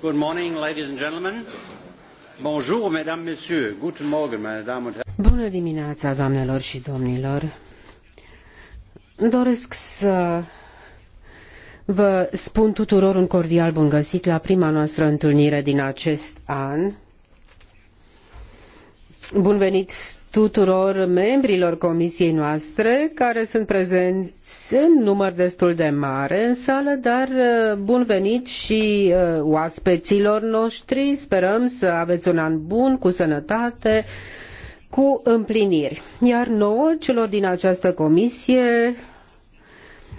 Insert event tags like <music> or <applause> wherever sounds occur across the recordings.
Good morning, ladies and gentlemen. Bonjour, mesdames, messieurs. Guten Morgen, meine Damen und Herren. Bună dimineața, doamnelor și domnilor. Doresc să vă spun tuturor un cordial bun găsit la prima noastră întâlnire din acest an. Bun venit tuturor membrilor comisiei noastre care sunt prezenți în număr destul de mare în sală, dar uh, bun venit și uh, oaspeților noștri. Sperăm să aveți un an bun, cu sănătate, cu împliniri. Iar nouă, celor din această comisie,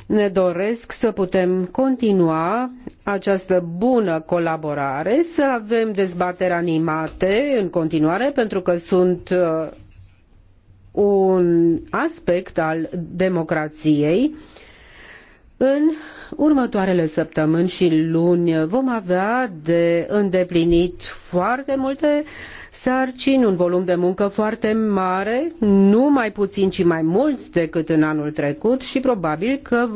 ne doresc să putem continua această bună colaborare, să avem dezbateri animate în continuare, pentru că sunt uh, un aspect al democrației. În următoarele săptămâni și luni vom avea de îndeplinit foarte multe uh, sarcini, un volum de muncă foarte mare, nu mai puțin, ci mai mult decât în anul trecut și probabil că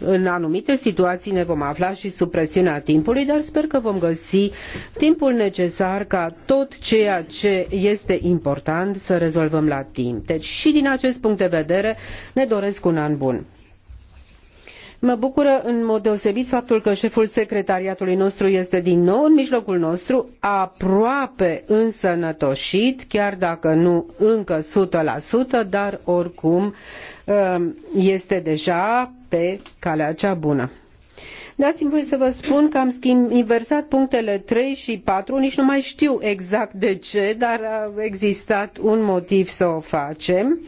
în anumite situații ne vom afla și sub presiunea timpului, dar sper că vom găsi timpul necesar ca tot ceea ce este important să rezolvăm la timp. Deci și din acest punct de vedere ne doresc un an bun. Mă bucură în mod deosebit faptul că șeful secretariatului nostru este din nou în mijlocul nostru, aproape însănătoșit, chiar dacă nu încă 100%, dar oricum um, este deja pe calea cea bună. Dați-mi voi să vă spun că am schimb, inversat punctele 3 și 4, nici nu mai știu exact de ce, dar a existat un motiv să o facem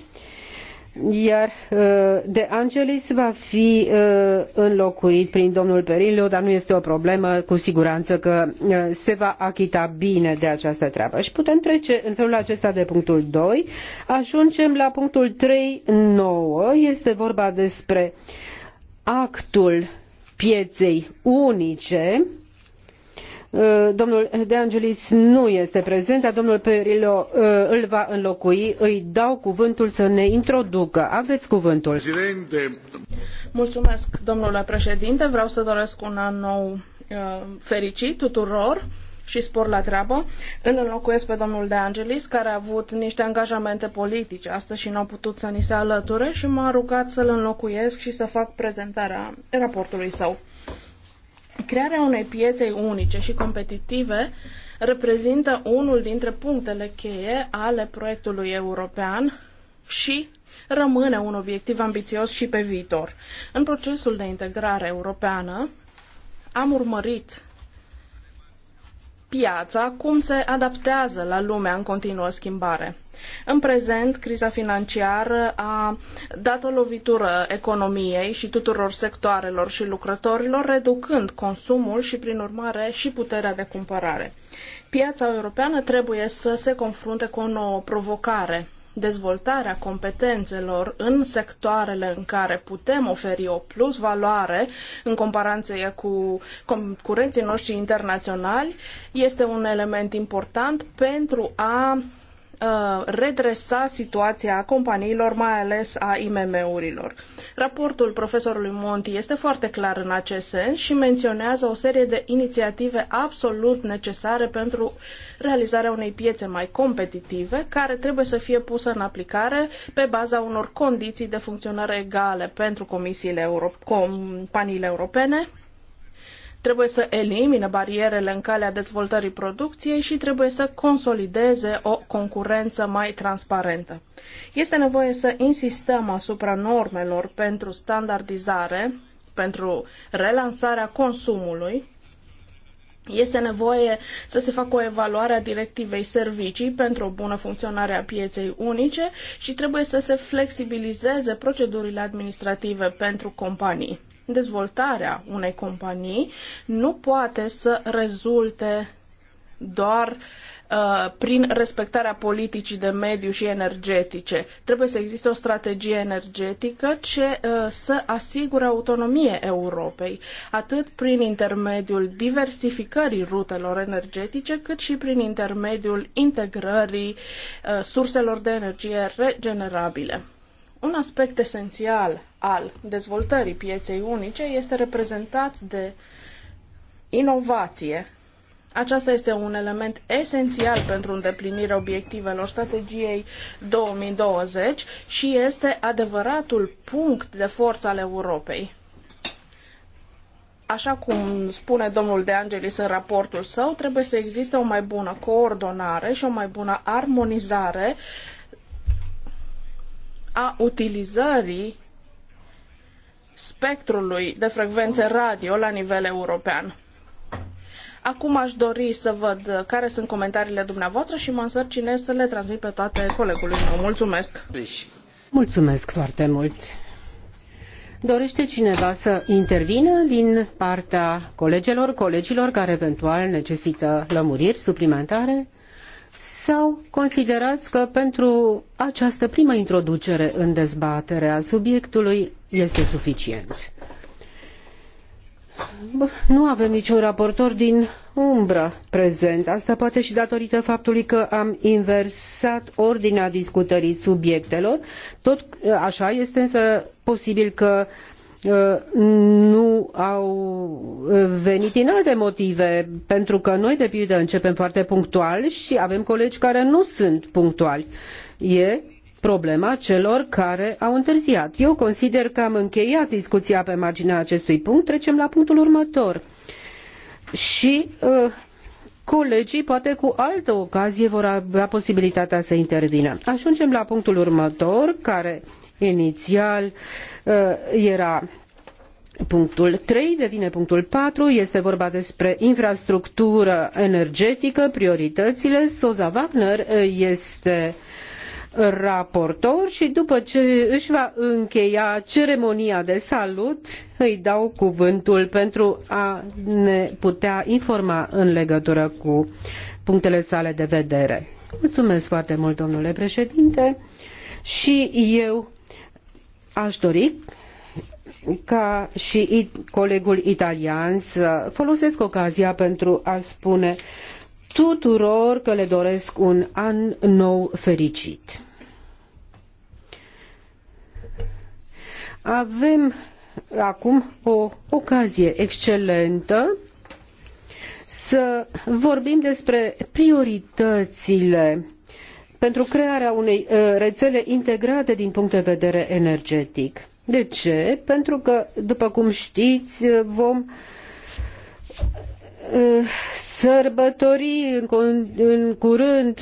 iar uh, De Angelis va fi uh, înlocuit prin domnul Perillo, dar nu este o problemă, cu siguranță că uh, se va achita bine de această treabă. Și putem trece în felul acesta de punctul 2. Ajungem la punctul 3, 9. Este vorba despre actul pieței unice Eh, domnul De Angelis nu este prezent, dar domnul Perillo eh, îl va înlocui. Îi dau cuvântul să ne introducă. Aveți cuvântul. Presidente. Mulțumesc, domnule președinte. Vreau să doresc un an nou eh, fericit tuturor și spor la treabă. Îl înlocuiesc pe domnul De Angelis, care a avut niște angajamente politice astăzi și nu a putut să ni se alăture și m-a rugat să-l înlocuiesc și să fac prezentarea raportului său. Crearea unei piețe unice și competitive reprezintă unul dintre punctele cheie ale proiectului european și rămâne un obiectiv ambițios și pe viitor. În procesul de integrare europeană am urmărit piața cum se adaptează la lumea în continuă schimbare. În prezent, criza financiară a dat o lovitură economiei și tuturor sectoarelor și lucrătorilor, reducând consumul și, prin urmare, și puterea de cumpărare. Piața europeană trebuie să se confrunte cu o nouă provocare, dezvoltarea competențelor în sectoarele în care putem oferi o plus valoare în comparație cu concurenții noștri internaționali este un element important pentru a Uh, redresa situația companiilor, mai ales a IMM-urilor. Raportul profesorului Monti este foarte clar în acest sens și menționează o serie de inițiative absolut necesare pentru realizarea unei piețe mai competitive, care trebuie să fie pusă în aplicare pe baza unor condiții de funcționare egale pentru comisiile companiile europene, trebuie să elimine barierele în calea dezvoltării producției și trebuie să consolideze o concurență mai transparentă. Este nevoie să insistăm asupra normelor pentru standardizare, pentru relansarea consumului. Este nevoie să se facă o evaluare a directivei servicii pentru o bună funcționare a pieței unice și trebuie să se flexibilizeze procedurile administrative pentru companii dezvoltarea unei companii nu poate să rezulte doar uh, prin respectarea politicii de mediu și energetice. Trebuie să existe o strategie energetică ce uh, să asigure autonomie Europei, atât prin intermediul diversificării rutelor energetice, cât și prin intermediul integrării uh, surselor de energie regenerabile. Un aspect esențial al dezvoltării pieței unice este reprezentat de inovație. Aceasta este un element esențial pentru îndeplinirea obiectivelor strategiei 2020 și este adevăratul punct de forță al Europei așa cum spune domnul De Angelis în raportul său, trebuie să existe o mai bună coordonare și o mai bună armonizare a utilizării spectrului de frecvențe radio la nivel european. Acum aș dori să văd care sunt comentariile dumneavoastră și mă însărcinez să le transmit pe toate colegului meu. Mulțumesc! Mulțumesc foarte mult! Dorește cineva să intervină din partea colegelor, colegilor care eventual necesită lămuriri suplimentare? sau considerați că pentru această primă introducere în dezbaterea subiectului este suficient? Nu avem niciun raportor din umbră prezent. Asta poate și datorită faptului că am inversat ordinea discutării subiectelor. Tot așa este însă posibil că uh, Uh, nu au uh, venit din alte motive, pentru că noi, de pildă, începem foarte punctual și avem colegi care nu sunt punctuali. E problema celor care au întârziat. Eu consider că am încheiat discuția pe marginea acestui punct. Trecem la punctul următor. Și uh, Colegii, poate cu altă ocazie, vor avea posibilitatea să intervină. Ajungem la punctul următor, care inițial uh, era Punctul 3 devine punctul 4, este vorba despre infrastructură energetică, prioritățile. Soza Wagner uh, este uh, raportor și după ce își va încheia ceremonia de salut, îi dau cuvântul pentru a ne putea informa în legătură cu punctele sale de vedere. Mulțumesc foarte mult, domnule președinte, și eu aș dori ca și colegul italian să folosesc ocazia pentru a spune tuturor că le doresc un an nou fericit. Avem acum o ocazie excelentă să vorbim despre prioritățile pentru crearea unei uh, rețele integrate din punct de vedere energetic. De ce? Pentru că, după cum știți, uh, vom Eh, sărbători în, curând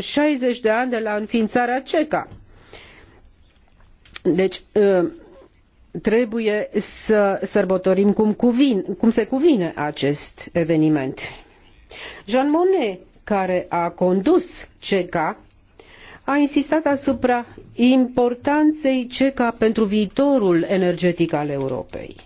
60 eh, eh, de ani de la înființarea CECA. Deci trebuie să sărbătorim cum, cuvin, cum se cuvine acest eveniment. Jean Monnet, care a condus CECA, a insistat asupra importanței CECA pentru viitorul energetic al Europei.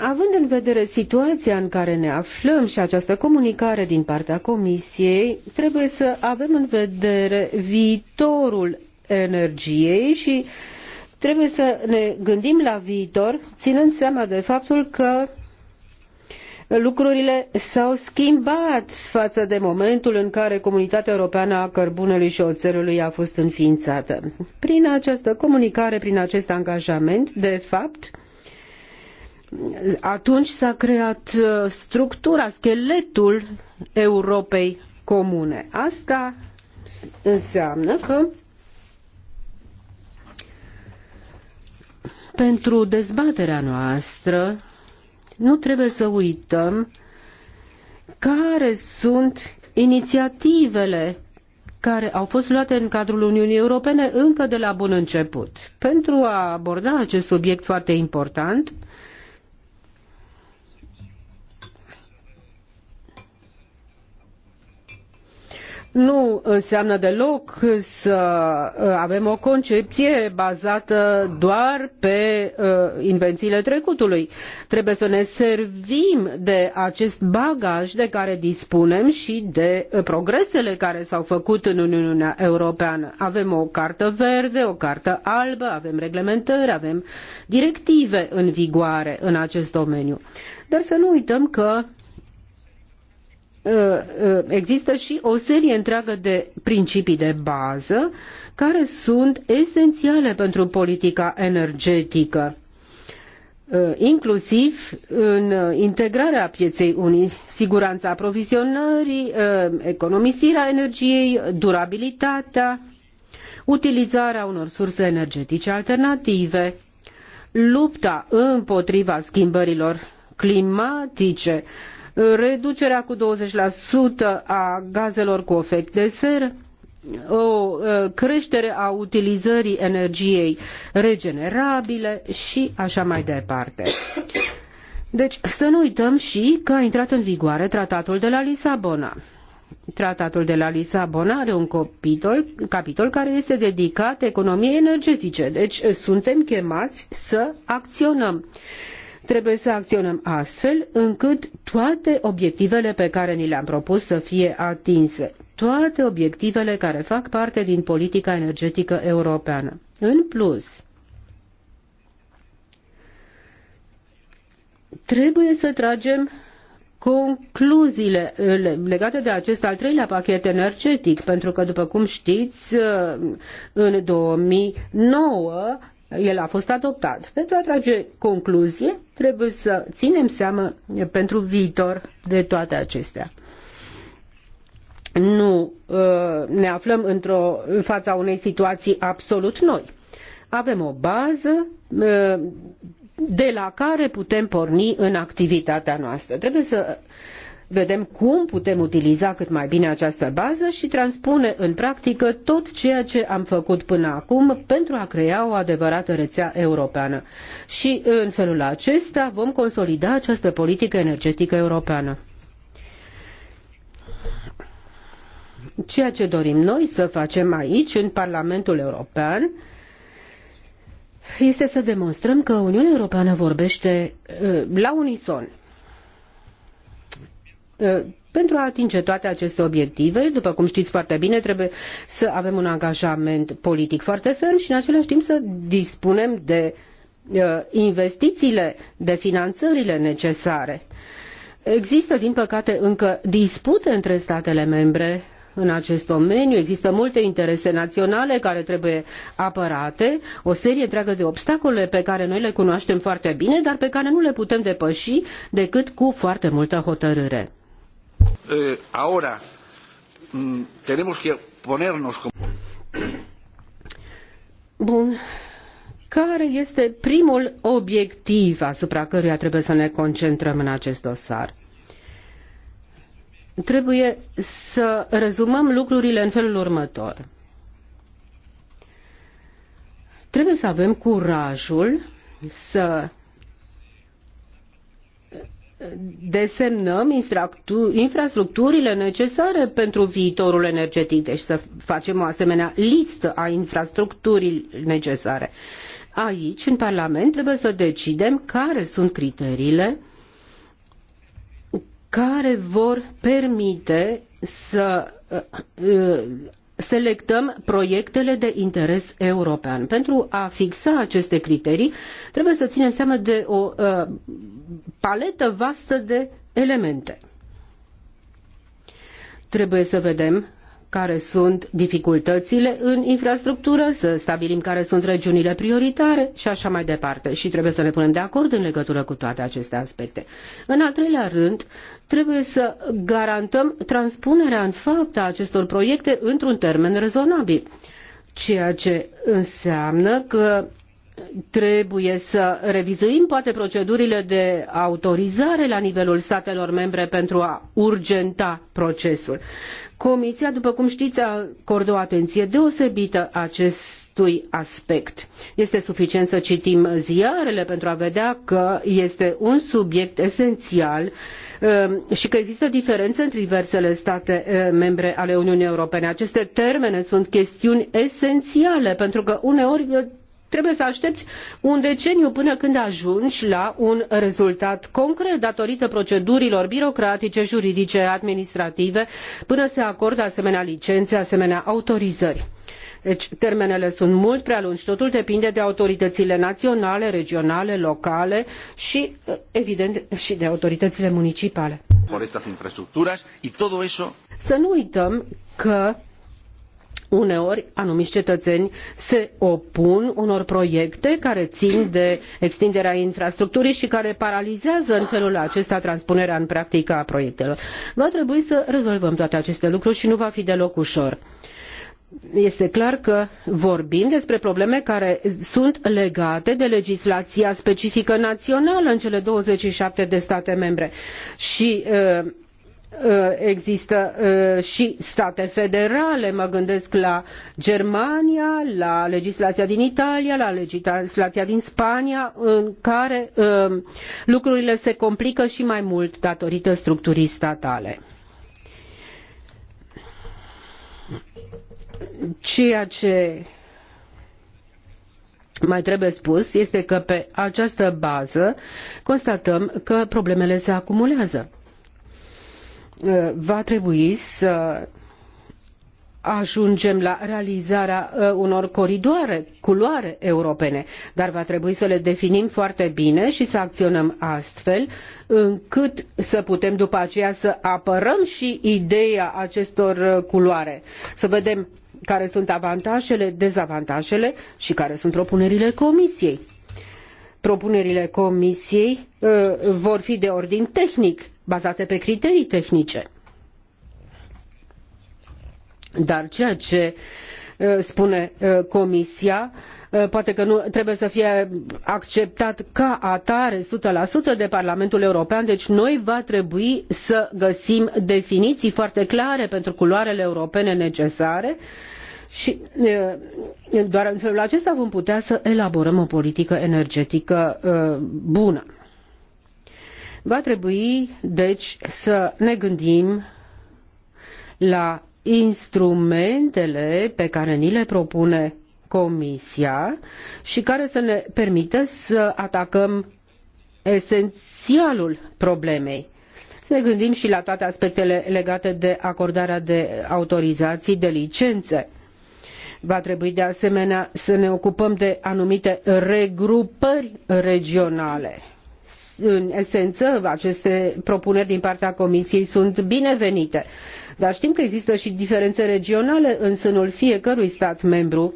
Având în vedere situația în care ne aflăm și această comunicare din partea Comisiei, trebuie să avem în vedere viitorul energiei și trebuie să ne gândim la viitor, ținând seama de faptul că lucrurile s-au schimbat față de momentul în care Comunitatea Europeană a Cărbunelui și Oțelului a fost înființată. Prin această comunicare, prin acest angajament, de fapt, atunci s-a creat uh, structura, scheletul Europei comune. Asta înseamnă că pentru dezbaterea noastră nu trebuie să uităm care sunt inițiativele care au fost luate în cadrul Uniunii Europene încă de la bun început. Pentru a aborda acest subiect foarte important, nu înseamnă deloc să uh, avem o concepție bazată doar pe uh, invențiile trecutului. Trebuie să ne servim de acest bagaj de care dispunem și de uh, progresele care s-au făcut în Uniunea Europeană. Avem o cartă verde, o cartă albă, avem reglementări, avem directive în vigoare în acest domeniu. Dar să nu uităm că Uh, uh, există și o serie întreagă de principii de bază care sunt esențiale pentru politica energetică uh, inclusiv în integrarea pieței unice, siguranța aprovizionării, economisirea energiei, durabilitatea, utilizarea unor surse energetice alternative, lupta împotriva schimbărilor climatice, reducerea cu 20% a gazelor cu efect de seră, o uh, creștere a utilizării energiei regenerabile și așa mai departe. Deci să nu uităm și că a intrat în vigoare tratatul de la Lisabona. Tratatul de la Lisabona are un capitol, capitol care este dedicat economiei energetice, deci suntem chemați să acționăm. Trebuie să acționăm astfel încât toate obiectivele pe care ni le-am propus să fie atinse, toate obiectivele care fac parte din politica energetică europeană. În plus, trebuie să tragem concluziile legate de acest al treilea pachet energetic, pentru că, după cum știți, în 2009 el a fost adoptat. Pentru a trage concluzie, trebuie să ținem seama pentru viitor de toate acestea nu uh, ne aflăm într-o în fața unei situații absolut noi. Avem o bază uh, de la care putem porni în activitatea noastră. Trebuie să vedem cum putem utiliza cât mai bine această bază și transpune în practică tot ceea ce am făcut până acum pentru a crea o adevărată rețea europeană. Și în felul acesta vom consolida această politică energetică europeană. Ceea ce dorim noi să facem aici, în Parlamentul European, este să demonstrăm că Uniunea Europeană vorbește uh, la unison Uh, pentru a atinge toate aceste obiective, după cum știți foarte bine, trebuie să avem un angajament politic foarte ferm și în același timp să dispunem de uh, investițiile, de finanțările necesare. Există, din păcate, încă dispute între statele membre în acest domeniu, există multe interese naționale care trebuie apărate, o serie întreagă de obstacole pe care noi le cunoaștem foarte bine, dar pe care nu le putem depăși decât cu foarte multă hotărâre. Eh, ahora mm, tenemos que ponernos Bun. Care este primul obiectiv asupra căruia trebuie să ne concentrăm în acest dosar? Trebuie să rezumăm lucrurile în felul următor. Trebuie să avem curajul să desemnăm infrastructurile necesare pentru viitorul energetic, deci să facem o asemenea listă a infrastructurii necesare. Aici, în Parlament, trebuie să decidem care sunt criteriile care vor permite să selectăm proiectele de interes european. Pentru a fixa aceste criterii, trebuie să ținem seama de o uh, paletă vastă de elemente. Trebuie să vedem care sunt dificultățile în infrastructură, să stabilim care sunt regiunile prioritare și așa mai departe. Și trebuie să ne punem de acord în legătură cu toate aceste aspecte. În al treilea rând, trebuie să garantăm transpunerea în fapt a acestor proiecte într-un termen rezonabil, ceea ce înseamnă că trebuie să revizuim poate procedurile de autorizare la nivelul statelor membre pentru a urgenta procesul. Comisia, după cum știți, acordă o atenție deosebită acestui aspect. Este suficient să citim ziarele pentru a vedea că este un subiect esențial um, și că există diferențe între diversele state uh, membre ale Uniunii Europene. Aceste termene sunt chestiuni esențiale pentru că uneori uh, trebuie să aștepți un deceniu până când ajungi la un rezultat concret datorită procedurilor birocratice, juridice, administrative, până se acordă asemenea licențe, asemenea autorizări. Deci termenele sunt mult prea lungi, totul depinde de autoritățile naționale, regionale, locale și, evident, și de autoritățile municipale. Por estas infraestructuras y todo eso... Să nu uităm că uneori anumiți cetățeni se opun unor proiecte care țin de extinderea infrastructurii și care paralizează în felul acesta transpunerea în practică a proiectelor. Va trebui să rezolvăm toate aceste lucruri și nu va fi deloc ușor este clar că vorbim despre probleme care sunt legate de legislația specifică națională în cele 27 de state membre și uh, Uh, există uh, și state federale, mă gândesc la Germania, la legislația din Italia, la legislația din Spania, în care uh, lucrurile se complică și mai mult datorită structurii statale. Ceea ce mai trebuie spus este că pe această bază constatăm că problemele se acumulează. Eh, va trebui să ajungem la realizarea eh, unor coridoare, culoare europene, dar va trebui să le definim foarte bine și să acționăm astfel încât să putem după aceea să apărăm și ideea acestor eh, culoare, să vedem care sunt avantajele, dezavantajele și care sunt propunerile Comisiei propunerile comisiei uh, vor fi de ordin tehnic, bazate pe criterii tehnice. Dar ceea ce uh, spune uh, comisia poate că nu trebuie să fie acceptat ca atare 100% de Parlamentul European, deci noi va trebui să găsim definiții foarte clare pentru culoarele europene necesare uh, și doar în felul acesta vom putea să elaborăm o politică energetică bună. Va trebui, deci, să ne gândim la instrumentele pe care ni le propune Comisia și care să ne permită să atacăm esențialul problemei. Să ne gândim și la toate aspectele legate de acordarea de autorizații, de licențe. Va trebui de asemenea să ne ocupăm de anumite regrupări regionale. În esență, aceste propuneri din partea Comisiei sunt binevenite, dar știm că există și diferențe regionale în sânul fiecărui stat membru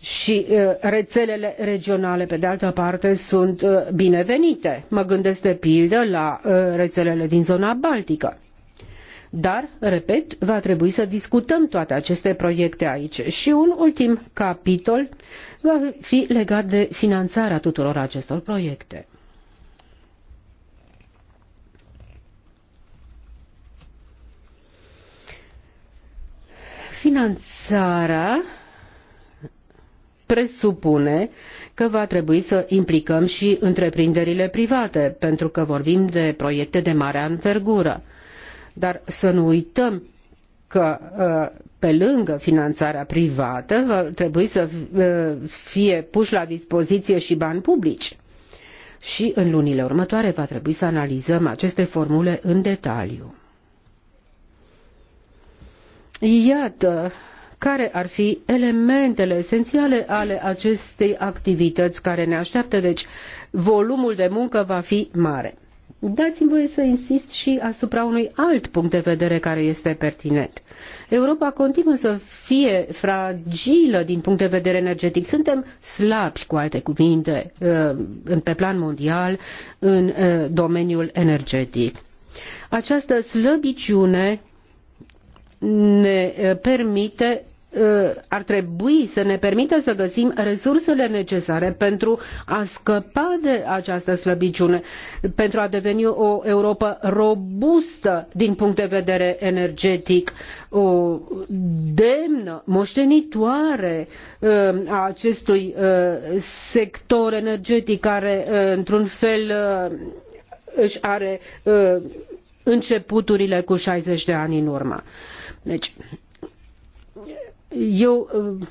și uh, rețelele regionale, pe de altă parte, sunt uh, binevenite. Mă gândesc de pildă la uh, rețelele din zona Baltică. Dar, repet, va trebui să discutăm toate aceste proiecte aici. Și un ultim capitol va fi legat de finanțarea tuturor acestor proiecte. Finanțarea presupune că va trebui să implicăm și întreprinderile private, pentru că vorbim de proiecte de mare anvergură. Dar să nu uităm că uh, pe lângă finanțarea privată va trebui să uh, fie puși la dispoziție și bani publici. Și în lunile următoare va trebui să analizăm aceste formule în detaliu. Iată care ar fi elementele esențiale ale acestei activități care ne așteaptă, deci volumul de muncă va fi mare. Dați-mi voie să insist și asupra unui alt punct de vedere care este pertinent. Europa continuă să fie fragilă din punct de vedere energetic. Suntem slabi, cu alte cuvinte, uh, pe plan mondial, în uh, domeniul energetic. Această slăbiciune ne uh, permite Uh, ar trebui să ne permită să găsim resursele necesare pentru a scăpa de această slăbiciune, pentru a deveni o Europa robustă din punct de vedere energetic, o demnă, moștenitoare uh, a acestui uh, sector energetic care, într-un fel, își are începuturile cu 60 de ani în urmă. Deci, eu uh,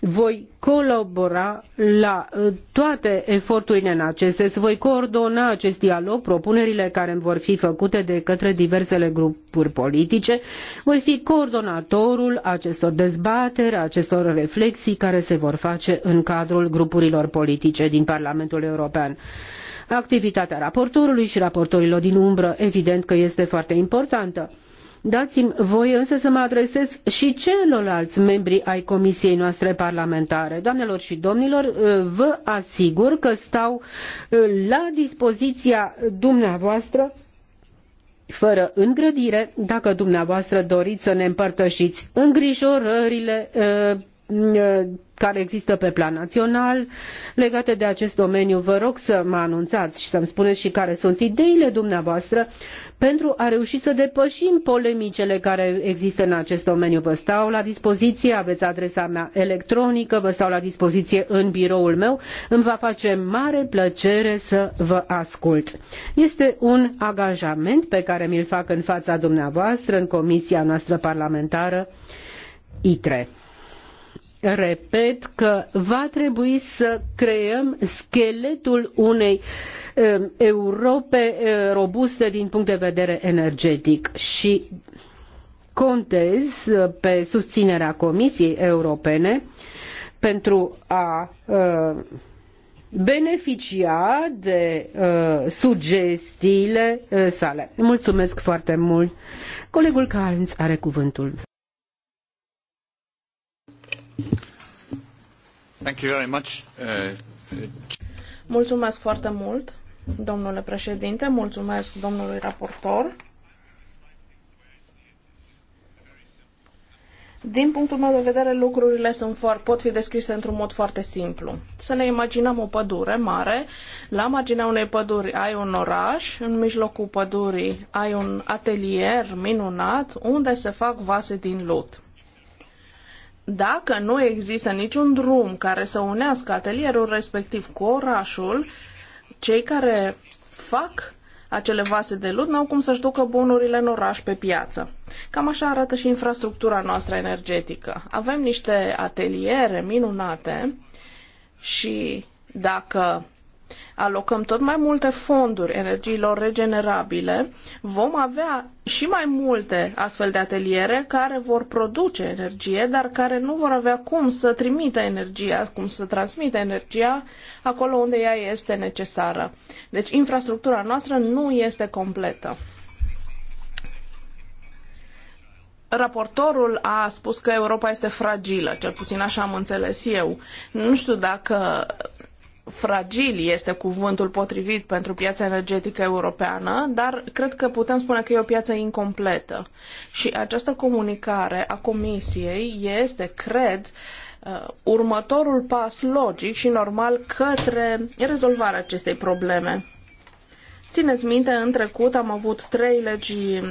voi colabora la uh, toate eforturile în acest sens, voi coordona acest dialog, propunerile care îmi vor fi făcute de către diversele grupuri politice, voi fi coordonatorul acestor dezbateri, acestor reflexii care se vor face în cadrul grupurilor politice din Parlamentul European. Activitatea raportorului și raportorilor din umbră, evident că este foarte importantă Dați-mi voie însă să mă adresez și celorlalți membri ai comisiei noastre parlamentare. Doamnelor și domnilor, uh, vă asigur că stau uh, la dispoziția dumneavoastră fără îngrădire, dacă dumneavoastră doriți să ne împărtășiți îngrijorările uh, care există pe plan național legate de acest domeniu. Vă rog să mă anunțați și să-mi spuneți și care sunt ideile dumneavoastră pentru a reuși să depășim polemicele care există în acest domeniu. Vă stau la dispoziție, aveți adresa mea electronică, vă stau la dispoziție în biroul meu. Îmi va face mare plăcere să vă ascult. Este un angajament pe care mi-l fac în fața dumneavoastră, în comisia noastră parlamentară ITRE repet că va trebui să creăm scheletul unei um, Europe uh, robuste din punct de vedere energetic și contez uh, pe susținerea Comisiei Europene pentru a uh, beneficia de sugestiile sale. Mulțumesc foarte mult. Colegul Carnes are cuvântul. Thank you very much. Uh, mulțumesc foarte mult, domnule președinte, mulțumesc domnului raportor. Din punctul meu de vedere, lucrurile sunt foarte, pot fi descrise într-un mod foarte simplu. Să ne imaginăm o pădure mare, la marginea unei păduri ai un oraș, în mijlocul pădurii ai un atelier minunat unde se fac vase din lut. Dacă nu există niciun drum care să unească atelierul respectiv cu orașul, cei care fac acele vase de lut n-au cum să-și ducă bunurile în oraș pe piață. Cam așa arată și infrastructura noastră energetică. Avem niște ateliere minunate și dacă alocăm tot mai multe fonduri energiilor regenerabile, vom avea și mai multe astfel de ateliere care vor produce energie, dar care nu vor avea cum să trimită energia, cum să transmită energia acolo unde ea este necesară. Deci infrastructura noastră nu este completă. raportorul a spus că Europa este fragilă, cel puțin așa am înțeles eu. Nu știu dacă fragil este cuvântul potrivit pentru piața energetică europeană, dar cred că putem spune că e o piață incompletă. Și această comunicare a Comisiei este, cred, uh, următorul pas logic și normal către rezolvarea acestei probleme. Țineți minte, în trecut am avut trei legi uh,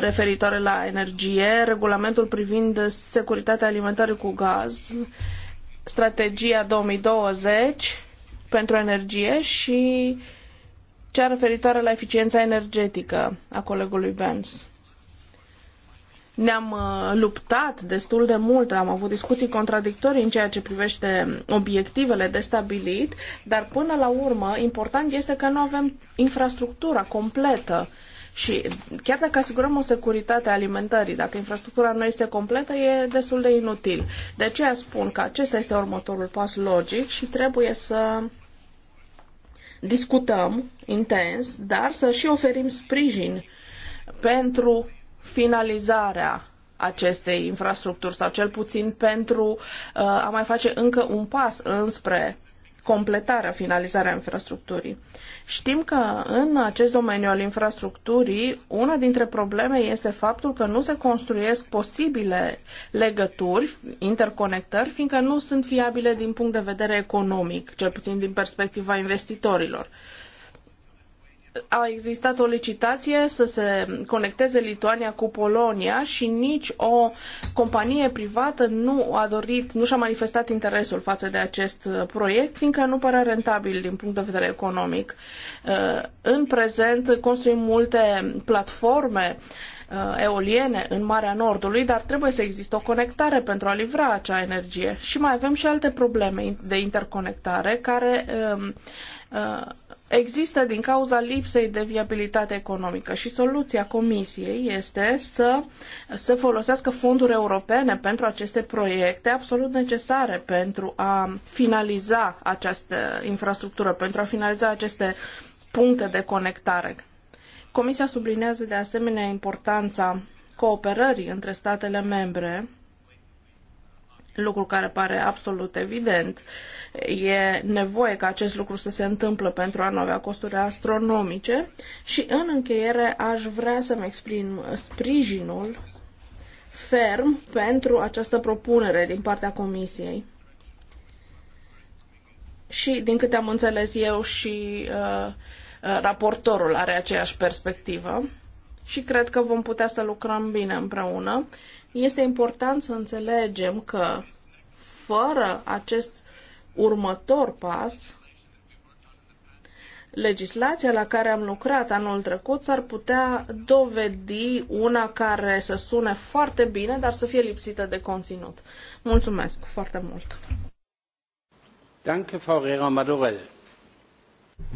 referitoare la energie, regulamentul privind securitatea alimentară cu gaz, strategia 2020 pentru energie și cea referitoare la eficiența energetică a colegului Vance. Ne-am uh, luptat destul de mult, am avut discuții contradictorii în ceea ce privește obiectivele de stabilit, dar până la urmă important este că nu avem infrastructura completă uh, și chiar dacă asigurăm o securitate a alimentării, dacă infrastructura nu este completă, e destul de inutil. De aceea spun că acesta este următorul pas logic și trebuie să discutăm intens, dar să și oferim sprijin pentru finalizarea acestei infrastructuri sau cel puțin pentru uh, a mai face încă un pas înspre completarea, finalizarea infrastructurii. Știm că în acest domeniu al infrastructurii, una dintre probleme este faptul că nu se construiesc posibile legături, interconectări, fiindcă nu sunt fiabile din punct de vedere economic, cel puțin din perspectiva investitorilor a existat o licitație să se conecteze Lituania cu Polonia și nici o companie privată nu a dorit, nu și-a manifestat interesul față de acest proiect, fiindcă nu părea rentabil din punct de vedere economic. Uh, în prezent construim multe platforme uh, eoliene în Marea Nordului, dar trebuie să existe o conectare pentru a livra acea energie. Și mai avem și alte probleme de interconectare care um, uh, există din cauza lipsei de viabilitate economică și soluția Comisiei este să se folosească fonduri europene pentru aceste proiecte absolut necesare pentru a finaliza această infrastructură, pentru a finaliza aceste puncte de conectare. Comisia subliniază de asemenea importanța cooperării între statele membre lucru care pare absolut evident. E nevoie ca acest lucru să se întâmple pentru a nu avea costuri astronomice și în încheiere aș vrea să-mi exprim sprijinul ferm pentru această propunere din partea Comisiei. Și, din câte am înțeles eu, și uh, uh raportorul are aceeași perspectivă și cred că vom putea să lucrăm bine împreună este important să înțelegem că fără acest următor pas, legislația la care am lucrat anul trecut s-ar putea dovedi una care să sune foarte bine, dar să fie lipsită de conținut. Mulțumesc foarte mult! Danke, Frau Rera Madurel.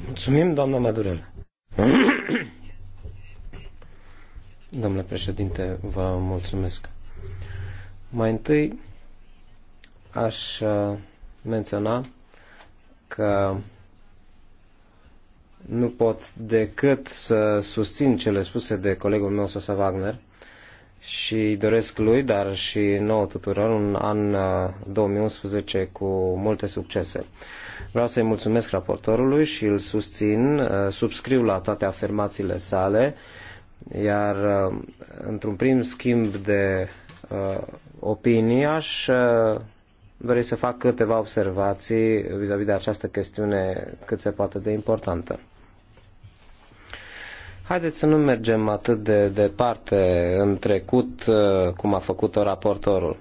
Mulțumim, doamna Madurel. <coughs> Domnule președinte, vă mulțumesc. Mai întâi aș uh, menționa că nu pot decât să susțin cele spuse de colegul meu, Sosa Wagner, și doresc lui, dar și nouă tuturor, un an 2011 uh, cu multe succese. Vreau să-i mulțumesc raportorului și îl susțin, uh, subscriu la toate afirmațiile sale, iar într-un prim schimb de Uh, opinii, aș uh, dori să fac câteva observații vis-a-vis -vis de această chestiune cât se poate de importantă. Haideți să nu mergem atât de departe în trecut uh, cum a făcut-o raportorul. Uh,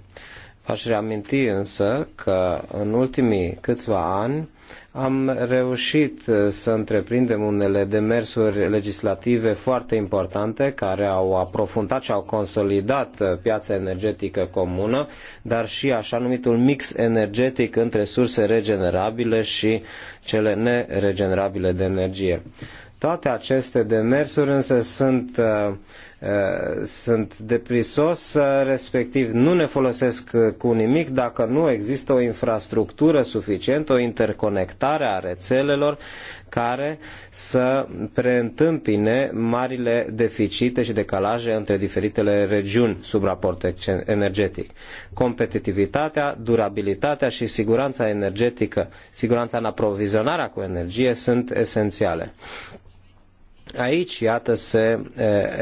Aș reaminti însă că în ultimii câțiva ani am reușit uh, să întreprindem unele demersuri legislative foarte importante care au aprofundat și au consolidat uh, piața energetică comună, dar și așa numitul mix energetic între surse regenerabile și cele neregenerabile de energie. Toate aceste demersuri însă sunt uh, Eh, sunt deprisos, eh, respectiv nu ne folosesc eh, cu nimic dacă nu există o infrastructură suficientă, o interconectare a rețelelor care să preîntâmpine marile deficite și decalaje între diferitele regiuni sub raport energetic. Competitivitatea, durabilitatea și siguranța energetică, siguranța în aprovizionarea cu energie sunt esențiale. Aici, iată, se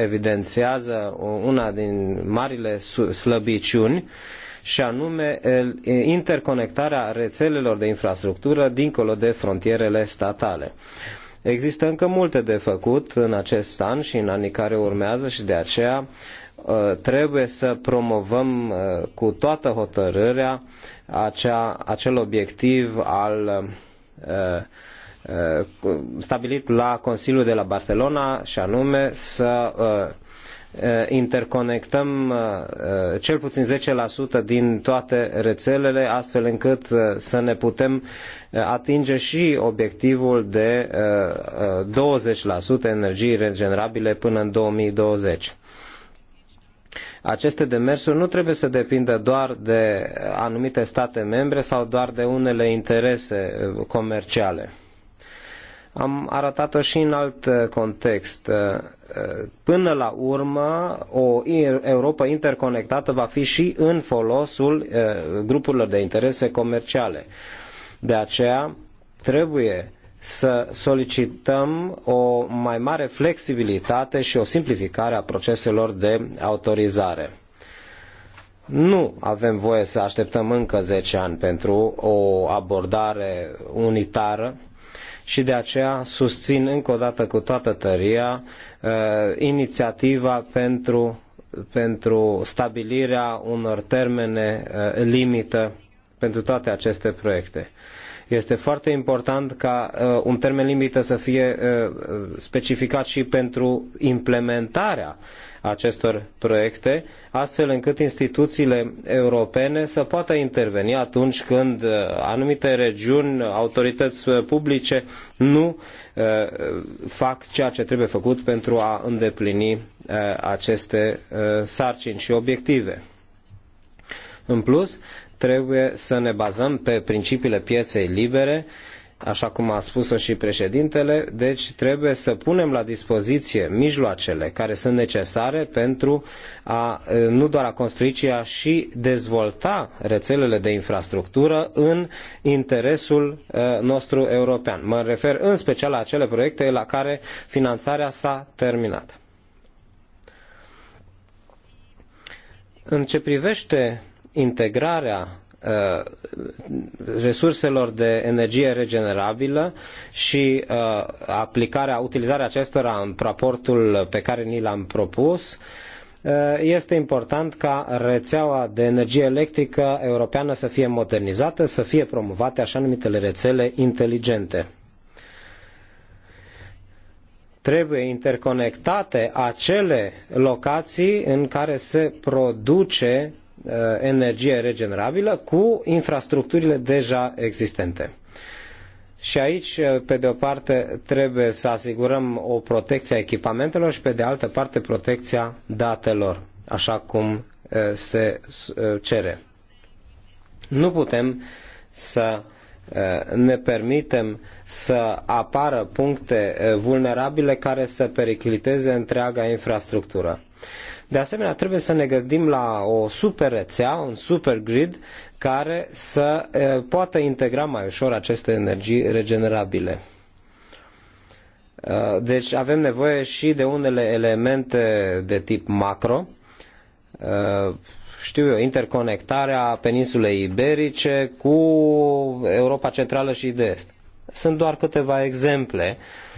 evidențiază una din marile slăbiciuni și anume interconectarea rețelelor de infrastructură dincolo de frontierele statale. Există încă multe de făcut în acest an și în anii care urmează și de aceea trebuie să promovăm cu toată hotărârea acea, acel obiectiv al Uh, stabilit la Consiliul de la Barcelona și anume să uh, uh, interconectăm cel puțin 10% din toate rețelele, astfel încât să ne putem atinge și obiectivul de 20% energii regenerabile până în 2020 aceste demersuri nu trebuie să depindă doar de anumite state membre sau doar de unele interese comerciale. Am arătat-o și în alt uh, context. Uh, uh, până la urmă, o Europa interconectată va fi și în folosul grupurilor de interese comerciale. De aceea, trebuie să solicităm o mai mare flexibilitate și o simplificare a proceselor de autorizare. Nu avem voie să așteptăm încă zece ani pentru o abordare unitară și de aceea susțin încă o dată cu toată tăria uh, inițiativa pentru, pentru stabilirea unor termene uh, limită pentru toate aceste proiecte. Este foarte important ca uh, un termen limită să fie uh, specificat și pentru implementarea uh, acestor proiecte, astfel încât instituțiile europene să poată interveni atunci când uh, anumite regiuni, autorități uh, publice nu uh, fac ceea ce trebuie făcut pentru a îndeplini aceste sarcini și obiective. În plus, trebuie să ne bazăm pe principiile pieței libere uh, așa cum a spus-o și președintele, deci trebuie să punem la dispoziție mijloacele care sunt necesare pentru a nu doar a construi, ci a și dezvolta rețelele de infrastructură în interesul nostru european. Mă refer în special la acele proiecte la care finanțarea s-a terminat. În ce privește integrarea Uh, resurselor de energie regenerabilă și uh, aplicarea, utilizarea acestora în raportul pe care ni l-am propus, uh, este important ca rețeaua de energie electrică europeană să fie modernizată, să fie promovate așa numitele rețele inteligente trebuie interconectate acele locații în care se produce Uh, energie regenerabilă cu infrastructurile deja existente. Și aici, uh, pe de o parte, trebuie să asigurăm o protecție a echipamentelor și, pe de altă parte, protecția datelor, așa cum uh, se cere. Nu putem să ne permitem să apară puncte vulnerabile care să pericliteze întreaga infrastructură. De asemenea, trebuie să ne gândim la o super rețea, un super grid, care să poată integra mai ușor aceste energii regenerabile. Deci avem nevoie și de unele elemente de tip macro, știu eu, interconectarea peninsulei iberice cu Europa Centrală și de Est. Sunt doar câteva exemple uh,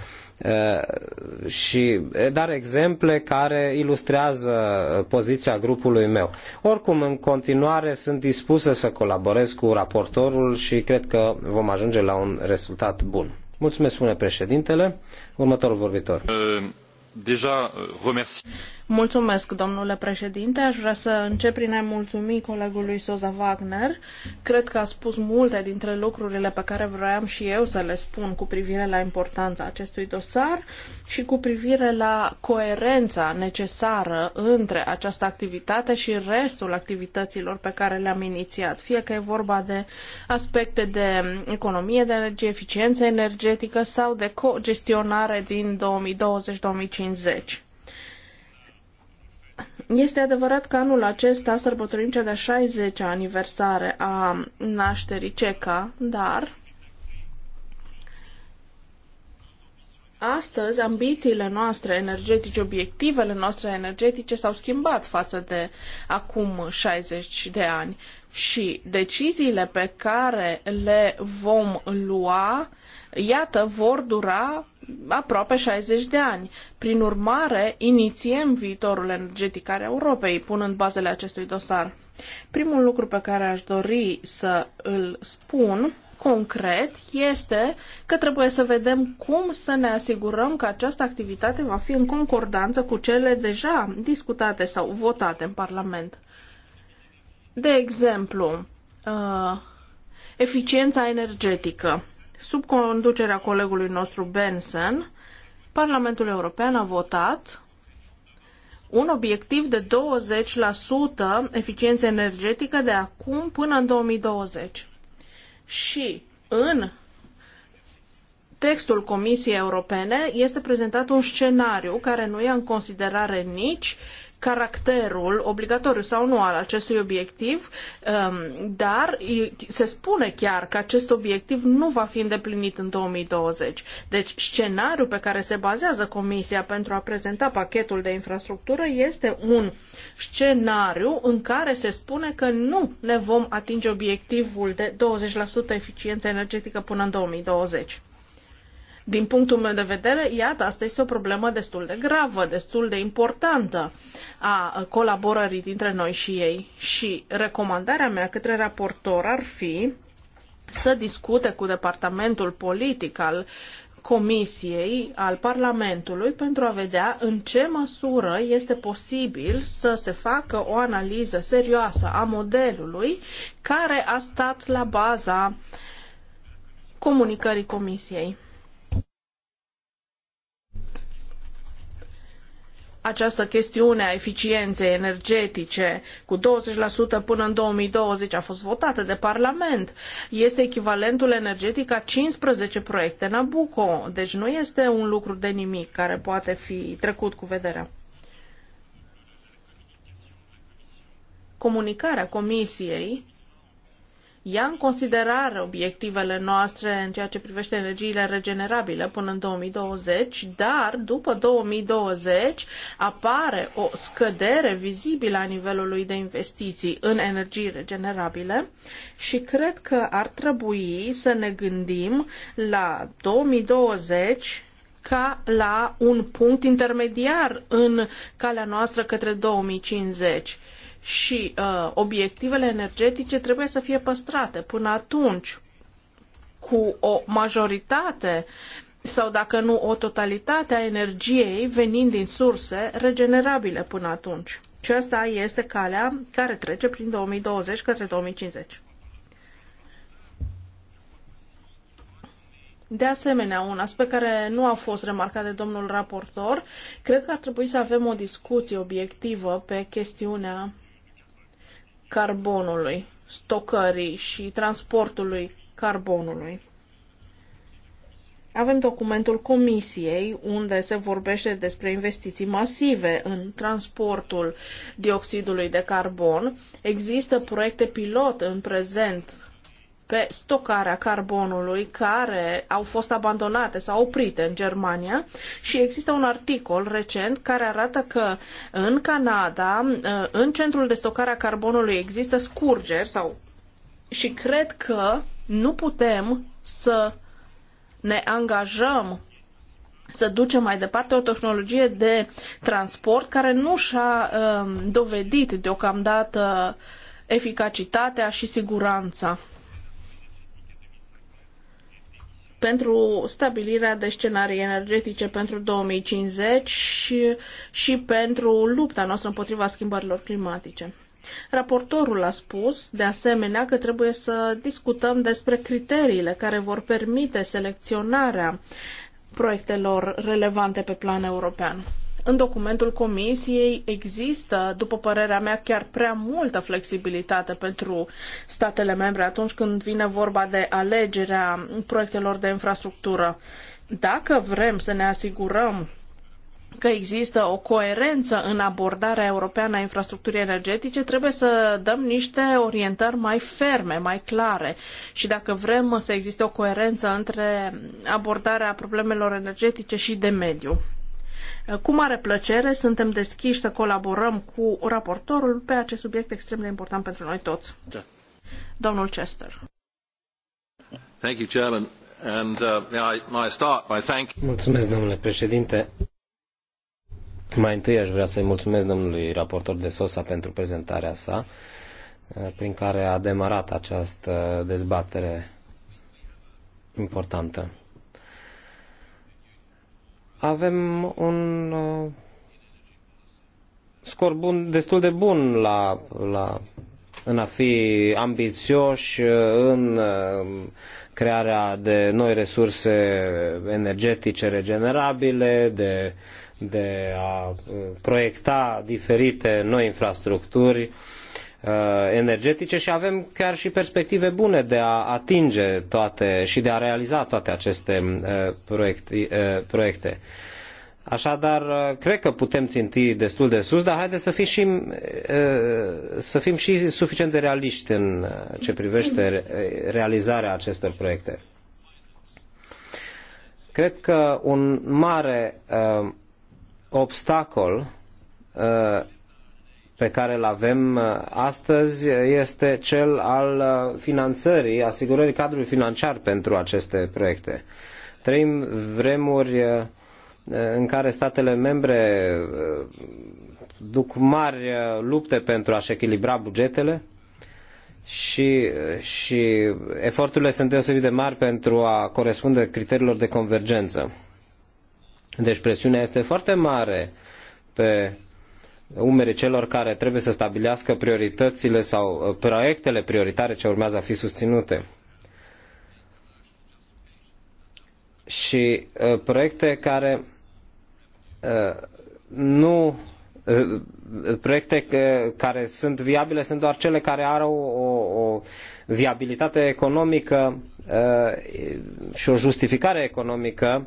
Uh, și dar exemple care ilustrează uh, poziția grupului meu. Oricum, în continuare sunt dispusă să colaborez cu raportorul și cred că vom ajunge la un rezultat bun. Mulțumesc, spune președintele. Următorul vorbitor. Uh, deja remerci. Mulțumesc, domnule președinte. Aș vrea să încep prin a-i mulțumi colegului Soza Wagner. Cred că a spus multe dintre lucrurile pe care vroiam și eu să le spun cu privire la importanța acestui dosar și cu privire la coerența necesară între această activitate și restul activităților pe care le-am inițiat. Fie că e vorba de aspecte de economie de energie, eficiență energetică sau de cogestionare din 2020-2050. Este adevărat că anul acesta sărbătorim cea de-a 60-a aniversare a nașterii CECA, dar astăzi ambițiile noastre energetice, obiectivele noastre energetice s-au schimbat față de acum 60 de ani și deciziile pe care le vom lua, iată, vor dura aproape 60 de ani. Prin urmare, inițiem viitorul energetic al Europei, punând bazele acestui dosar. Primul lucru pe care aș dori să îl spun concret este că trebuie să vedem cum să ne asigurăm că această activitate va fi în concordanță cu cele deja discutate sau votate în Parlament. De exemplu, uh, eficiența energetică. Sub conducerea colegului nostru Benson, Parlamentul European a votat un obiectiv de 20% eficiență energetică de acum până în 2020. Și în textul Comisiei Europene este prezentat un scenariu care nu ia în considerare nici caracterul obligatoriu sau nu al acestui obiectiv, um, dar se spune chiar că acest obiectiv nu va fi îndeplinit în 2020. Deci scenariul pe care se bazează Comisia pentru a prezenta pachetul de infrastructură este un scenariu în care se spune că nu ne vom atinge obiectivul de 20% eficiență energetică până în 2020. Din punctul meu de vedere, iată, asta este o problemă destul de gravă, destul de importantă a colaborării dintre noi și ei. Și recomandarea mea către raportor ar fi să discute cu departamentul politic al Comisiei al Parlamentului pentru a vedea în ce măsură este posibil să se facă o analiză serioasă a modelului care a stat la baza comunicării Comisiei. această chestiune a eficienței energetice cu 20% până în 2020 a fost votată de Parlament. Este echivalentul energetic a 15 proiecte Nabucco. Deci nu este un lucru de nimic care poate fi trecut cu vederea. Comunicarea Comisiei ia în considerare obiectivele noastre în ceea ce privește energiile regenerabile până în 2020, dar după 2020 apare o scădere vizibilă a nivelului de investiții în energii regenerabile și cred că ar trebui să ne gândim la 2020 ca la un punct intermediar în calea noastră către 2050 și uh, obiectivele energetice trebuie să fie păstrate până atunci cu o majoritate sau dacă nu o totalitate a energiei venind din surse regenerabile până atunci. Și asta este calea care trece prin 2020 către 2050. De asemenea, un aspect care nu a fost remarcat de domnul raportor, cred că ar trebui să avem o discuție obiectivă pe chestiunea carbonului, stocării și transportului carbonului. Avem documentul Comisiei, unde se vorbește despre investiții masive în transportul dioxidului de carbon. Există proiecte pilot în prezent pe stocarea carbonului care au fost abandonate sau oprite în Germania și există un articol recent care arată că în Canada, uh, în centrul de stocare a carbonului există scurgeri sau și cred că nu putem să ne angajăm să ducem mai departe o tehnologie de transport care nu și-a uh, dovedit deocamdată eficacitatea și siguranța pentru stabilirea de scenarii energetice pentru 2050 și, și pentru lupta noastră împotriva schimbărilor climatice. Raportorul a spus, de asemenea, că trebuie să discutăm despre criteriile care vor permite selecționarea proiectelor relevante pe plan european. În documentul Comisiei există, după părerea mea, chiar prea multă flexibilitate pentru statele membre atunci când vine vorba de alegerea proiectelor de infrastructură. Dacă vrem să ne asigurăm că există o coerență în abordarea europeană a infrastructurii energetice, trebuie să dăm niște orientări mai ferme, mai clare. Și dacă vrem să existe o coerență între abordarea problemelor energetice și de mediu. Cu mare plăcere suntem deschiși să colaborăm cu raportorul pe acest subiect extrem de important pentru noi toți. Da. Domnul Chester. Thank you, Chairman. And uh, I, I start by thank... Mulțumesc, domnule președinte. Mai întâi aș vrea să-i mulțumesc domnului raportor de Sosa pentru prezentarea sa, uh, prin care a demarat această dezbatere importantă avem un uh, scor bun, destul de bun la, la, în a fi ambițioși uh, în uh, crearea de noi resurse energetice regenerabile, de, de a proiecta diferite noi infrastructuri Uh, energetice și avem chiar și perspective bune de a atinge toate și de a realiza toate aceste uh, uh, proiecte. Așadar, cred că putem ținti destul de sus, dar haideți să fim și, să fim și suficient de realiști în ce privește realizarea acestor proiecte. Cred că un mare obstacol pe care îl avem uh, astăzi este cel al uh, finanțării, asigurării cadrului financiar pentru aceste proiecte. Trăim vremuri uh, în care statele membre duc mari lupte pentru a-și echilibra bugetele și, și eforturile sunt deosebit de mari pentru a corespunde criteriilor de convergență. Deci presiunea este foarte mare pe umerii celor care trebuie să stabilească prioritățile sau uh, proiectele prioritare ce urmează a fi susținute. Și uh, proiecte care uh, nu Ă, ă, proiecte care sunt viabile sunt doar cele care au o, o, viabilitate economică ă, și o justificare economică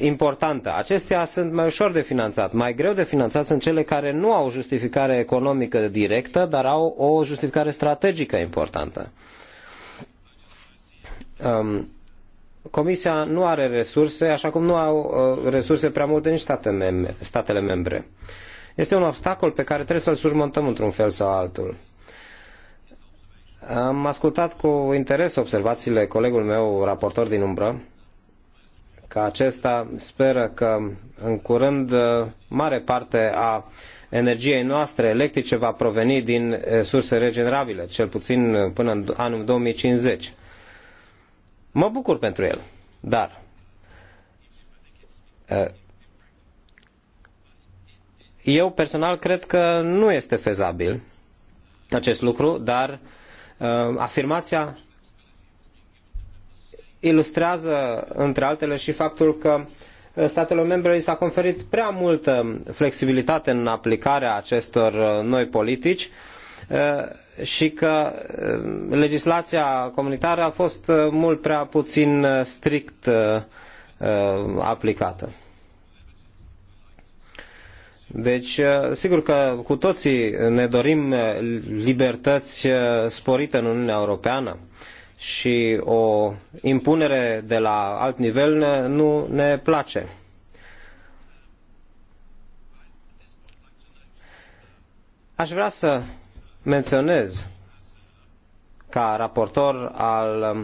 importantă. Acestea sunt mai ușor de finanțat. Mai greu de finanțat sunt cele care nu au justificare economică directă, dar au o justificare strategică importantă. Um, Comisia nu are resurse, așa cum nu au uh, resurse prea multe nici state statele membre. Este un obstacol pe care trebuie să-l surmontăm într-un fel sau altul. Am ascultat cu interes observațiile colegului meu, raportor din umbră, că acesta speră că în curând uh, mare parte a energiei noastre electrice va proveni din uh, surse regenerabile, cel puțin până în anul 2050. Mă bucur pentru el, dar ă, eu personal cred că nu este fezabil acest lucru, dar ă, afirmația ilustrează, între altele, și faptul că statelor membre i s-a conferit prea multă flexibilitate în aplicarea acestor ă, noi politici, Uh, și că uh, legislația comunitară a fost uh, mult prea puțin strict aplicată. Deci, sigur că cu toții ne dorim libertăți sporite în Uniunea Europeană și o impunere de la alt nivel nu ne place. Aș vrea să menționez ca raportor al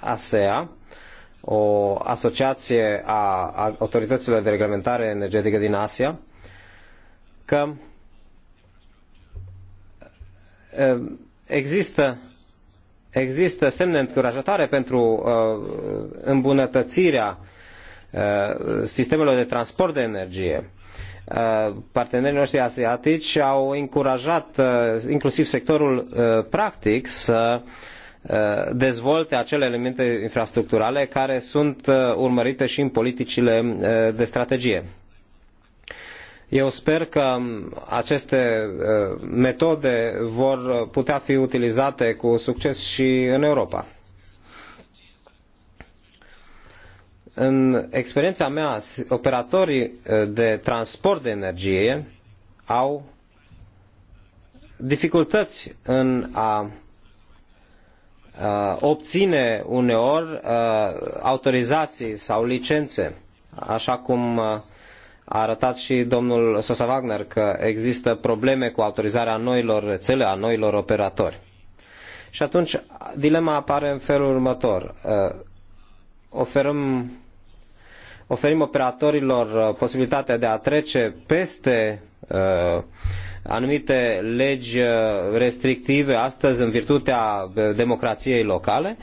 ASEA, uh, o asociație a autorităților de reglementare energetică din Asia, că uh, există, există semne încurajatoare pentru uh, îmbunătățirea sistemelor de transport de energie Uh, partenerii noștri asiatici au încurajat uh, inclusiv sectorul uh, practic să dezvolte acele elemente infrastructurale care sunt urmărite și în politicile de strategie. Eu sper că um, aceste metode vor putea fi utilizate cu succes și în Europa. În experiența mea, operatorii eh, de transport de energie au dificultăți în a obține uneori eh, autorizații sau licențe, așa cum eh, a arătat și domnul Sosa Wagner că există probleme cu autorizarea noilor rețele, a noilor operatori. Și atunci dilema apare în felul următor. Oferăm oferim operatorilor uh, posibilitatea de a trece peste uh, anumite legi uh, restrictive astăzi în virtutea democrației locale,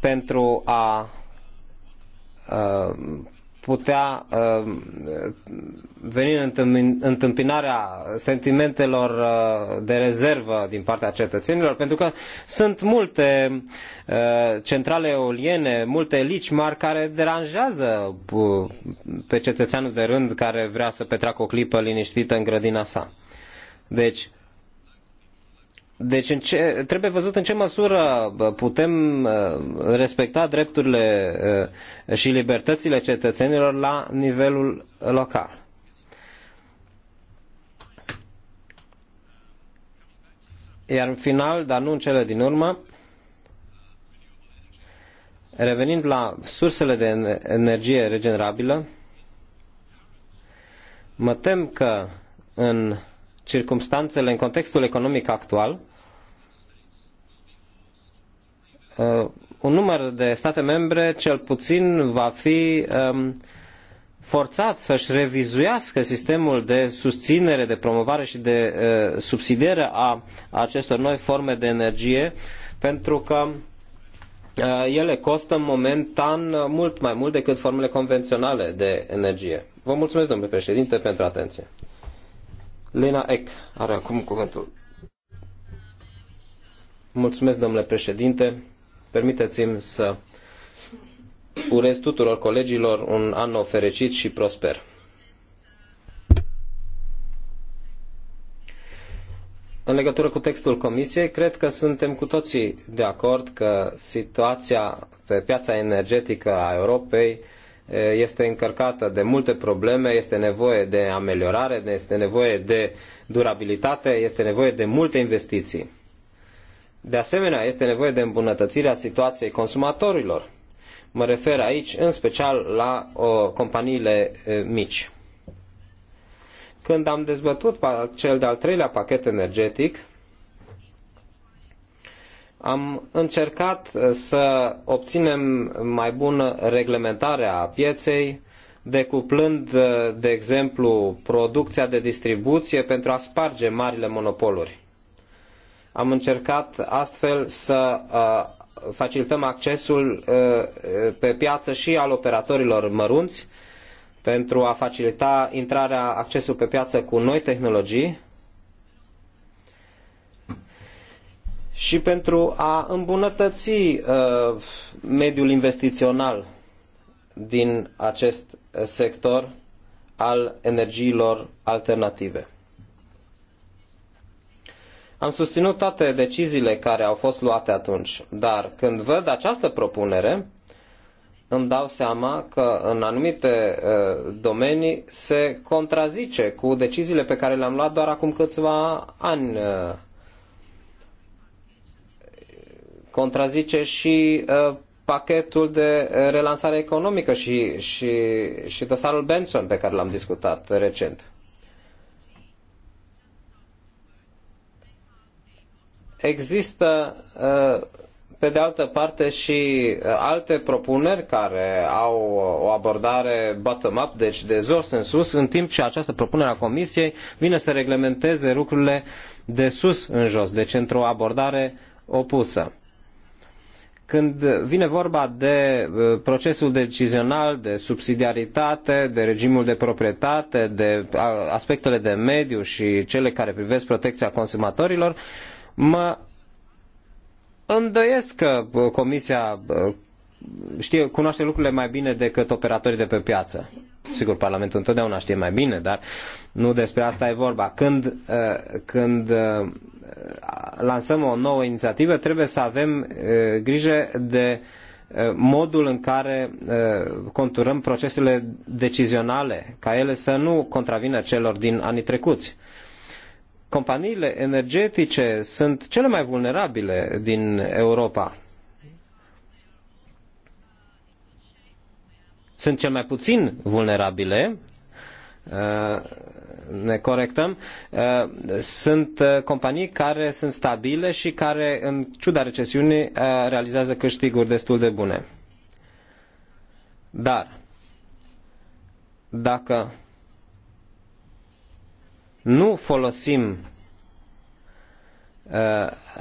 pentru a Uh, putea uh, veni în întâmpinarea sentimentelor uh, de rezervă din partea cetățenilor, pentru că sunt multe centrale eoliene, multe mari care deranjează pe cetățeanul de rând care vrea să petreacă o clipă liniștită în grădina sa. Deci, deci în ce, trebuie văzut în ce măsură putem respecta drepturile și libertățile cetățenilor la nivelul local. Iar în final, dar nu în cele din urmă, revenind la sursele de energie regenerabilă, mă tem că în circumstanțele, în contextul economic actual, Uh, un număr de state membre cel puțin va fi um, forțat să-și revizuiască sistemul de susținere, de promovare și de uh, subsidiere a acestor noi forme de energie, pentru că uh, ele costă momentan mult mai mult decât formele convenționale de energie. Vă mulțumesc, domnule președinte, pentru atenție. Lena Eck are acum cuvântul. Mulțumesc, domnule președinte. Permiteți-mi să urez tuturor colegilor un an nou fericit și prosper. În legătură cu textul Comisiei, cred că suntem cu toții de acord că situația pe piața energetică a Europei este încărcată de multe probleme, este nevoie de ameliorare, este nevoie de durabilitate, este nevoie de multe investiții. De asemenea, este nevoie de îmbunătățirea situației consumatorilor. Mă refer aici în special la o, companiile e, mici. Când am dezbătut cel de-al treilea pachet energetic, am încercat să obținem mai bună reglementare a pieței, decuplând, de exemplu, producția de distribuție pentru a sparge marile monopoluri. Am încercat astfel să uh, facilităm accesul uh, pe piață și al operatorilor mărunți pentru a facilita intrarea, accesul pe piață cu noi tehnologii și pentru a îmbunătăți uh, mediul investițional din acest sector al energiilor alternative. Am susținut toate deciziile care au fost luate atunci, dar când văd această propunere, îmi dau seama că în anumite uh, domenii se contrazice cu deciziile pe care le-am luat doar acum câțiva ani. Uh. Contrazice și uh, pachetul de relansare economică și, și, și dosarul Benson pe care l-am discutat recent. există uh, pe de altă parte și uh, alte propuneri care au uh, o abordare bottom-up, deci de jos în sus, în timp ce această propunere a Comisiei vine să reglementeze lucrurile de sus în jos, deci într-o abordare opusă. Când vine vorba de procesul decizional, de subsidiaritate, de regimul de proprietate, de aspectele de mediu și cele care privesc protecția consumatorilor, uh, Mă îndoiesc că Comisia știe, cunoaște lucrurile mai bine decât operatorii de pe piață. Sigur, Parlamentul întotdeauna știe mai bine, dar nu despre asta e vorba. Când, ă, când ă, lansăm o nouă inițiativă, trebuie să avem ă, grijă de modul în care conturăm procesele decizionale, ca ele să nu contravină celor din anii trecuți companiile energetice sunt cele mai vulnerabile din Europa. Sunt cel mai puțin vulnerabile, uh, ne corectăm, uh, sunt uh, companii care sunt stabile și care, în ciuda recesiunii, realizează câștiguri destul de bune. Dar, dacă nu folosim uh,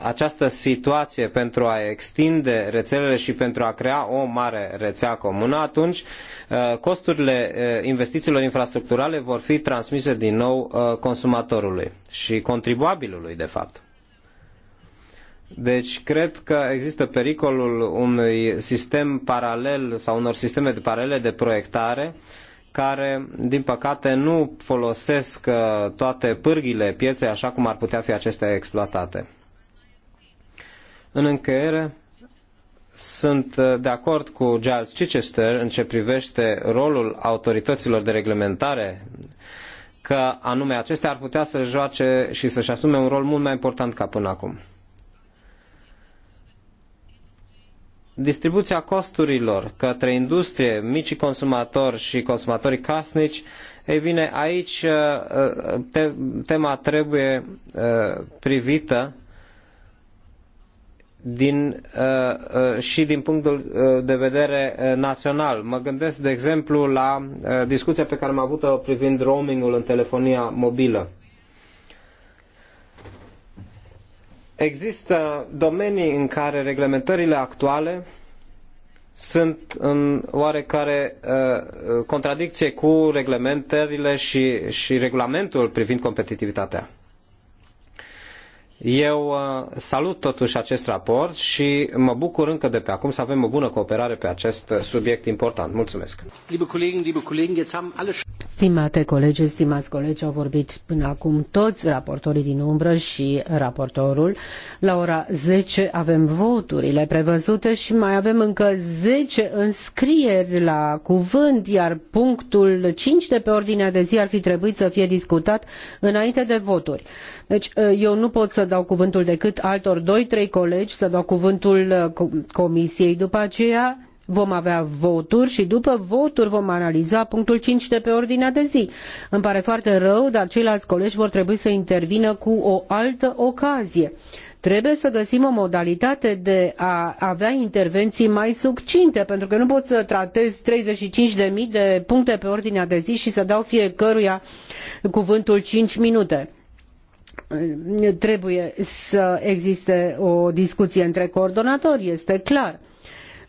această situație pentru a extinde rețelele și pentru a crea o mare rețea comună, atunci uh, costurile uh, investițiilor infrastructurale vor fi transmise din nou consumatorului și contribuabilului, de fapt. Deci cred că există pericolul unui sistem paralel sau unor sisteme paralele de proiectare uh, care, din păcate, nu folosesc uh, toate pârghile pieței așa cum ar putea fi acestea exploatate. În încheiere, sunt uh, de acord cu Giles Chichester în ce privește rolul autorităților de reglementare, că anume acestea ar putea să joace și să-și asume un rol mult mai important ca până acum. distribuția costurilor către industrie, micii consumatori și consumatorii casnici, ei bine, aici uh, uh, tema trebuie uh, privită din, și din punctul de vedere național. Mă gândesc, de exemplu, la discuția pe care am avut-o privind roamingul în telefonia mobilă. Există domenii în care reglementările actuale sunt în oarecare uh, contradicție cu reglementările și, și regulamentul privind competitivitatea. Eu uh, salut totuși acest raport și mă bucur încă de pe acum să avem o bună cooperare pe acest uh, subiect important. Mulțumesc! Stimate colegi, stimați colegi, au vorbit până acum toți raportorii din umbră și raportorul. La ora 10 avem voturile prevăzute și mai avem încă 10 înscrieri la cuvânt, iar punctul 5 de pe ordinea de zi ar fi trebuit să fie discutat înainte de voturi. Deci uh, eu nu pot să dau cuvântul decât altor doi, trei colegi, să dau cuvântul uh, comisiei după aceea. Vom avea voturi și după voturi vom analiza punctul 5 de pe ordinea de zi. Îmi pare foarte rău, dar ceilalți colegi vor trebui să intervină cu o altă ocazie. Trebuie să găsim o modalitate de a avea intervenții mai succinte, pentru că nu pot să tratez 35.000 de puncte pe ordinea de zi și să dau fiecăruia cuvântul 5 minute trebuie să existe o discuție între coordonatori, este clar.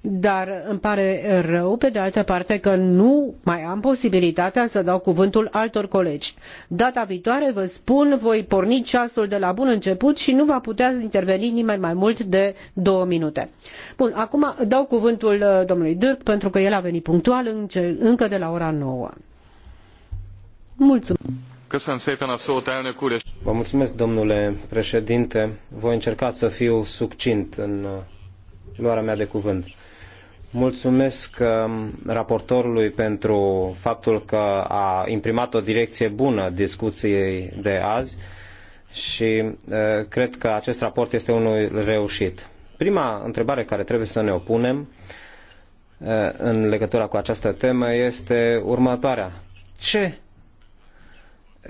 Dar îmi pare rău, pe de altă parte, că nu mai am posibilitatea să dau cuvântul altor colegi. Data viitoare, vă spun, voi porni ceasul de la bun început și nu va putea interveni nimeni mai mult de două minute. Bun, acum dau cuvântul uh, domnului Dirk, pentru că el a venit punctual încă de la ora nouă. Mulțumesc. Köszönöm szépen a szót, elnök úr. Vă mulțumesc, domnule președinte. Voi încerca să fiu succint în uh, luarea mea de cuvânt. Mulțumesc um, raportorului pentru faptul că a imprimat o direcție bună discuției de azi și uh, cred că acest raport este unul reușit. Prima întrebare care trebuie să ne opunem uh, în legătură cu această temă este următoarea. Ce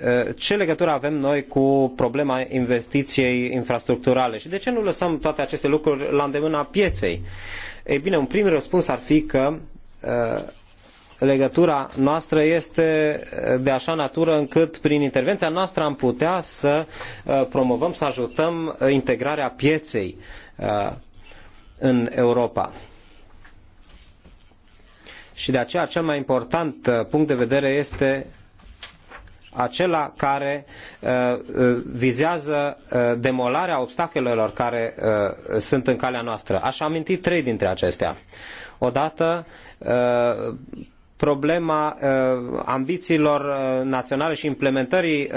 Eh, ce legătură avem noi cu problema investiției infrastructurale și de ce nu lăsăm toate aceste lucruri la îndemâna pieței? Ei bine, un prim răspuns ar fi că eh, legătura noastră este eh, de așa natură încât prin intervenția noastră am putea să promovăm, să ajutăm integrarea pieței în Europa. Și de aceea cel mai important punct de vedere este acela care uh, uh, vizează uh, demolarea obstacolelor care sunt în calea noastră. Aș aminti trei dintre acestea. Odată, problema ambițiilor naționale și implementării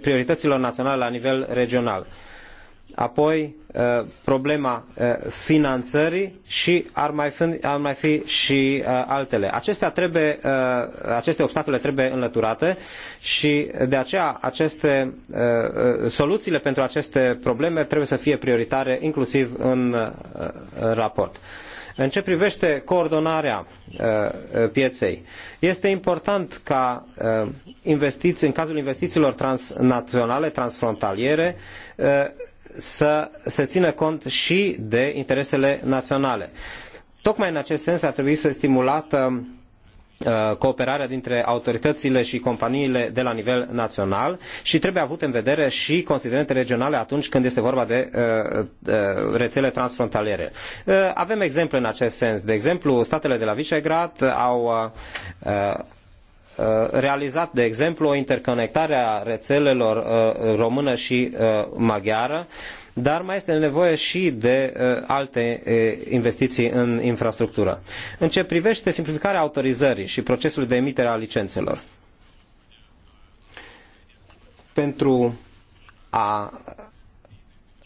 priorităților naționale la nivel regional apoi uh, problema uh, finanțării și ar mai fi, ar mai fi și uh, altele. Acestea trebuie, aceste obstacole trebuie înlăturate și de aceea aceste, soluțiile pentru aceste probleme trebuie să fie prioritare inclusiv în raport. În ce privește coordonarea pieței, este important ca investiți, în cazul investițiilor transnaționale, transfrontaliere, să se țină cont și de interesele naționale. Tocmai în acest sens ar trebui să stimulată uh, cooperarea dintre autoritățile și companiile de la nivel național și trebuie avut în vedere și considerente regionale atunci când este vorba de uh, uh, rețele transfrontaliere. Avem exemple în acest sens. De exemplu, statele de la Visegrad au Uh, realizat, de exemplu, o interconectare a rețelelor uh, română și uh, maghiară, dar mai este nevoie și de alte investiții în infrastructură. În ce privește simplificarea autorizării și procesului de emitere a licențelor, pentru a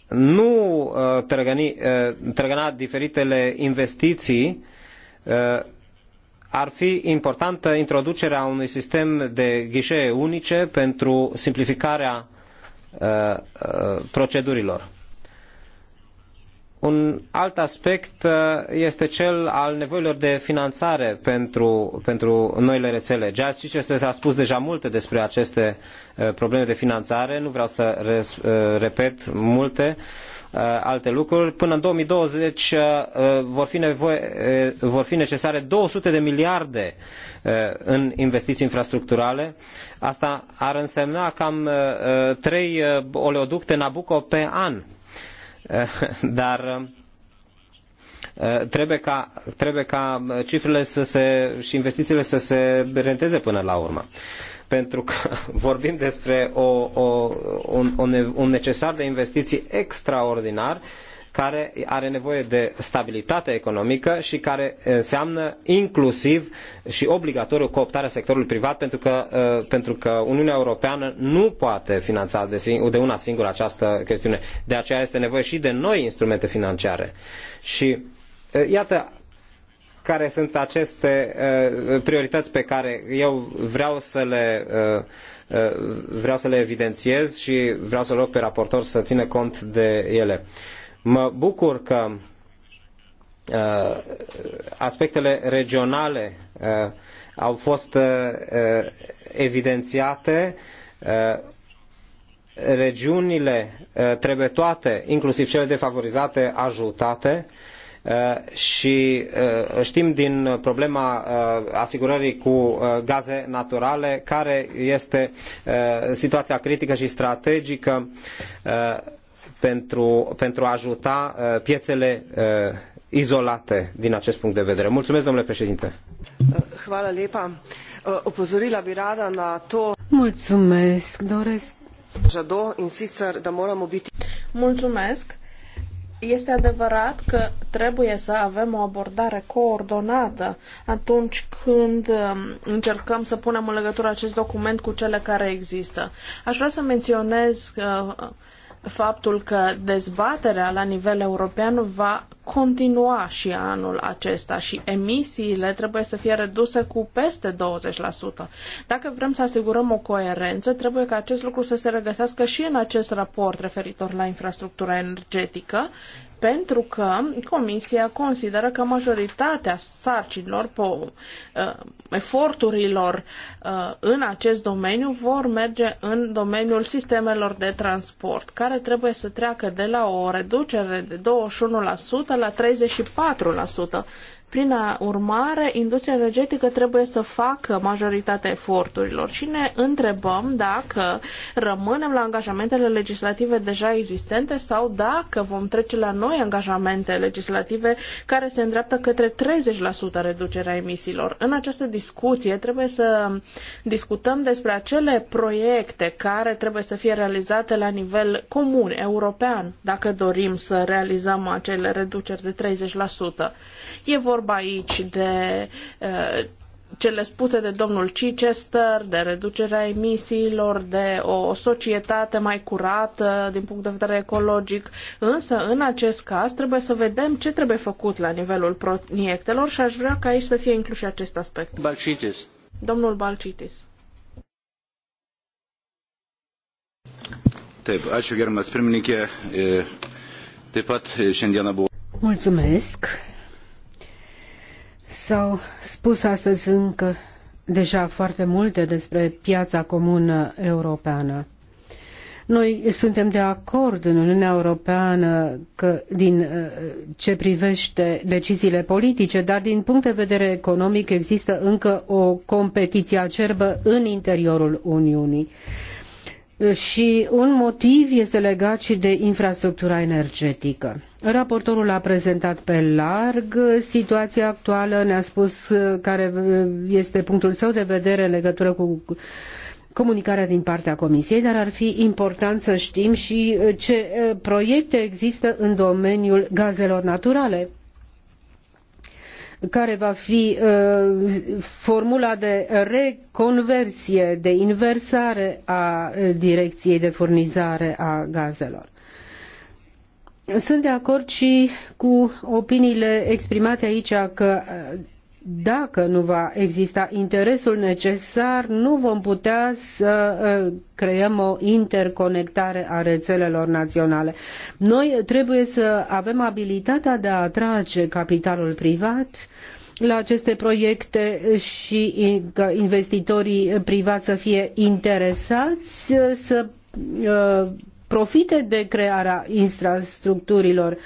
nu trăgăni, trăgăna diferitele investiții ar fi importantă introducerea unui sistem de ghișee unice pentru simplificarea uh, uh, procedurilor. Un alt aspect uh, este cel al nevoilor de finanțare pentru, pentru noile rețele. Jazz ce s-a spus deja multe despre aceste probleme de finanțare, nu vreau să repet multe. Uh, alte lucruri. Până în 2020 uh, uh, vor fi, nevoie, vor fi necesare 200 de miliarde în investiții infrastructurale. Asta ar însemna cam trei oleoducte Nabucco pe an. <laughs> Dar trebuie ca, trebuie ca cifrele să se, și investițiile să se renteze până la urmă pentru că <laughs> vorbim despre o, o, un, un necesar de investiții extraordinar care are nevoie de stabilitate economică și care înseamnă inclusiv și obligatoriu cooptarea sectorului privat pentru că, uh, pentru că Uniunea Europeană nu poate finanța de, de una singură această chestiune. De aceea este nevoie și de noi instrumente financiare. Și uh, iată, care sunt aceste uh, priorități pe care eu vreau să le uh, uh, vreau să le evidențiez și vreau să rog pe raportor să țină cont de ele. Mă bucur că aspectele regionale au fost evidențiate regiunile trebuie toate, inclusiv cele defavorizate, ajutate. Uh, Uh, și uh, știm din problema uh, asigurării cu gaze naturale care este situația critică și strategică pentru, pentru a ajuta piețele izolate din acest punct de vedere. Mulțumesc, domnule președinte. Hvala lepa. Opozorila bi rada na to. Mulțumesc, doresc. Žado in sicer da moramo biti. Mulțumesc. Este adevărat că trebuie să avem o abordare coordonată atunci când um, încercăm să punem în legătură acest document cu cele care există. Aș vrea să menționez uh, faptul că dezbaterea la nivel european va continua și anul acesta și emisiile trebuie să fie reduse cu peste 20%. Dacă vrem să asigurăm o coerență, trebuie ca acest lucru să se regăsească și în acest raport referitor la infrastructura energetică pentru că Comisia consideră că majoritatea sarcinilor, po, uh, eforturilor uh, în acest domeniu vor merge în domeniul sistemelor de transport, care trebuie să treacă de la o reducere de 21% la 34% prin urmare, industria energetică trebuie să facă majoritatea eforturilor și ne întrebăm dacă rămânem la angajamentele legislative deja existente sau dacă vom trece la noi angajamente legislative care se îndreaptă către 30% reducerea emisiilor. În această discuție trebuie să discutăm despre acele proiecte care trebuie să fie realizate la nivel comun, european, dacă dorim să realizăm acele reduceri de 30%. E vor vorba aici de uh, cele spuse de domnul Chichester, de reducerea emisiilor, de o societate mai curată din punct de vedere ecologic, însă în acest caz trebuie să vedem ce trebuie făcut la nivelul proiectelor și aș vrea ca aici să fie inclus și acest aspect. Balcitis. Domnul Balcitis. Taip, ačiū gerbiamas pirmininkė. Taip pat šiandieną buvo. Mulțumesc. S-au spus astăzi încă deja foarte multe despre piața comună europeană. Noi suntem de acord în Uniunea Europeană că din uh, ce privește deciziile politice, dar din punct de vedere economic există încă o competiție acerbă în interiorul Uniunii. Și un motiv este legat și de infrastructura energetică. Raportorul a prezentat pe larg situația actuală, ne-a spus care este punctul său de vedere în legătură cu comunicarea din partea Comisiei, dar ar fi important să știm și ce eh, proiecte există în domeniul gazelor naturale care va fi uh, formula de reconversie, de inversare a eh, direcției de furnizare a gazelor. Sunt de acord și cu opiniile exprimate aici că dacă nu va exista interesul necesar, nu vom putea să ă, creăm o interconectare a rețelelor naționale. Noi trebuie să avem abilitatea de a atrage capitalul privat la aceste proiecte și că investitorii privați să fie interesați să ă, profite de crearea infrastructurilor,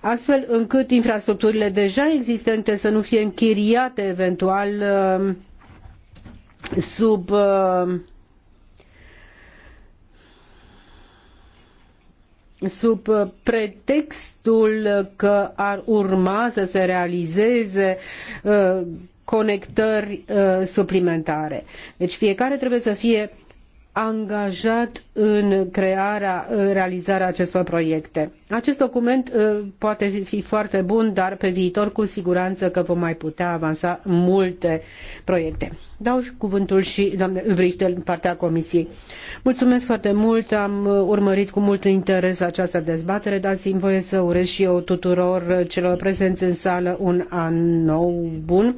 astfel încât infrastructurile deja existente să nu fie închiriate eventual uh, sub uh, sub pretextul că ar urma să se realizeze uh, conectări suplimentare. Deci fiecare trebuie să fie angajat în crearea, realizarea acestor proiecte. Acest document uh, poate fi foarte bun, dar pe viitor cu siguranță că vom mai putea avansa multe proiecte. Dau și cuvântul și doamne Vrichtel în partea Comisiei. Mulțumesc foarte mult, am urmărit cu mult interes această dezbatere, dați-mi voie să urez și eu tuturor celor prezenți în sală un an nou bun.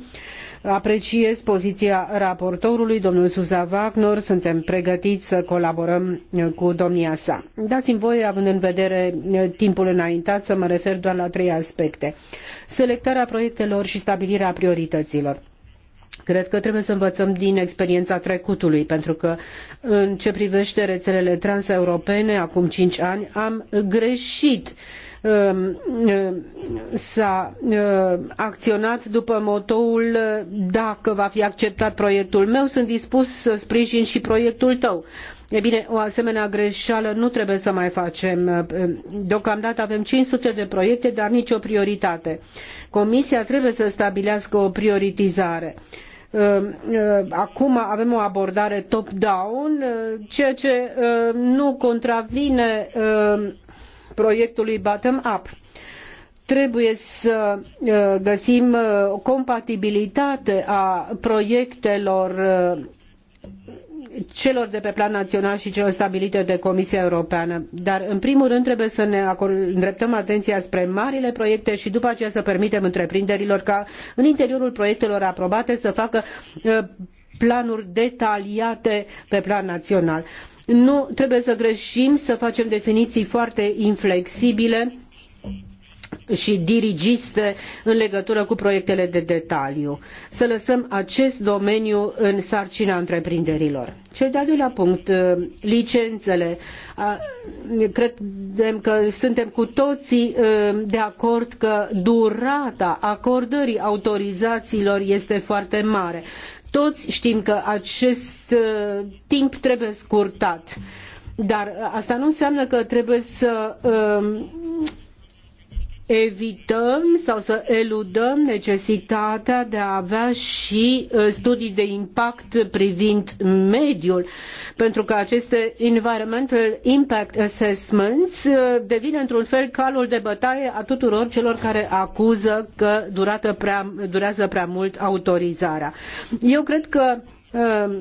Apreciez poziția raportorului, domnul Suza Wagner, suntem pregătiți să colaborăm uh, cu domnia sa. Dați-mi voie, având în vedere uh, timpul înaintat, să mă refer doar la trei aspecte. Selectarea proiectelor și stabilirea priorităților. Cred că trebuie să învățăm din experiența trecutului, pentru că în ce privește rețelele transeuropene, acum cinci ani, am greșit uh, Um, um, s-a uh, acționat după motoul uh, dacă va fi acceptat proiectul meu, sunt dispus să sprijin și proiectul tău. E bine, o asemenea greșeală nu trebuie să mai facem. Uh, deocamdată avem 500 de proiecte, dar nicio prioritate. Comisia trebuie să stabilească o prioritizare acum avem o abordare top-down, ceea ce nu contravine proiectului bottom-up trebuie să uh, găsim o uh, compatibilitate a proiectelor uh, celor de pe plan național și celor stabilite de Comisia Europeană. Dar, în primul rând, trebuie să ne îndreptăm atenția spre marile proiecte și după aceea să permitem întreprinderilor ca în interiorul proiectelor aprobate să facă planuri detaliate pe plan național. Nu trebuie să greșim să facem definiții foarte inflexibile și dirigiste în legătură cu proiectele de detaliu. Să lăsăm acest domeniu în sarcina întreprinderilor. Cel de-al doilea punct, uh, licențele. Credem că suntem cu toții uh, de acord că durata acordării autorizațiilor este foarte mare. Toți știm că acest uh, timp trebuie scurtat. Dar uh, asta nu înseamnă că trebuie să uh, evităm sau să eludăm necesitatea de a avea și uh, studii de impact privind mediul, pentru că aceste environmental impact assessments uh, devin într-un fel calul de bătaie a tuturor celor care acuză că durată prea, durează prea mult autorizarea. Eu cred că uh,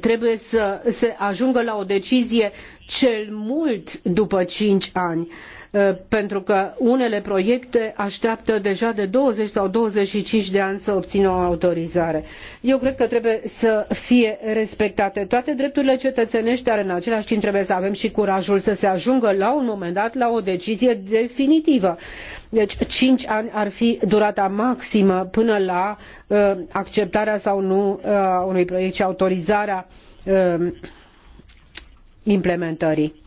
trebuie să se ajungă la o decizie cel mult după cinci ani. Uh, Uh, pentru că unele proiecte așteaptă deja de 20 sau 25 de ani să obțină o autorizare. Eu cred că trebuie să fie respectate toate drepturile cetățenești, dar în același timp trebuie să avem și curajul să se ajungă la un moment dat la o decizie definitivă. Deci cinci ani ar fi durata maximă până la uh, acceptarea sau nu a uh, unui proiect și autorizarea uh, implementării.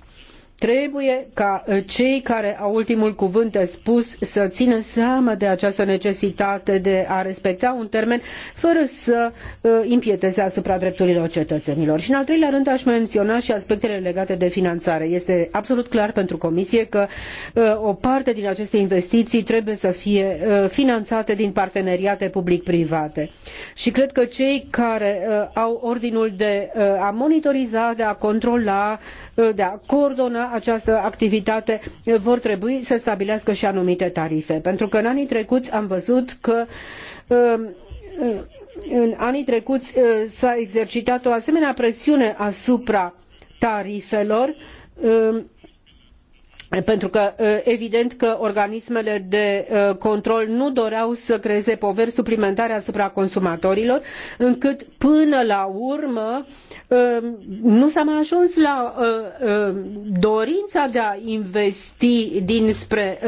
Trebuie ca uh, cei care au ultimul cuvânt de spus să țină seama de această necesitate de a respecta un termen fără să uh, impieteze asupra drepturilor cetățenilor. Și în al treilea rând aș menționa și aspectele legate de finanțare. Este absolut clar pentru Comisie că uh, o parte din aceste investiții trebuie să fie finanțate din parteneriate public-private. Și cred că cei care au ordinul de a monitoriza, de a controla de a coordona această activitate vor trebui să stabilească și anumite tarife. Pentru că în anii trecuți am văzut că um, în anii trecuți uh, s-a exercitat o asemenea presiune asupra tarifelor um, pentru că ă, evident că organismele de ă, control nu doreau să creeze poveri suplimentare asupra consumatorilor, încât până la urmă ă, nu s-a mai ajuns la dorința de a investi dinspre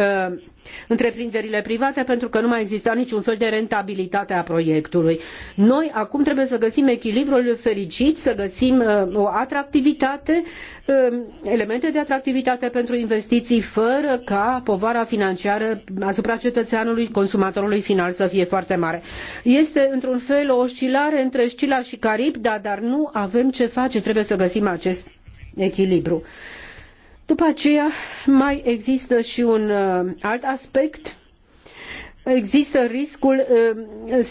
întreprinderile private pentru că nu mai exista niciun fel de rentabilitate a proiectului. Noi acum trebuie să găsim echilibrul fericit, să găsim uh, o atractivitate, um, elemente de atractivitate pentru investiții fără ca povara financiară asupra cetățeanului, consumatorului final să fie foarte mare. Este într-un fel o oscilare între Scila și Carib, da, dar nu avem ce face, trebuie să găsim acest echilibru. După aceea mai există și un uh, alt aspect există riscul uh,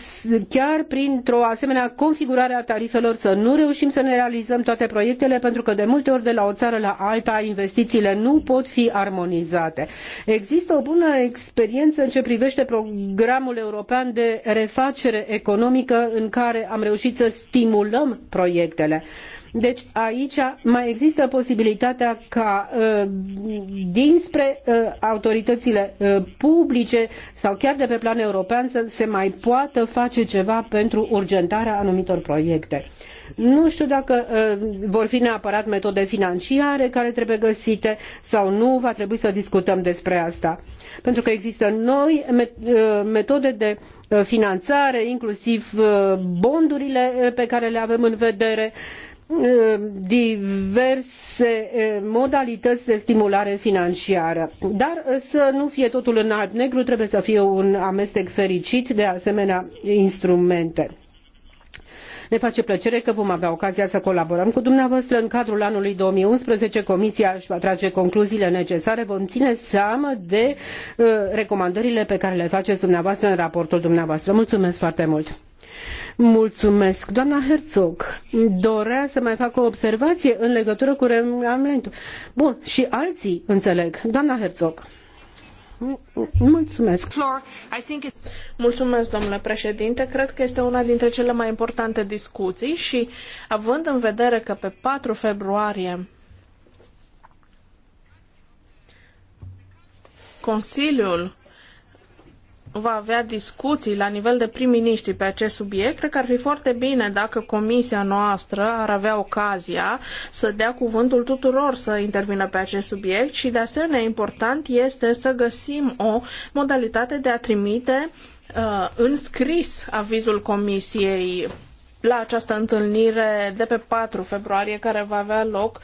chiar printr-o asemenea configurare a tarifelor să nu reușim să ne realizăm toate proiectele pentru că de multe ori de la o țară la alta investițiile nu pot fi armonizate. Există o bună experiență în ceea ce privește programul european de refacere economică în care am reușit să stimulăm proiectele. Deci aici mai există posibilitatea ca uh, dinspre uh, autoritățile uh, publice sau chiar de pe plan european să se mai poată face ceva pentru urgentarea anumitor proiecte. Nu știu dacă vor fi neapărat metode financiare care trebuie găsite sau nu, va trebui să discutăm despre asta. Pentru că există noi metode de finanțare, inclusiv bondurile pe care le avem în vedere, diverse modalități de stimulare financiară. Dar să nu fie totul în alb-negru, trebuie să fie un amestec fericit de asemenea instrumente. Ne face plăcere că vom avea ocazia să colaborăm cu dumneavoastră în cadrul anului 2011. Comisia își va trage concluziile necesare. Vom ține seama de recomandările pe care le faceți dumneavoastră în raportul dumneavoastră. Mulțumesc foarte mult! Mulțumesc. Doamna Herzog dorea să mai facă o observație în legătură cu regulamentul. Bun, și alții înțeleg. Doamna Herzog. Mulțumesc. Mulțumesc, domnule președinte. Cred că este una dintre cele mai importante discuții și, având în vedere că pe 4 februarie Consiliul va avea discuții la nivel de prim-ministri pe acest subiect, cred că ar fi foarte bine dacă comisia noastră ar avea ocazia să dea cuvântul tuturor să intervină pe acest subiect și de asemenea important este să găsim o modalitate de a trimite uh, în scris avizul comisiei la această întâlnire de pe 4 februarie care va avea loc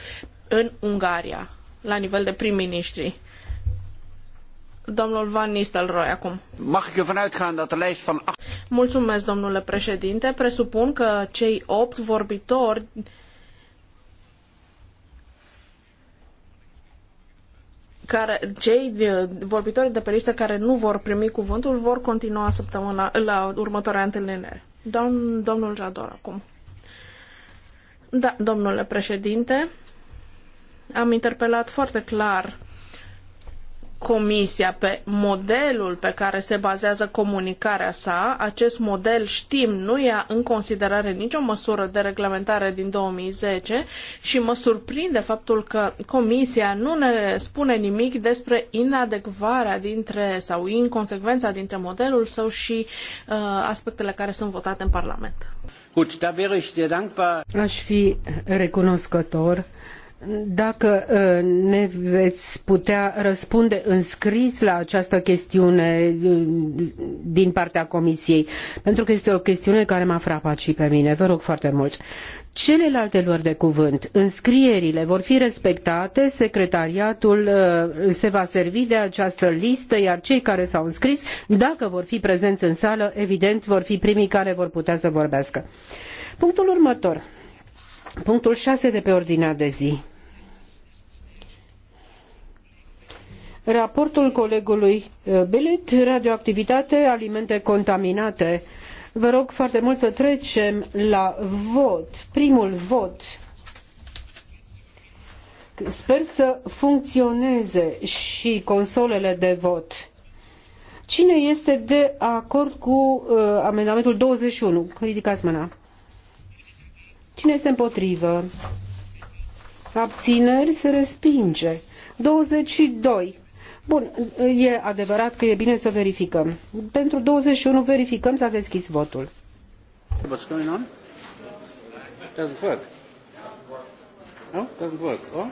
în Ungaria la nivel de prim-ministri. Domnul Van Nistelrooy acum. Mag ik ervan uitgaan dat de lijst van... Mulțumesc, domnule președinte. Presupun că cei opt vorbitori care, cei vorbitori de pe listă care nu vor primi cuvântul vor continua săptămâna, la următoarea întâlnire. Domn, domnul Jador acum. Da, domnule președinte, am interpelat foarte clar Comisia pe modelul pe care se bazează comunicarea sa. Acest model, știm, nu ia în considerare nicio măsură de reglementare din 2010 și mă surprinde faptul că Comisia nu ne spune nimic despre inadecvarea dintre sau inconsecvența dintre modelul său și uh, aspectele care sunt votate în Parlament. Da Aș fi recunoscător dacă uh, ne veți putea răspunde în scris la această chestiune uh, din partea Comisiei, pentru că este o chestiune care m-a frapat și pe mine, vă rog foarte mult. Celelalte luări de cuvânt, înscrierile vor fi respectate, secretariatul uh, se va servi de această listă, iar cei care s-au înscris, dacă vor fi prezenți în sală, evident vor fi primii care vor putea să vorbească. Punctul următor. Punctul 6 de pe ordinea de zi raportul colegului eh, Billet, radioactivitate, alimente contaminate. Vă rog foarte mult să trecem la vot, primul vot. Sper să funcționeze și consolele de vot. Cine este de acord cu uh, amendamentul 21? Ridicați mâna. Cine este împotrivă? Abțineri se respinge. 22. Bun, e adevărat că e bine să verificăm. Pentru 21 verificăm, să a deschis votul. What's going on? Doesn't work. No, doesn't work. Oh?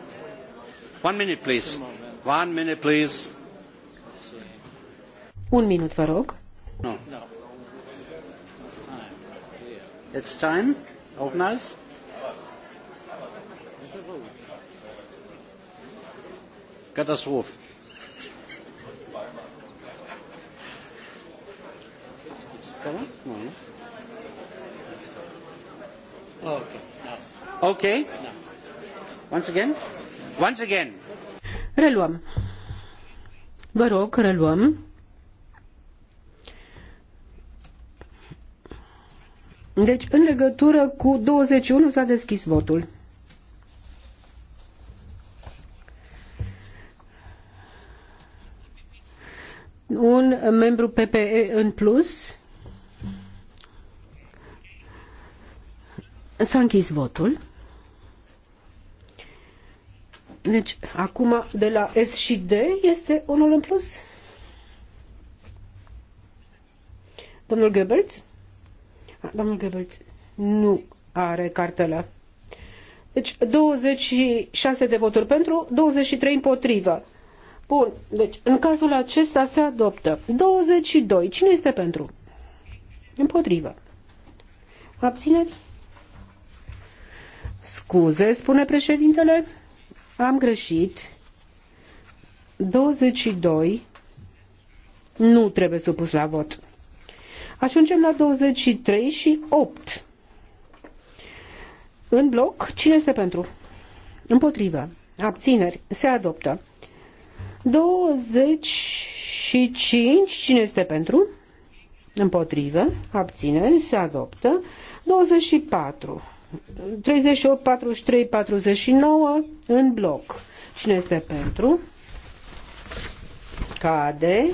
One minute, please. One minute, please. Un minut, vă rog. No. It's time. Open us. Katastrophe. Ok. No. Okay. No. Okay. No. Once again? Once again. Reluăm. Vă rog, reluăm. Deci, în legătură cu 21 s-a deschis votul. Un membru PPE în plus. S-a închis votul. Deci, acum, de la S și D este unul în plus? Domnul Goebbels? Domnul Goebbels nu are cartela. Deci 26 de voturi pentru, 23 împotrivă. Bun, deci în cazul acesta se adoptă. 22. Cine este pentru? Împotrivă. Abțineri? scuze, spune președintele, am greșit. 22 nu trebuie supus la vot. Ajungem la 23 și 8. În bloc, cine este pentru? Împotrivă. Abțineri. Se adoptă. 25. Cine este pentru? Împotrivă. Abțineri. Se adoptă. 24. 38, 43, 49 în bloc. Cine este pentru? Cade.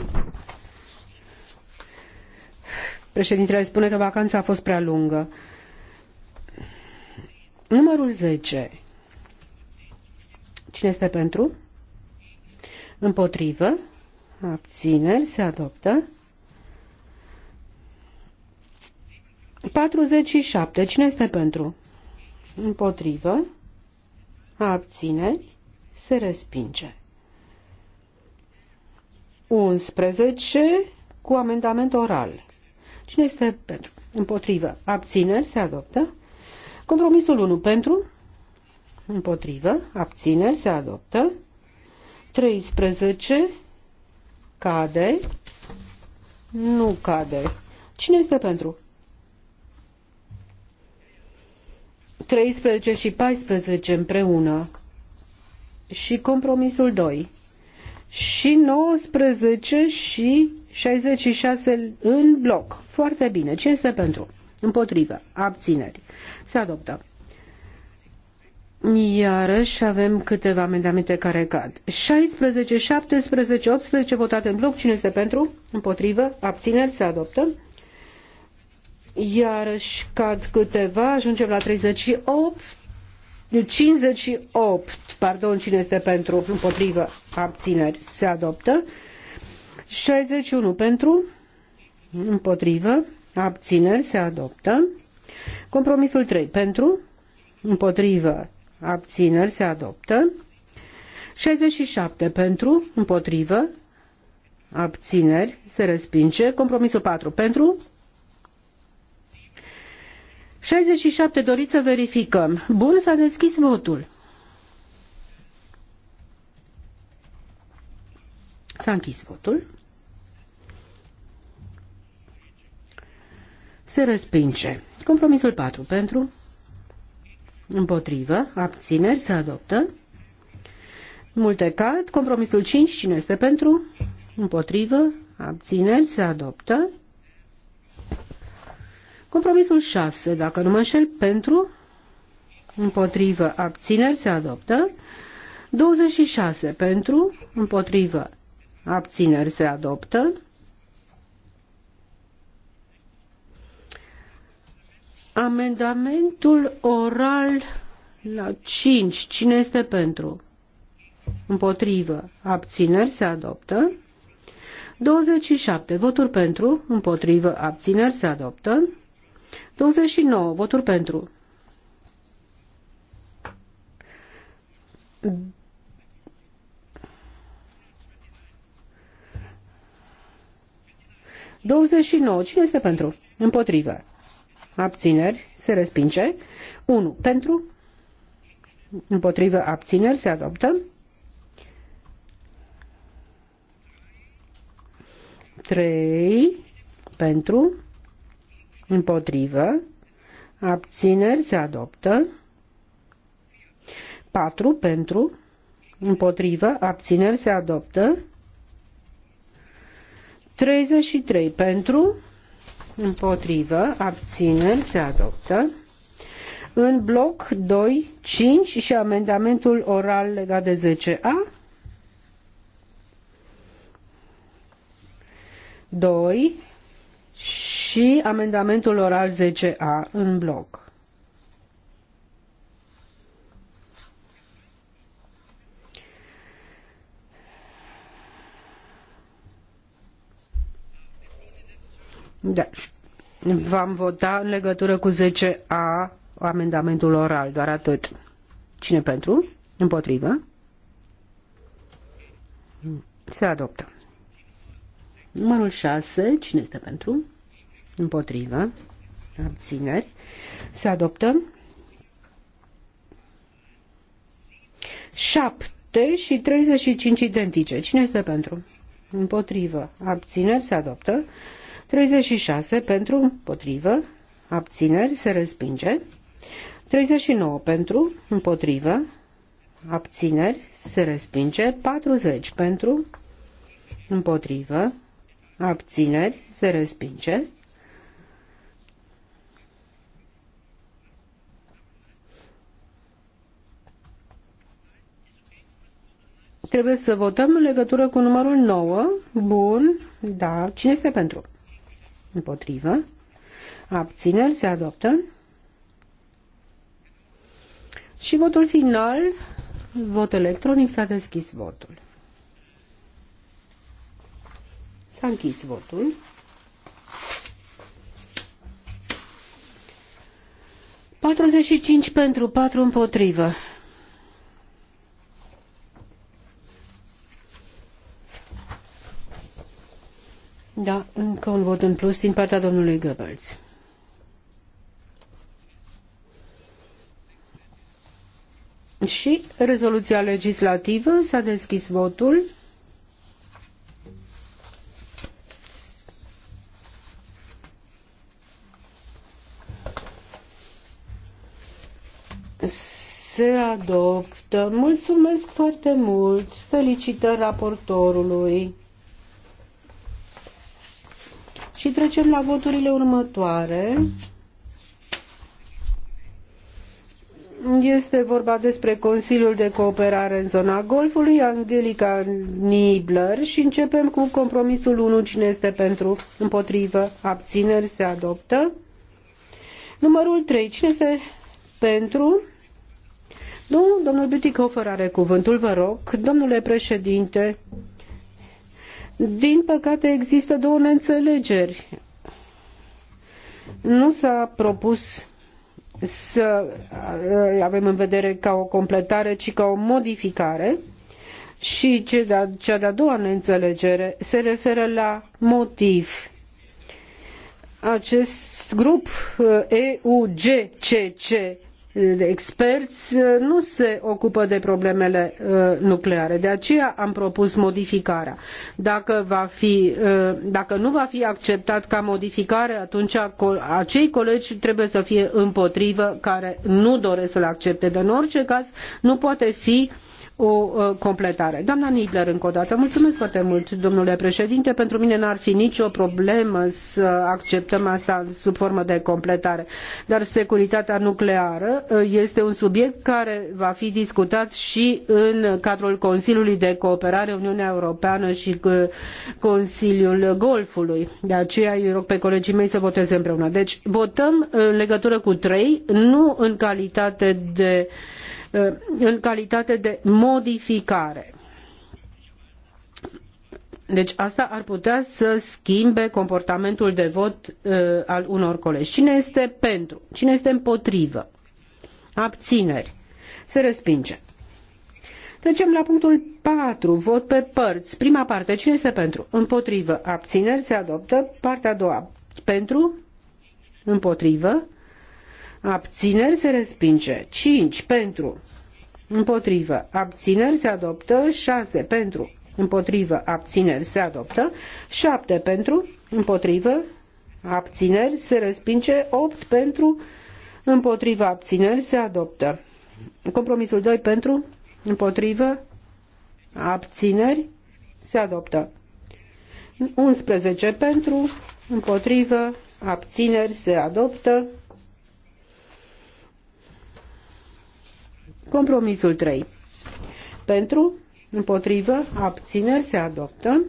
Președintele spune că vacanța a fost prea lungă. Numărul 10. Cine este pentru? Împotrivă. Abțineri. Se adoptă. 47. Cine este pentru? Împotrivă. Abțineri. Se respinge. 11. Cu amendament oral. Cine este pentru? Împotrivă. Abțineri. Se adoptă. Compromisul 1 pentru. Împotrivă. Abțineri. Se adoptă. 13. Cade. Nu cade. Cine este pentru? 13 și 14 împreună și compromisul 2 și 19 și 66 în bloc. Foarte bine. Ce este pentru? Împotrivă. Abțineri. Se adoptă. Iarăși avem câteva amendamente care cad. 16, 17, 18 votate în bloc. Cine este pentru? Împotrivă. Abțineri. Se adoptă iarăși cad câteva, ajungem la 38, 58, pardon, cine este pentru, împotrivă, abțineri, se adoptă, 61 pentru, împotrivă, abțineri, se adoptă, compromisul 3 pentru, împotrivă, abțineri, se adoptă, 67 pentru, împotrivă, abțineri, se respinge, compromisul 4 pentru, 67, doriți să verificăm. Bun, s-a deschis votul. S-a închis votul. Se respinge. Compromisul 4 pentru. Împotrivă. Abțineri. Se adoptă. Multe cad. Compromisul 5. Cine este pentru? Împotrivă. Abțineri. Se adoptă. Compromisul 6, dacă nu mă înșel, pentru, împotrivă, abțineri, se adoptă. 26 pentru, împotrivă, abțineri, se adoptă. Amendamentul oral la 5. Cine este pentru? Împotrivă. Abțineri se adoptă. 27. Voturi pentru. Împotrivă. Abțineri se adoptă. 29. Voturi pentru. Douăzeci Cine este pentru? Împotrivă. Abțineri. Se respinge. 1. Pentru. Împotrivă. Abțineri. Se adoptă. 3. Pentru Împotrivă. Abțineri se adoptă. 4 pentru. Împotrivă. Abțineri se adoptă. 33 pentru. Împotrivă. Abțineri se adoptă. În bloc 2, 5 și amendamentul oral legat de 10A. 2 și amendamentul oral 10A în bloc. Da. Vom vota în legătură cu 10A amendamentul oral, doar atât. Cine pentru? Împotrivă? Se adoptă. Numărul 6, cine este pentru? Împotrivă. Abțineri. Se adoptă. 7 și 35 identice. Cine este pentru? Împotrivă. Abțineri. Se adoptă. 36 pentru. Împotrivă. Abțineri. Se respinge. 39 pentru. Împotrivă. Abțineri. Se respinge. 40 pentru. Împotrivă. Abțineri. Se respinge. Trebuie să votăm în legătură cu numărul 9. Bun. Da. Cine este pentru? Împotrivă. Abțineri se adoptă. Și votul final, vot electronic, s-a deschis votul. S-a închis votul. Patruzeci și cinci pentru, patru împotrivă. Da, încă un vot în plus din partea domnului Goebbels. Și rezoluția legislativă s-a deschis votul. se adoptă. Mulțumesc foarte mult. Felicitări raportorului. Și trecem la voturile următoare. Este vorba despre Consiliul de Cooperare în zona Golfului, Angelica Nibler și începem cu compromisul 1. Cine este pentru? Împotrivă? Abțineri? Se adoptă. Numărul 3. Cine este pentru? Nu, domnul Bütikofer are cuvântul, vă rog. Domnule președinte, din păcate există două neînțelegeri. Nu s-a propus să uh, avem în vedere ca o completare, ci ca o modificare. Și cea de-a doua neînțelegere se referă la motiv. Acest grup uh, EUGCC de experți uh, nu se ocupă de problemele uh, nucleare. De aceea am propus modificarea. Dacă, va fi, uh, dacă nu va fi acceptat ca modificare, atunci acei colegi trebuie să fie împotrivă care nu doresc să-l accepte. Dar în orice caz nu poate fi uh, o uh, completare. Doamna Nibler, încă o dată, mulțumesc foarte mult, domnule președinte. Pentru mine n-ar fi nicio problemă să acceptăm asta sub formă de completare. Dar securitatea nucleară uh, este un subiect care va fi discutat și în cadrul Consiliului de Cooperare Uniunea Europeană și uh, Consiliul Golfului. De aceea îi rog pe colegii mei să voteze împreună. Deci votăm în legătură cu trei, nu în calitate de uh, Uh, în calitate de modificare. Deci asta ar putea să schimbe comportamentul de vot uh, al unor colegi. Cine este pentru? Cine este împotrivă? Abțineri. Se respinge. Trecem la punctul 4. Vot pe părți. Prima parte. Cine este pentru? Împotrivă. Abțineri. Se adoptă. Partea a doua. Pentru? Împotrivă abțineri se respinge, 5 pentru, împotrivă, abțineri se adoptă, 6 pentru, împotrivă, abțineri se adoptă, 7 pentru, împotrivă, abțineri se respinge, 8 pentru, împotrivă, abțineri se adoptă. Compromisul 2 pentru, împotrivă, abțineri se adoptă. 11 pentru, împotrivă, abțineri se adoptă. Compromisul 3. Pentru, împotrivă, abțineri se adoptă.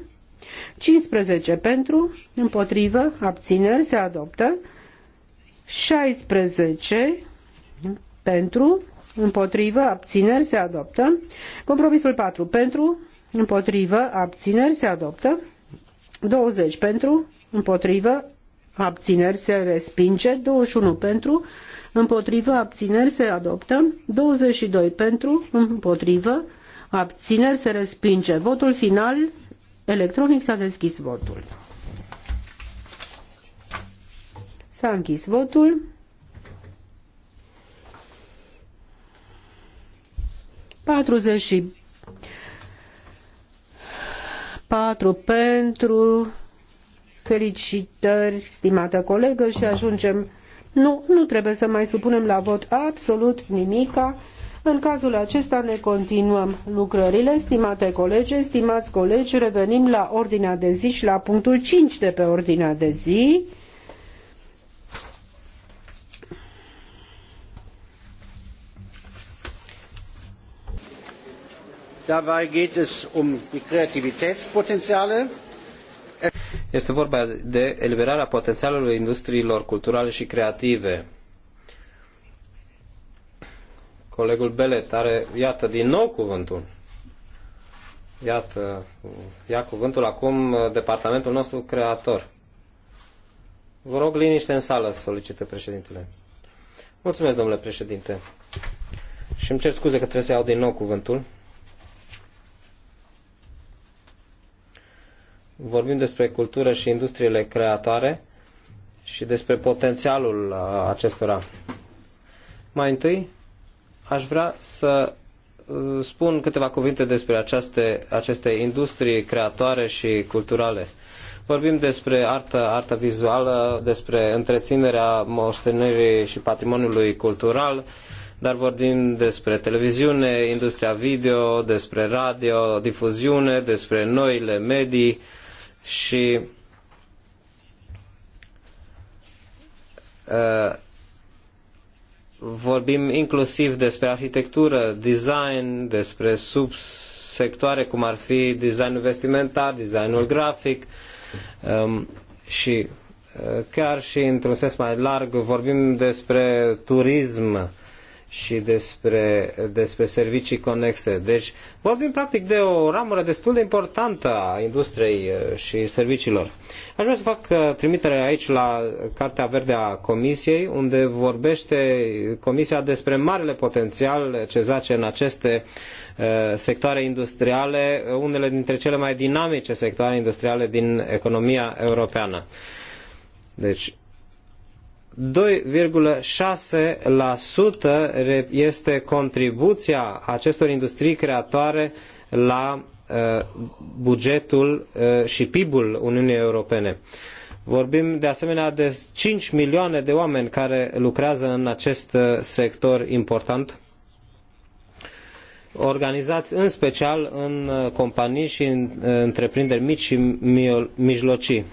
15 pentru, împotrivă, abțineri se adoptă. 16 pentru, împotrivă, abțineri se adoptă. Compromisul 4 pentru, împotrivă, abțineri se adoptă. 20 pentru, împotrivă, abțineri se respinge. 21 pentru, împotrivă, abțineri se adoptă, 22 pentru, împotrivă, abțineri se respinge. Votul final, electronic s-a deschis votul. S-a închis votul. Patruzeci și patru pentru felicitări, stimată colegă, și ajungem nu, nu trebuie să mai supunem la vot absolut nimica. În cazul acesta ne continuăm lucrările. Stimate colegi, stimați colegi, revenim la ordinea de zi și la punctul 5 de pe ordinea de zi. Dabei geht es um die Kreativitätspotenziale. Este vorba de eliberarea potențialului industriilor culturale și creative. Colegul Belet are, iată, din nou cuvântul. Iată, ia cuvântul acum departamentul nostru creator. Vă rog liniște în sală, solicită președintele. Mulțumesc, domnule președinte. Și îmi cer scuze că trebuie să iau din nou cuvântul. vorbim despre cultură și industriile creatoare și despre potențialul uh, acestora. Mai întâi, aș vrea să uh, spun câteva cuvinte despre aceste, aceste industrii creatoare și culturale. Vorbim despre artă, artă vizuală, despre întreținerea moștenirii și patrimoniului cultural, dar vorbim despre televiziune, industria video, despre radio, difuziune, despre noile medii, și uh, vorbim inclusiv despre arhitectură, design, despre subsectoare cum ar fi designul vestimentar, designul grafic um, și uh, chiar și într-un sens mai larg vorbim despre turism și despre, despre servicii conexe. Deci vorbim practic de o ramură destul de importantă a industriei uh, și serviciilor. Aș vrea să fac uh, trimitere aici la Cartea Verde a Comisiei, unde vorbește Comisia despre marele potențial ce zace în aceste uh, sectoare industriale, unele dintre cele mai dinamice sectoare industriale din economia europeană. Deci, 2,6% este contribuția acestor industrii creatoare la uh, bugetul uh, și PIB-ul Uniunii Europene. Vorbim de asemenea de 5 milioane de oameni care lucrează în acest uh, sector important, organizați în special în companii și în întreprinderi mici și mijlocii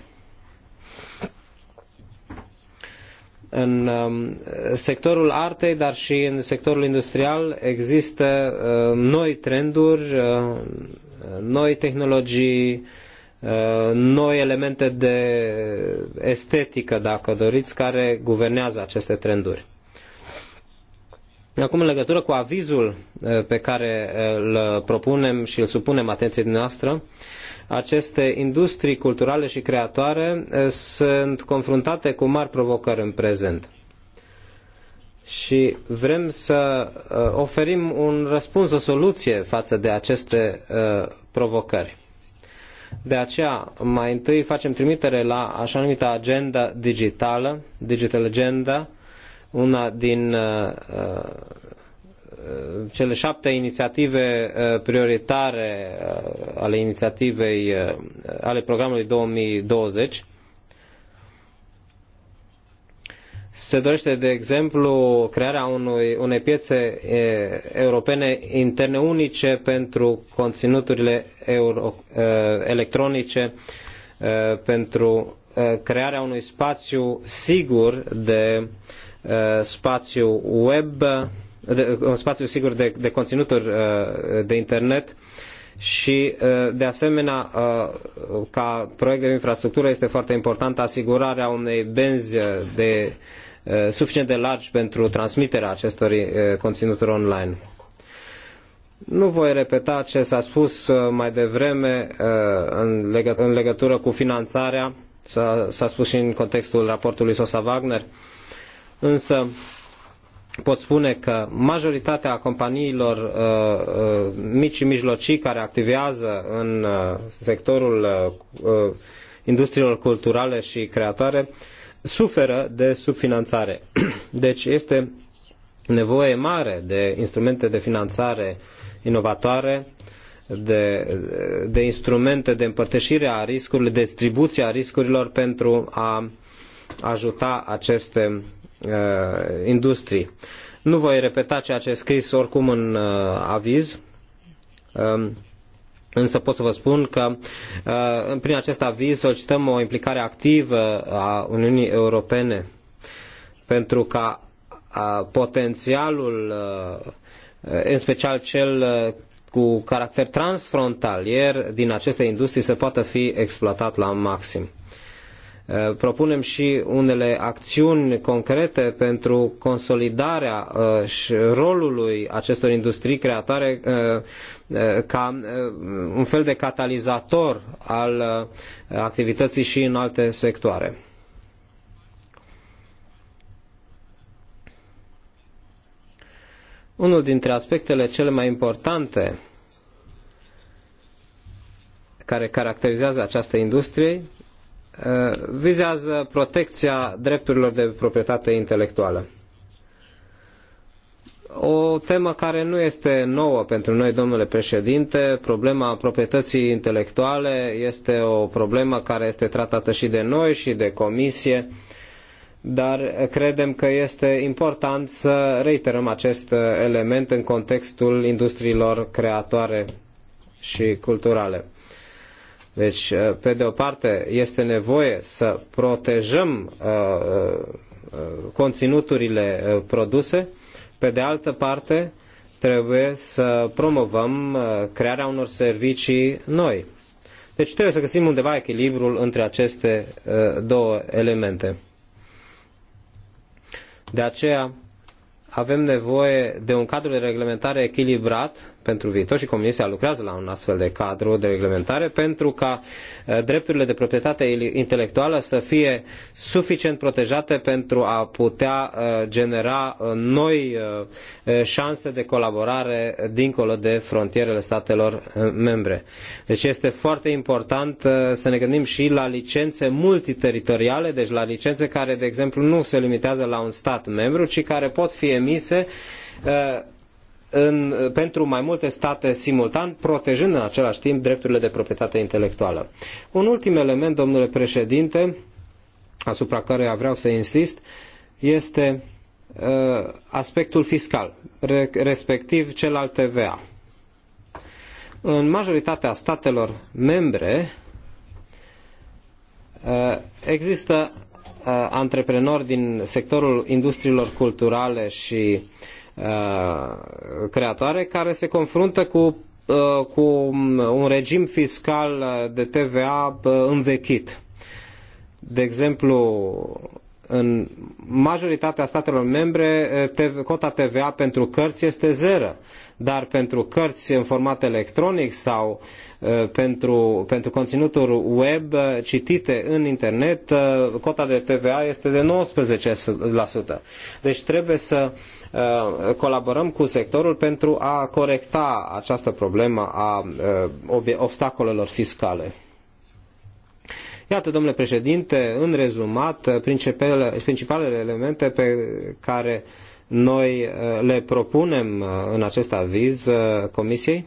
în um, sectorul artei, dar și în sectorul industrial există um, noi trenduri, uh, noi tehnologii, uh, noi elemente de estetică, dacă doriți, care guvernează aceste trenduri. Acum, în legătură cu avizul uh, pe care îl propunem și îl supunem atenției noastre, aceste industrii culturale și creatoare sunt confruntate cu mari provocări în prezent. Și vrem să oferim un răspuns, o soluție față de aceste provocări. De aceea, mai întâi facem trimitere la așa numita agenda digitală, digital agenda, una din Eh, cele șapte inițiative eh, prioritare eh, ale inițiativei, ale programului 2020. Se dorește, de exemplu, crearea unui, unei piețe europene interne unice pentru conținuturile euro, electronice, pentru crearea unui spațiu sigur de spațiu web, de, un spațiu sigur de, de conținuturi uh, de internet și, uh, de asemenea, uh, ca proiect de infrastructură este foarte importantă asigurarea unei benzi de, suficient de largi pentru transmiterea acestor conținuturi online. Nu voi repeta ce s-a spus mai devreme în, în legătură cu finanțarea, s-a spus și în contextul raportului Sosa Wagner, însă pot spune că majoritatea companiilor uh, uh, mici și mijlocii care activează în uh, sectorul uh, uh industriilor culturale și creatoare suferă de subfinanțare. <clears throat> Deci este nevoie mare de instrumente de finanțare inovatoare, de, de instrumente de împărtășire a riscurilor, de distribuție a riscurilor pentru a ajuta aceste Uh, industrii. Nu voi repeta ceea ce e scris oricum în uh, aviz. Um, însă pot să vă spun că uh, prin acest aviz solicităm o implicare activă a Uniunii Europene pentru ca potențialul, în special cel cu caracter transfrontalier din aceste industrii, să poată fi exploatat la maxim. Eh, propunem și unele acțiuni concrete pentru consolidarea eh, rolului acestor industrii creatoare eh, ca un fel de catalizator al activității și în alte sectoare. Unul dintre aspectele cele mai importante care caracterizează această industrie Uh, vizează protecția drepturilor de proprietate intelectuală. O temă care nu este nouă pentru noi, domnule președinte, problema proprietății intelectuale este o problemă care este tratată și de noi și de comisie, dar credem că este important să reiterăm acest element în contextul industriilor creatoare și culturale. Deci, uh, pe de o parte, este nevoie să protejăm uh, uh, conținuturile produse, pe de altă parte, trebuie să promovăm crearea unor servicii noi. Deci trebuie să găsim undeva echilibrul între aceste două elemente. De aceea avem nevoie de un cadru de reglementare echilibrat pentru viitor și Comisia lucrează la un astfel de cadru de reglementare pentru ca uh, drepturile de proprietate intelectuală să fie suficient protejate pentru a putea uh, genera uh, noi șanse de colaborare dincolo de frontierele statelor membre. Deci este foarte important să ne gândim și la licențe multiteritoriale, deci la licențe care, de exemplu, nu se limitează la un stat membru, ci care pot fi emise în, pentru mai multe state simultan, protejând în același timp drepturile de proprietate intelectuală. Un ultim element, domnule președinte, asupra căruia vreau să insist, este uh, aspectul fiscal, respectiv cel al TVA. În majoritatea statelor membre uh, există uh, antreprenori din sectorul industriilor culturale și Uh, creatoare care se confruntă cu, uh, cu un regim fiscal uh, de TVA învechit. De exemplu, în majoritatea statelor membre cota TVA pentru cărți este zero dar pentru cărți în format electronic sau uh, pentru, pentru conținutul web uh, citite în internet, uh, cota de TVA este de 19%. Deci trebuie să colaborăm cu sectorul pentru a corecta această problemă a obstacolelor fiscale. Iată, domnule președinte, în rezumat, principalele elemente pe care noi uh, le propunem uh, în acest aviz uh, Comisiei.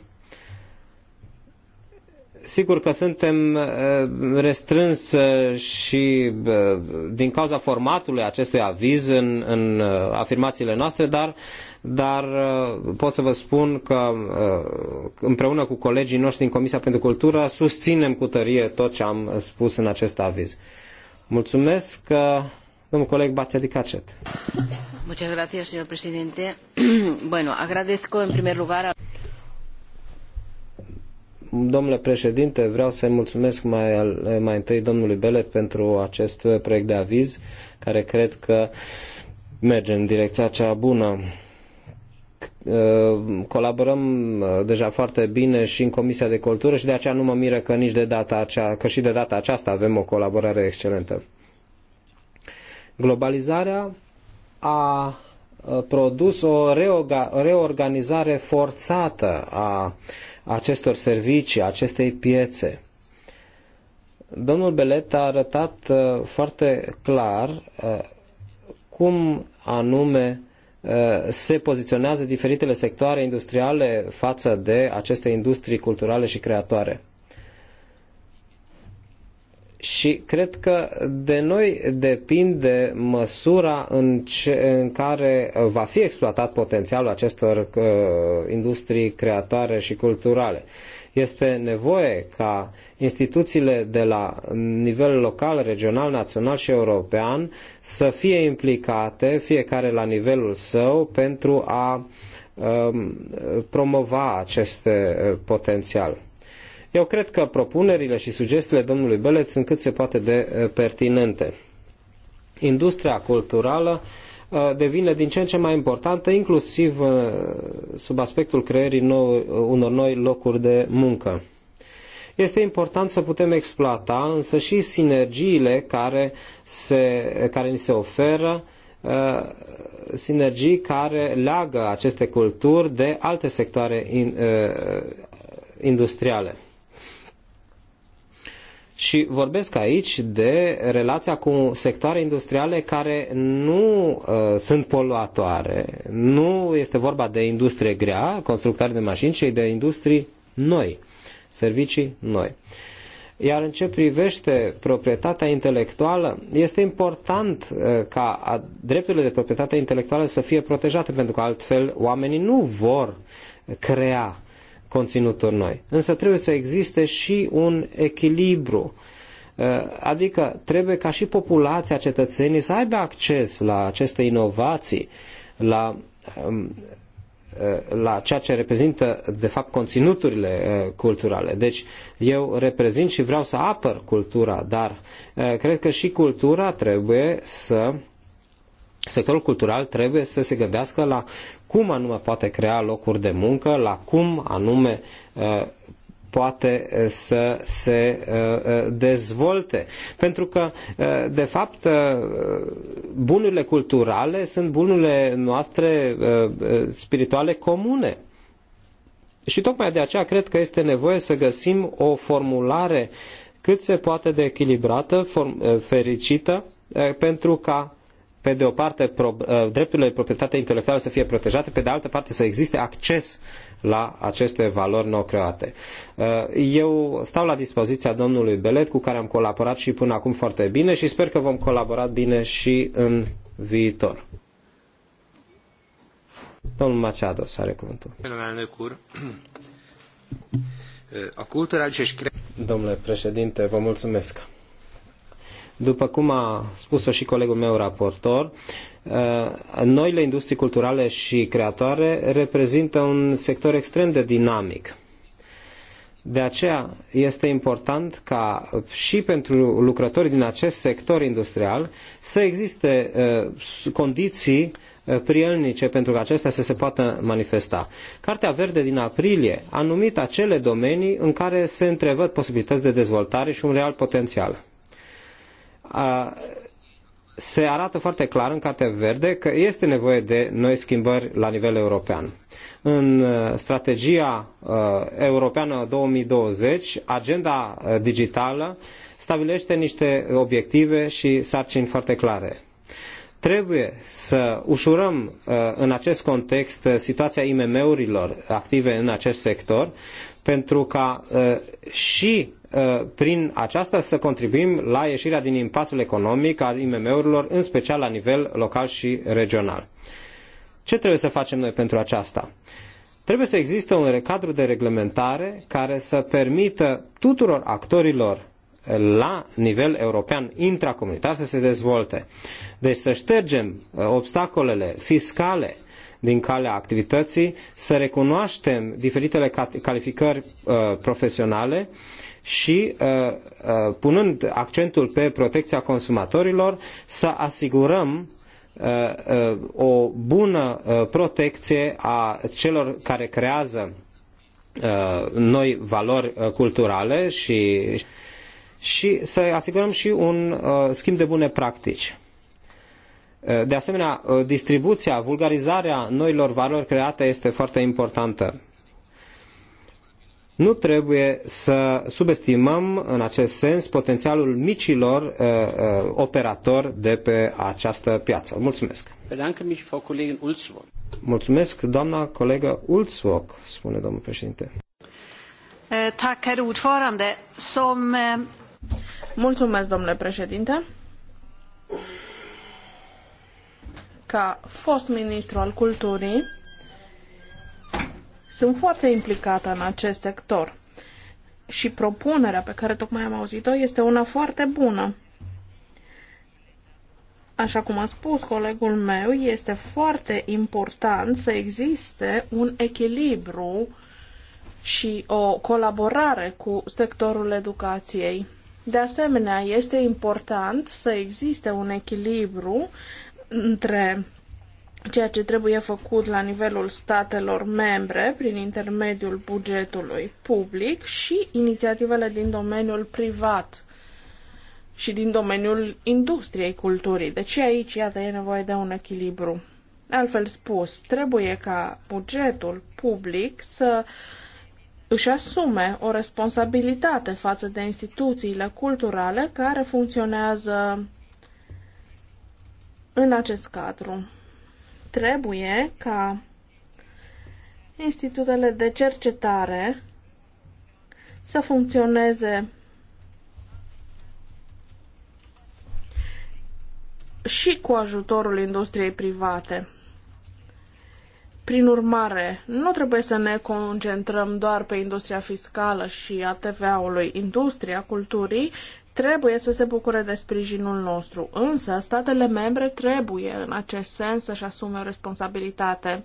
Sigur că suntem restrâns și din cauza formatului acestui aviz în, în afirmațiile noastre, dar, dar pot să vă spun că împreună cu colegii noștri din Comisia pentru Cultură susținem cu tărie tot ce am spus în acest aviz. Mulțumesc! Că Domnul coleg Batia Cacet. Muchas gracias, señor presidente. <clears throat> bueno, agradezco en primer lugar a... Domnule președinte, vreau să-i mulțumesc mai, mai întâi domnului Belet pentru acest proiect de aviz, care cred că merge în direcția cea bună ă, colaborăm ă, deja foarte bine și în Comisia de Cultură și de aceea nu mă miră că nici de data acea, că și de data aceasta avem o colaborare excelentă. Globalizarea a produs o reorganizare forțată a acestor servicii, a acestei piețe. Domnul Belet a arătat uh, foarte clar uh, cum anume uh, se poziționează diferitele sectoare industriale față de aceste industrii culturale și creatoare și cred că de noi depinde măsura în, ce, în care va fi exploatat potențialul acestor uh, industrii creatoare și culturale. Este nevoie ca instituțiile de la nivel local, regional, național și european să fie implicate, fiecare la nivelul său, pentru a uh, promova acest uh, potențial eu cred că propunerile și sugestiile domnului Beleț sunt cât se poate de eh, pertinente. Industria culturală eh, devine din ce în ce mai importantă, inclusiv eh, sub aspectul creării nou, unor noi locuri de muncă. Este important să putem exploata însă și sinergiile care, se, care ni se oferă, sinergii care leagă aceste culturi de alte sectoare industriale. Și vorbesc aici de relația cu sectoare industriale care nu uh, sunt poluatoare. Nu este vorba de industrie grea, constructare de mașini, ci de industrii noi, servicii noi. Iar în ce privește proprietatea intelectuală, este important uh, ca a, drepturile de proprietate intelectuală să fie protejate, pentru că altfel oamenii nu vor crea conținutul noi. Însă trebuie să existe și un echilibru. Uh, adică trebuie ca și populația, cetățenii să aibă acces la aceste inovații, la, um, uh, la ceea ce reprezintă, de fapt, conținuturile uh, culturale. Deci eu reprezint și vreau să apăr cultura, dar cred că și cultura trebuie să sectorul cultural trebuie să se gândească la cum anume poate crea locuri de muncă, la cum anume uh, poate uh, să se uh, dezvolte. Pentru că, de fapt, bunurile culturale sunt bunurile noastre spirituale comune. Și tocmai de aceea cred că este nevoie să găsim o formulare cât se poate de echilibrată, fericită, pentru ca pe de o parte, uh, drepturile de proprietate intelectuală să fie protejate, pe de altă parte să existe acces la aceste valori nou create. Uh, eu stau la dispoziția domnului Belet, cu care am colaborat și până acum foarte bine și sper că vom colabora bine și în viitor. Domnul să are cuvântul. Domnule președinte, vă mulțumesc. După cum a spus-o și colegul meu raportor, eh, noile industrii culturale și creatoare reprezintă un sector extrem de dinamic. De aceea este important ca și pentru lucrătorii din acest sector industrial să existe eh, condiții eh, prielnice pentru ca acestea să se poată manifesta. Cartea verde din aprilie a numit acele domenii în care se întrevăd posibilități de dezvoltare și un real potențial se arată foarte clar în Cartea Verde că este nevoie de noi schimbări la nivel european. În uh, strategia uh, europeană 2020, agenda uh, digitală stabilește niște obiective și sarcini foarte clare. Trebuie să ușurăm în acest context situația IMM-urilor active în acest sector pentru ca și Uh, prin aceasta să contribuim la ieșirea din impasul economic al IMM-urilor, în special la nivel local și regional. Ce trebuie să facem noi pentru aceasta? Trebuie să existe un recadru de reglementare care să permită tuturor actorilor uh, la nivel european intracomunitar să se dezvolte. Deci să ștergem uh, obstacolele fiscale din calea activității, să recunoaștem diferitele calificări profesionale și, uh, uh, punând accentul pe protecția consumatorilor, să asigurăm uh, o bună protecție a celor care creează noi valori culturale și, și să asigurăm și un schimb de bune practici. De asemenea, distribuția, vulgarizarea noilor valori create este foarte importantă. Nu trebuie să subestimăm în acest sens potențialul micilor uh, uh, operatori de pe această piață. Mulțumesc! Mulțumesc, doamna colegă Ulzvok, spune domnul președinte. Eh, tack, herr ordförande. Som... Eh, Mulțumesc, domnule președinte. Ca fost ministru al culturii, sunt foarte implicată în acest sector. Și propunerea pe care tocmai am auzit-o este una foarte bună. Așa cum a spus colegul meu, este foarte important să existe un echilibru și o colaborare cu sectorul educației. De asemenea, este important să existe un echilibru între ceea ce trebuie făcut la nivelul statelor membre prin intermediul bugetului public și inițiativele din domeniul privat și din domeniul industriei culturii. Deci aici, iată, e nevoie de un echilibru. Altfel spus, trebuie ca bugetul public să își asume o responsabilitate față de instituțiile culturale care funcționează în acest cadru. Trebuie ca institutele de cercetare să funcționeze și cu ajutorul industriei private. Prin urmare, nu trebuie să ne concentrăm doar pe industria fiscală și a TVA-ului. Industria culturii trebuie să se bucure de sprijinul nostru, însă statele membre trebuie în acest sens să-și asume o responsabilitate.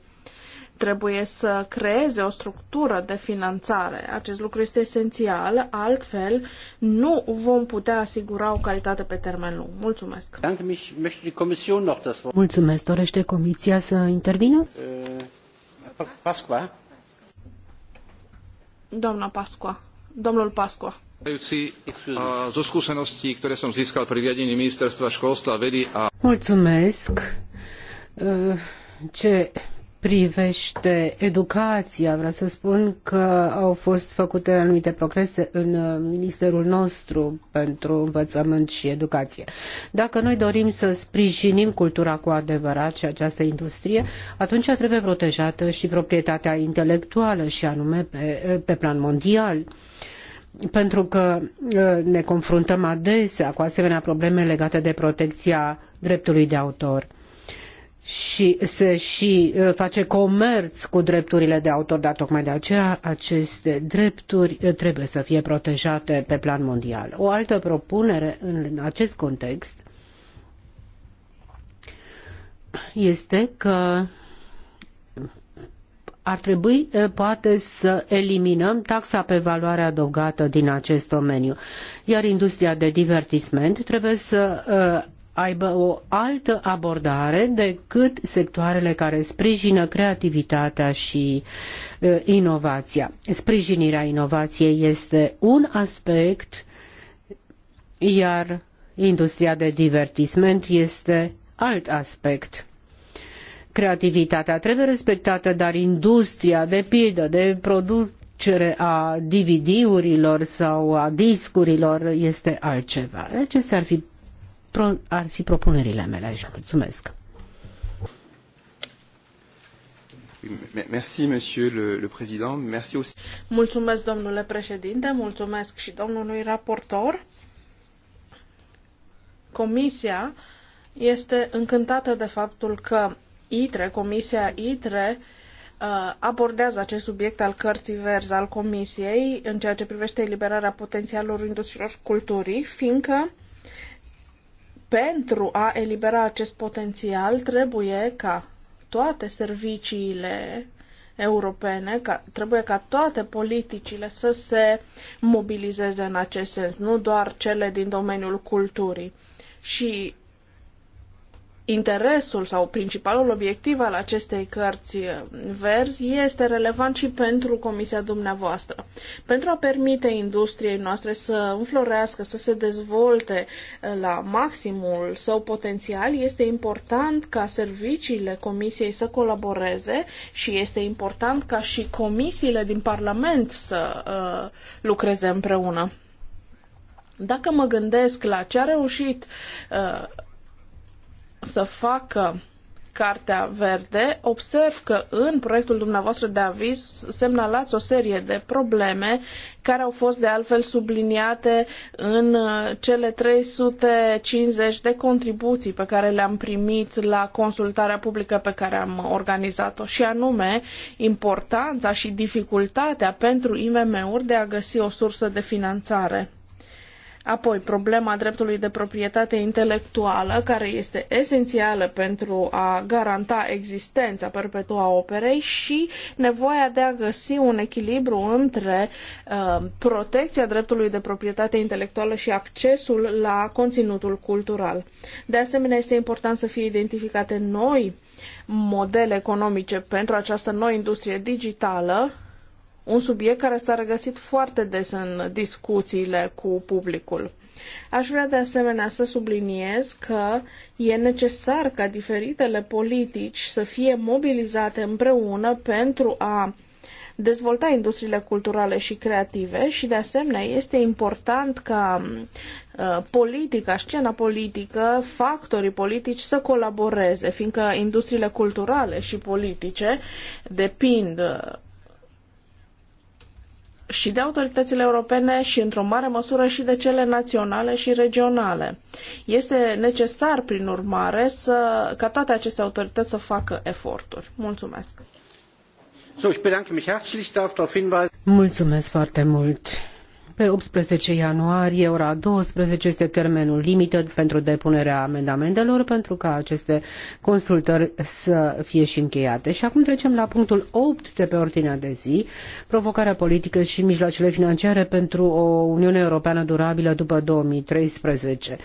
Trebuie să creeze o structură de finanțare. Acest lucru este esențial, altfel nu vom putea asigura o calitate pe termen lung. Mulțumesc! Mulțumesc! Dorește Comisia să intervină? Pascua? Doamna Pascua. Domnul Pascua. Zo skúseností, ktoré som získal pri riadení ministerstva školstva, vedy a... Mulțumesc. Ă, ce privește educația, vreau să spun că au fost făcute anumite progrese în ă, ministerul nostru pentru învățământ și educație. Dacă noi dorim să sprijinim cultura cu adevărat și această industrie, atunci trebuie protejată și proprietatea intelectuală și anume pe, pe plan mondial. Uh, pentru că uh, ne confruntăm adesea cu asemenea probleme legate de protecția dreptului de autor și se și uh, face comerț cu drepturile de autor, dar tocmai de aceea aceste drepturi uh, trebuie să fie protejate pe plan mondial. O altă propunere în acest context este că ar trebui poate să eliminăm taxa pe valoare adăugată din acest domeniu. Iar industria de divertisment trebuie să aibă o altă abordare decât sectoarele care sprijină creativitatea și inovația. Sprijinirea inovației este un aspect, iar industria de divertisment este alt aspect. Creativitatea trebuie respectată, dar industria, de pildă, de producere a DVD-urilor sau a discurilor este altceva. Acestea ar fi, pro, ar fi propunerile mele și mulțumesc. Mulțumesc, domnule președinte, mulțumesc și domnului raportor. Comisia este încântată de faptul că ITRE, Comisia ITRE, uh, abordează acest subiect al cărții verzi al Comisiei în ceea ce privește eliberarea potențialelor industriilor culturii, fiindcă pentru a elibera acest potențial trebuie ca toate serviciile europene, ca, trebuie ca toate politicile să se mobilizeze în acest sens, nu doar cele din domeniul culturii. Și interesul sau principalul obiectiv al acestei cărți eh, verzi este relevant și pentru comisia dumneavoastră. Pentru a permite industriei noastre să înflorească, să se dezvolte eh, la maximul său potențial, este important ca serviciile comisiei să colaboreze și este important ca și comisiile din Parlament să uh, lucreze împreună. Dacă mă gândesc la ce a reușit uh, să facă Cartea Verde, observ că în proiectul dumneavoastră de aviz semnalați o serie de probleme care au fost de altfel subliniate în uh, cele 350 de contribuții pe care le-am primit la consultarea publică pe care am organizat-o și anume importanța și dificultatea pentru IMM-uri de a găsi o sursă de finanțare. Apoi, problema dreptului de proprietate intelectuală, care este esențială pentru a garanta existența perpetua operei și nevoia de a găsi un echilibru între uh, protecția dreptului de proprietate intelectuală și accesul la conținutul cultural. De asemenea, este important să fie identificate noi modele economice pentru această nouă industrie digitală, un subiect care s-a regăsit foarte des în discuțiile cu publicul. Aș vrea de asemenea să subliniez că e necesar ca diferitele politici să fie mobilizate împreună pentru a dezvolta industriile culturale și creative și de asemenea este important ca uh, politica, scena politică, factorii politici să colaboreze, fiindcă industriile culturale și politice depind uh, și de autoritățile europene și, într-o mare măsură, și de cele naționale și regionale. Este necesar, prin urmare, să, ca toate aceste autorități să facă eforturi. Mulțumesc! Mulțumesc foarte mult! Pe 18 ianuarie, ora 12, este termenul limită pentru depunerea amendamentelor, pentru ca aceste consultări să fie și încheiate. Și acum trecem la punctul 8 de pe ordinea de zi, provocarea politică și mijloacele financiare pentru o Uniune Europeană durabilă după 2013.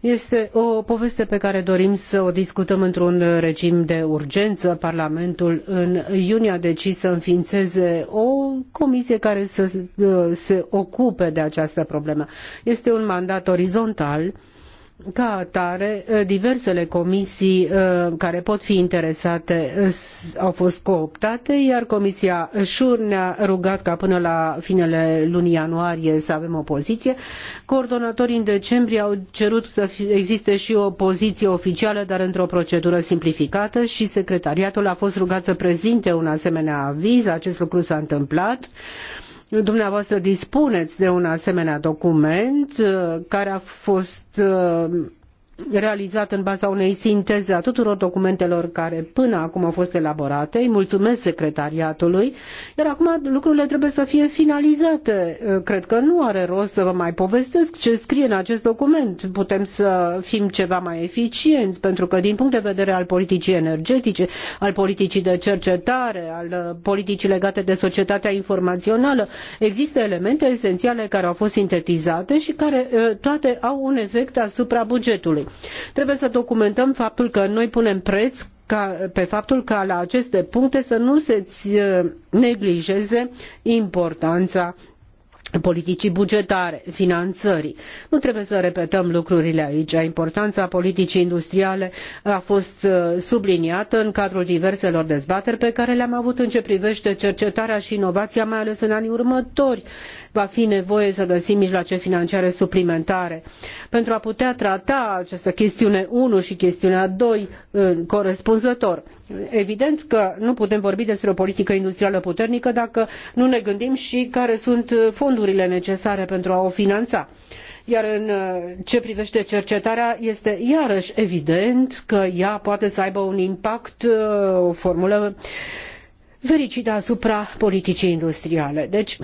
Este o poveste pe care dorim să o discutăm într-un regim de urgență. Parlamentul în iunie a decis să înființeze o comisie care să uh, se ocupe ocupe de această problemă. Este un mandat orizontal ca atare, ă, diversele comisii ă, care pot fi interesate ă, au fost cooptate, iar Comisia Șur ne-a rugat ca până la finele lunii ianuarie să avem o poziție. Coordonatorii în decembrie au cerut să existe și o poziție oficială, dar într-o procedură simplificată și secretariatul a fost rugat să prezinte un asemenea aviz. Acest lucru s-a întâmplat dumneavoastră dispuneți de un asemenea document uh, care a fost uh, realizat în baza unei sinteze a tuturor documentelor care până acum au fost elaborate. Îi mulțumesc secretariatului, iar acum lucrurile trebuie să fie finalizate. Cred că nu are rost să vă mai povestesc ce scrie în acest document. Putem să fim ceva mai eficienți, pentru că din punct de vedere al politicii energetice, al politicii de cercetare, al politicii legate de societatea informațională, există elemente esențiale care au fost sintetizate și care eh, toate au un efect asupra bugetului. Trebuie să documentăm faptul că noi punem preț ca, pe faptul ca la aceste puncte să nu se eh, neglijeze importanța politicii bugetare, finanțării. Nu trebuie să repetăm lucrurile aici. Importanța politicii industriale a fost uh, subliniată în cadrul diverselor dezbateri pe care le-am avut în ce privește cercetarea și inovația, mai ales în anii următori. Va fi nevoie să găsim mijloace financiare suplimentare. Pentru a putea trata această chestiune 1 și chestiunea 2 uh, corespunzător, Evident că nu putem vorbi despre o politică industrială puternică dacă nu ne gândim și care sunt fondurile necesare pentru a o finanța. Iar în uh, ce privește cercetarea, este iarăși evident că ea poate să aibă un impact, uh, o formulă fericită asupra politicii industriale. Deci,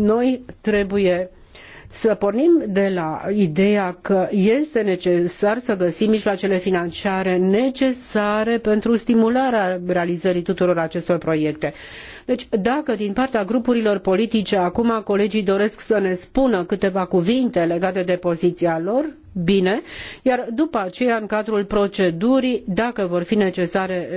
noi trebuie să pornim de la ideea că este necesar să găsim mijloacele financiare necesare pentru stimularea realizării tuturor acestor proiecte. Deci, dacă din partea grupurilor politice acum colegii doresc să ne spună câteva cuvinte legate de poziția lor, bine, iar după aceea, în cadrul procedurii, dacă vor fi necesare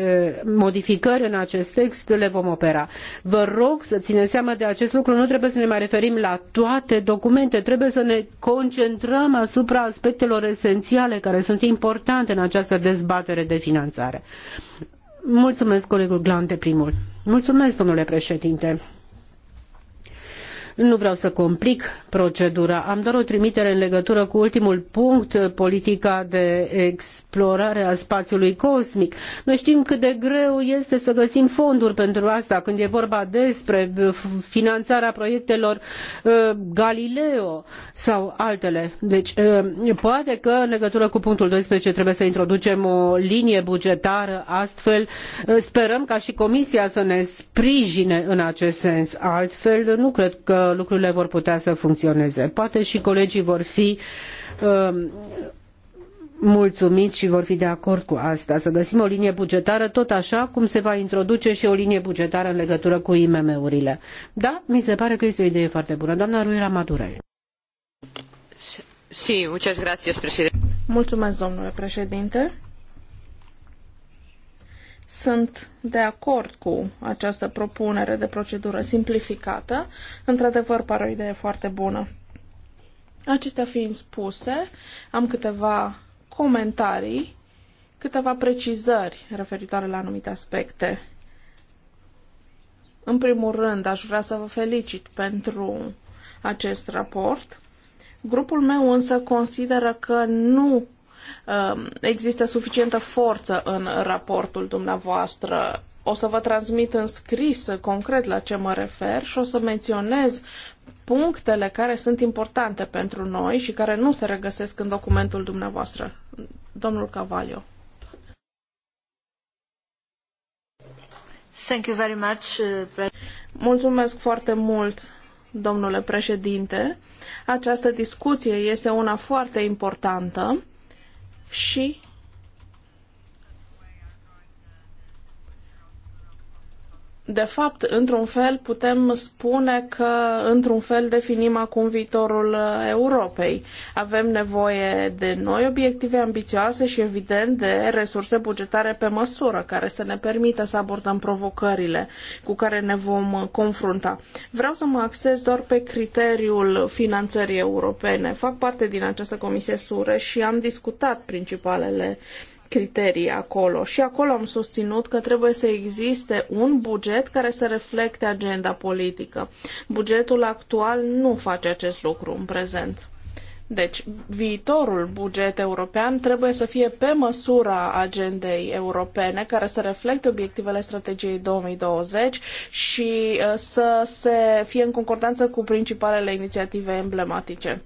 modificări în acest text, le vom opera. Vă rog să țineți seama de acest lucru, nu trebuie să ne mai referim la toate documente, trebuie să ne concentrăm asupra aspectelor esențiale care sunt importante în această dezbatere de finanțare. Mulțumesc, colegul Glante, primul. Mulțumesc, domnule președinte. Nu vreau să complic procedura. Am doar o trimitere în legătură cu ultimul punct, politica de explorare a spațiului cosmic. Noi știm cât de greu este să găsim fonduri pentru asta când e vorba despre finanțarea proiectelor uh, Galileo sau altele. Deci, uh, poate că în legătură cu punctul 12 trebuie să introducem o linie bugetară, astfel uh, sperăm ca și Comisia să ne sprijine în acest sens. Altfel, nu cred că lucrurile vor putea să funcționeze. Poate și colegii vor fi um, mulțumiți și vor fi de acord cu asta, să găsim o linie bugetară tot așa cum se va introduce și o linie bugetară în legătură cu IMM-urile. Da, mi se pare că este o idee foarte bună. Doamna Ruira Madurel. Sí, muchas gracias, presidente. Mulțumesc, domnule președinte. Sunt de acord cu această propunere de procedură simplificată. Într-adevăr, pare o idee foarte bună. Acestea fiind spuse, am câteva comentarii, câteva precizări referitoare la anumite aspecte. În primul rând, aș vrea să vă felicit pentru acest raport. Grupul meu însă consideră că nu Um, există suficientă forță în raportul dumneavoastră. O să vă transmit în scris concret la ce mă refer și o să menționez punctele care sunt importante pentru noi și care nu se regăsesc în documentul dumneavoastră. Domnul Cavalio. Thank you very much. Uh, Mulțumesc foarte mult, domnule președinte. Această discuție este una foarte importantă și De fapt, într-un fel, putem spune că, într-un fel, definim acum viitorul uh, Europei. Avem nevoie de noi obiective ambițioase și, evident, de resurse bugetare pe măsură, care să ne permită să abordăm provocările cu care ne vom uh, confrunta. Vreau să mă axez doar pe criteriul finanțării europene. Fac parte din această comisie SURE și am discutat principalele criterii acolo și acolo am susținut că trebuie să existe un buget care să reflecte agenda politică. Bugetul actual nu face acest lucru în prezent. Deci, viitorul buget european trebuie să fie pe măsura agendei europene, care să reflecte obiectivele strategiei 2020 și uh, să se fie în concordanță cu principalele inițiative emblematice.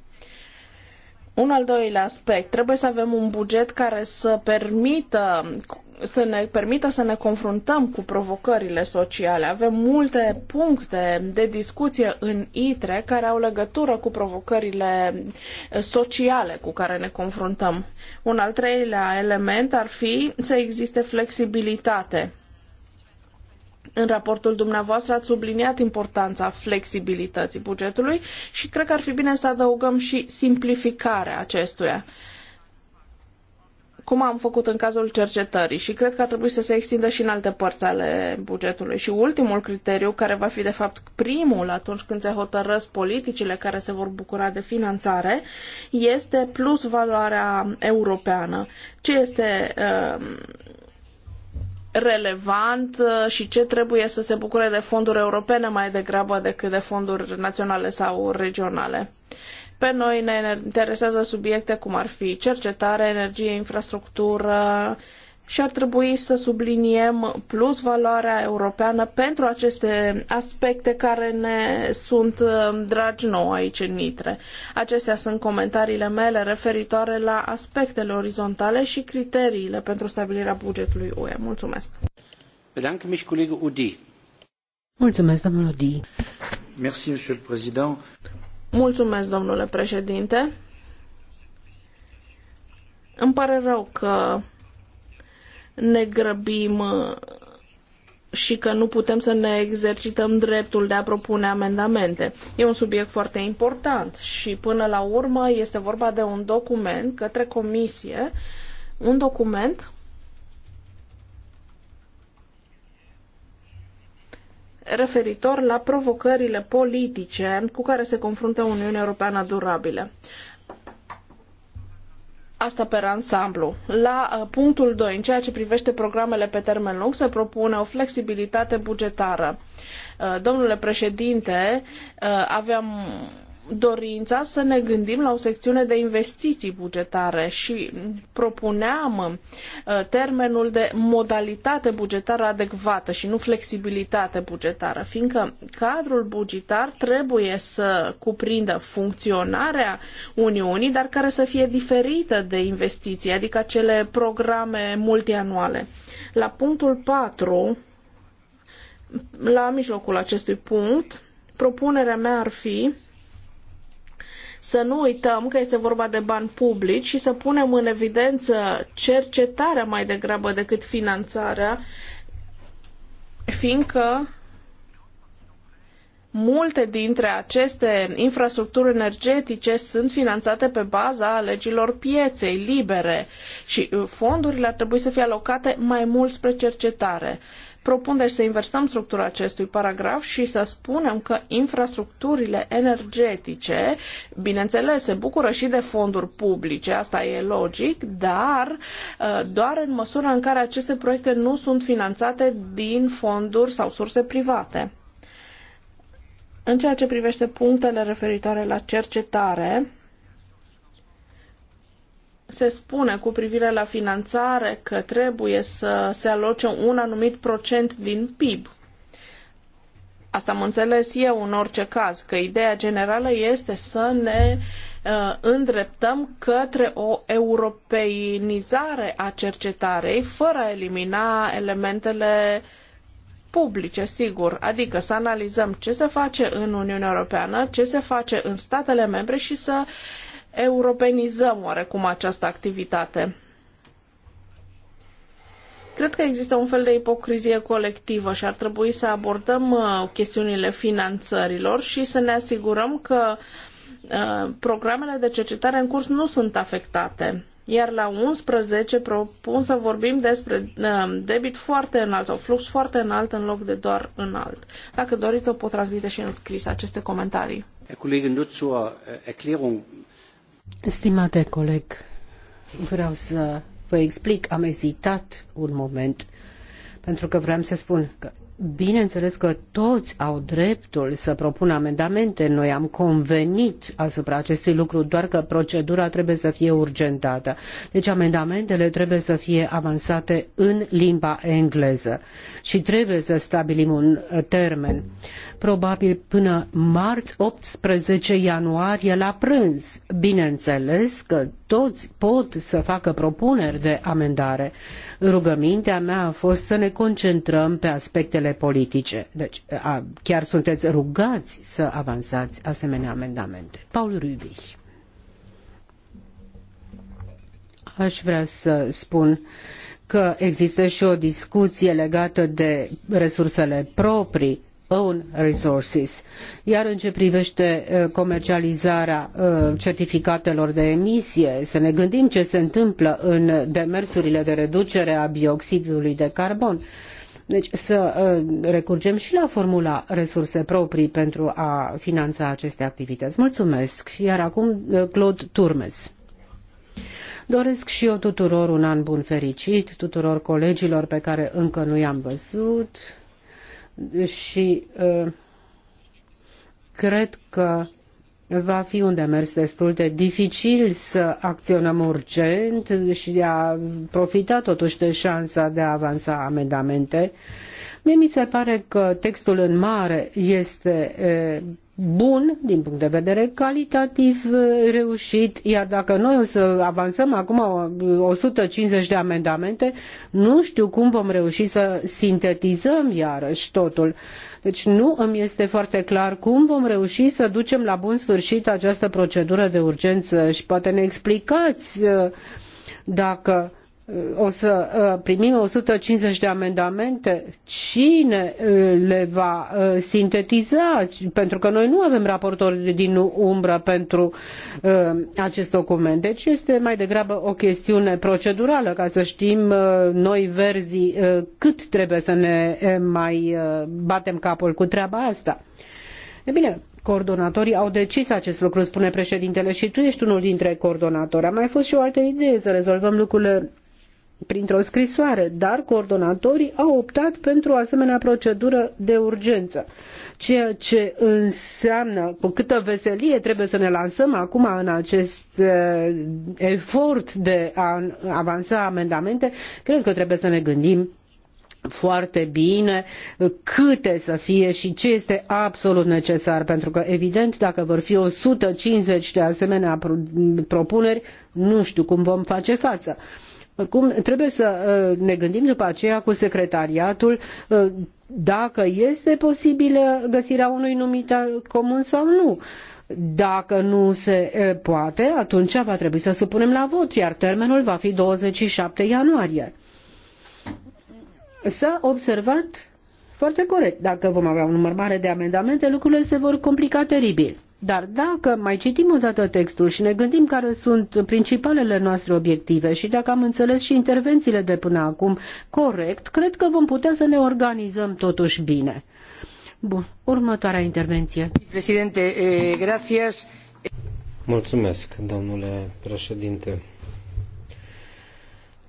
Un al doilea aspect, trebuie să avem un buget care să permită să ne permită să ne confruntăm cu provocările sociale. Avem multe puncte de discuție în ITRE care au legătură cu provocările sociale cu care ne confruntăm. Un al treilea element ar fi să existe flexibilitate în raportul dumneavoastră ați subliniat importanța flexibilității bugetului și cred că ar fi bine să adăugăm și simplificarea acestuia cum am făcut în cazul cercetării și cred că ar trebui să se extindă și în alte părți ale bugetului. Și ultimul criteriu, care va fi de fapt primul atunci când se hotărăsc politicile care se vor bucura de finanțare, este plus valoarea europeană. Ce este uh, relevant uh, și ce trebuie să se bucure de fonduri europene mai degrabă decât de fonduri naționale sau regionale. Pe noi ne interesează subiecte cum ar fi cercetare, energie, infrastructură, uh, și ar trebui să subliniem plus valoarea europeană pentru aceste aspecte care ne sunt um, dragi nou aici în Nitre. Acestea sunt comentariile mele referitoare la aspectele orizontale și criteriile pentru stabilirea bugetului UE. Mulțumesc! Mulțumesc, domnul Udi. Merci, monsieur le président. Mulțumesc, domnule președinte. Îmi pare rău că ne grăbim uh, și că nu putem să ne exercităm dreptul de a propune amendamente. E un subiect foarte important și până la urmă este vorba de un document către comisie, un document referitor la provocările politice cu care se confruntă Uniunea Europeană durabilă. Asta pe ansamblu. La uh, punctul 2, în ceea ce privește programele pe termen lung, se propune o flexibilitate bugetară. Uh, domnule președinte, uh, aveam dorința să ne gândim la o secțiune de investiții bugetare și propuneam uh, termenul de modalitate bugetară adecvată și nu flexibilitate bugetară, fiindcă cadrul bugetar trebuie să cuprindă funcționarea Uniunii, dar care să fie diferită de investiții, adică acele programe multianuale. La punctul patru, la mijlocul acestui punct, propunerea mea ar fi să nu uităm că este vorba de bani publici și să punem în evidență cercetarea mai degrabă decât finanțarea, fiindcă multe dintre aceste infrastructuri energetice sunt finanțate pe baza legilor pieței libere și fondurile ar trebui să fie alocate mai mult spre cercetare. Propun deci să inversăm structura acestui paragraf și să spunem că infrastructurile energetice, bineînțeles, se bucură și de fonduri publice, asta e logic, dar uh, doar în măsura în care aceste proiecte nu sunt finanțate din fonduri sau surse private. În ceea ce privește punctele referitoare la cercetare, se spune cu privire la finanțare că trebuie să se aloce un anumit procent din PIB. Asta am înțeles eu în orice caz, că ideea generală este să ne uh, îndreptăm către o europeinizare a cercetării, fără a elimina elementele publice, sigur, adică să analizăm ce se face în Uniunea Europeană, ce se face în statele membre și să uh, europenizăm oarecum această activitate. Cred că există un fel de ipocrizie colectivă și ar trebui să abordăm uh, chestiunile finanțărilor și să ne asigurăm că uh, programele de cercetare în curs nu sunt afectate. Iar la 11 propun să vorbim despre uh, debit foarte înalt sau flux foarte înalt în loc de doar înalt. Dacă doriți, o pot transmite și în scris aceste comentarii. Herr Kollege, äh, Erklärung. Stimate coleg, vreau să vă explic, am ezitat un moment, pentru că vreau să spun că Bineînțeles că toți au dreptul să propună amendamente. Noi am convenit asupra acestui lucru, doar că procedura trebuie să fie urgentată. Deci amendamentele trebuie să fie avansate în limba engleză și trebuie să stabilim un uh, termen. Probabil până marți 18 ianuarie la prânz. Bineînțeles că toți pot să facă propuneri de amendare. Rugămintea mea a fost să ne concentrăm pe aspectele politice. Deci a, chiar sunteți rugați să avansați asemenea amendamente. Paul Rübich. Aș vrea să spun că există și o discuție legată de resursele proprii Own Resources. Iar în ce privește comercializarea certificatelor de emisie, să ne gândim ce se întâmplă în demersurile de reducere a bioxidului de carbon. Deci să recurgem și la formula resurse proprii pentru a finanța aceste activități. Mulțumesc. Iar acum Claude Turmes. Doresc și eu tuturor un an bun fericit, tuturor colegilor pe care încă nu i-am văzut, și ă, cred că va fi un demers destul de dificil să acționăm urgent și de a profita totuși de șansa de a avansa amendamente. Mie mi se pare că textul în mare este bun din punct de vedere calitativ uh, reușit, iar dacă noi o să avansăm acum 150 de amendamente, nu știu cum vom reuși să sintetizăm iarăși totul. Deci nu îmi este foarte clar cum vom reuși să ducem la bun sfârșit această procedură de urgență și poate ne explicați uh, dacă o să uh, primim 150 de amendamente, cine uh, le va uh, sintetiza? Pentru că noi nu avem raportori din umbră pentru acest document. Deci este mai degrabă o chestiune procedurală, ca să știm noi verzii cât trebuie să ne mai batem capul cu treaba asta. E bine, Coordonatorii au decis acest lucru, spune președintele, și tu ești unul dintre coordonatori. A mai fost și o altă idee să rezolvăm lucrurile printr-o scrisoare, dar coordonatorii au optat pentru o asemenea procedură de urgență, ceea ce înseamnă cu câtă veselie trebuie să ne lansăm acum în acest uh, efort de a avansa amendamente, cred că trebuie să ne gândim foarte bine câte să fie și ce este absolut necesar, pentru că evident dacă vor fi 150 de asemenea propuneri, nu știu cum vom face față. Cum trebuie să uh, ne gândim după aceea cu secretariatul uh, dacă este posibilă găsirea unui numit comun sau nu. Dacă nu se uh, poate, atunci va trebui să supunem la vot, iar termenul va fi 27 ianuarie. S-a observat foarte corect. Dacă vom avea un număr mare de amendamente, lucrurile se vor complica teribil. Dar dacă mai citim o dată textul și ne gândim care sunt principalele noastre obiective și dacă am înțeles și intervențiile de până acum corect, cred că vom putea să ne organizăm totuși bine. Bun, următoarea intervenție. Președinte, eh, gracias. Mulțumesc, domnule președinte.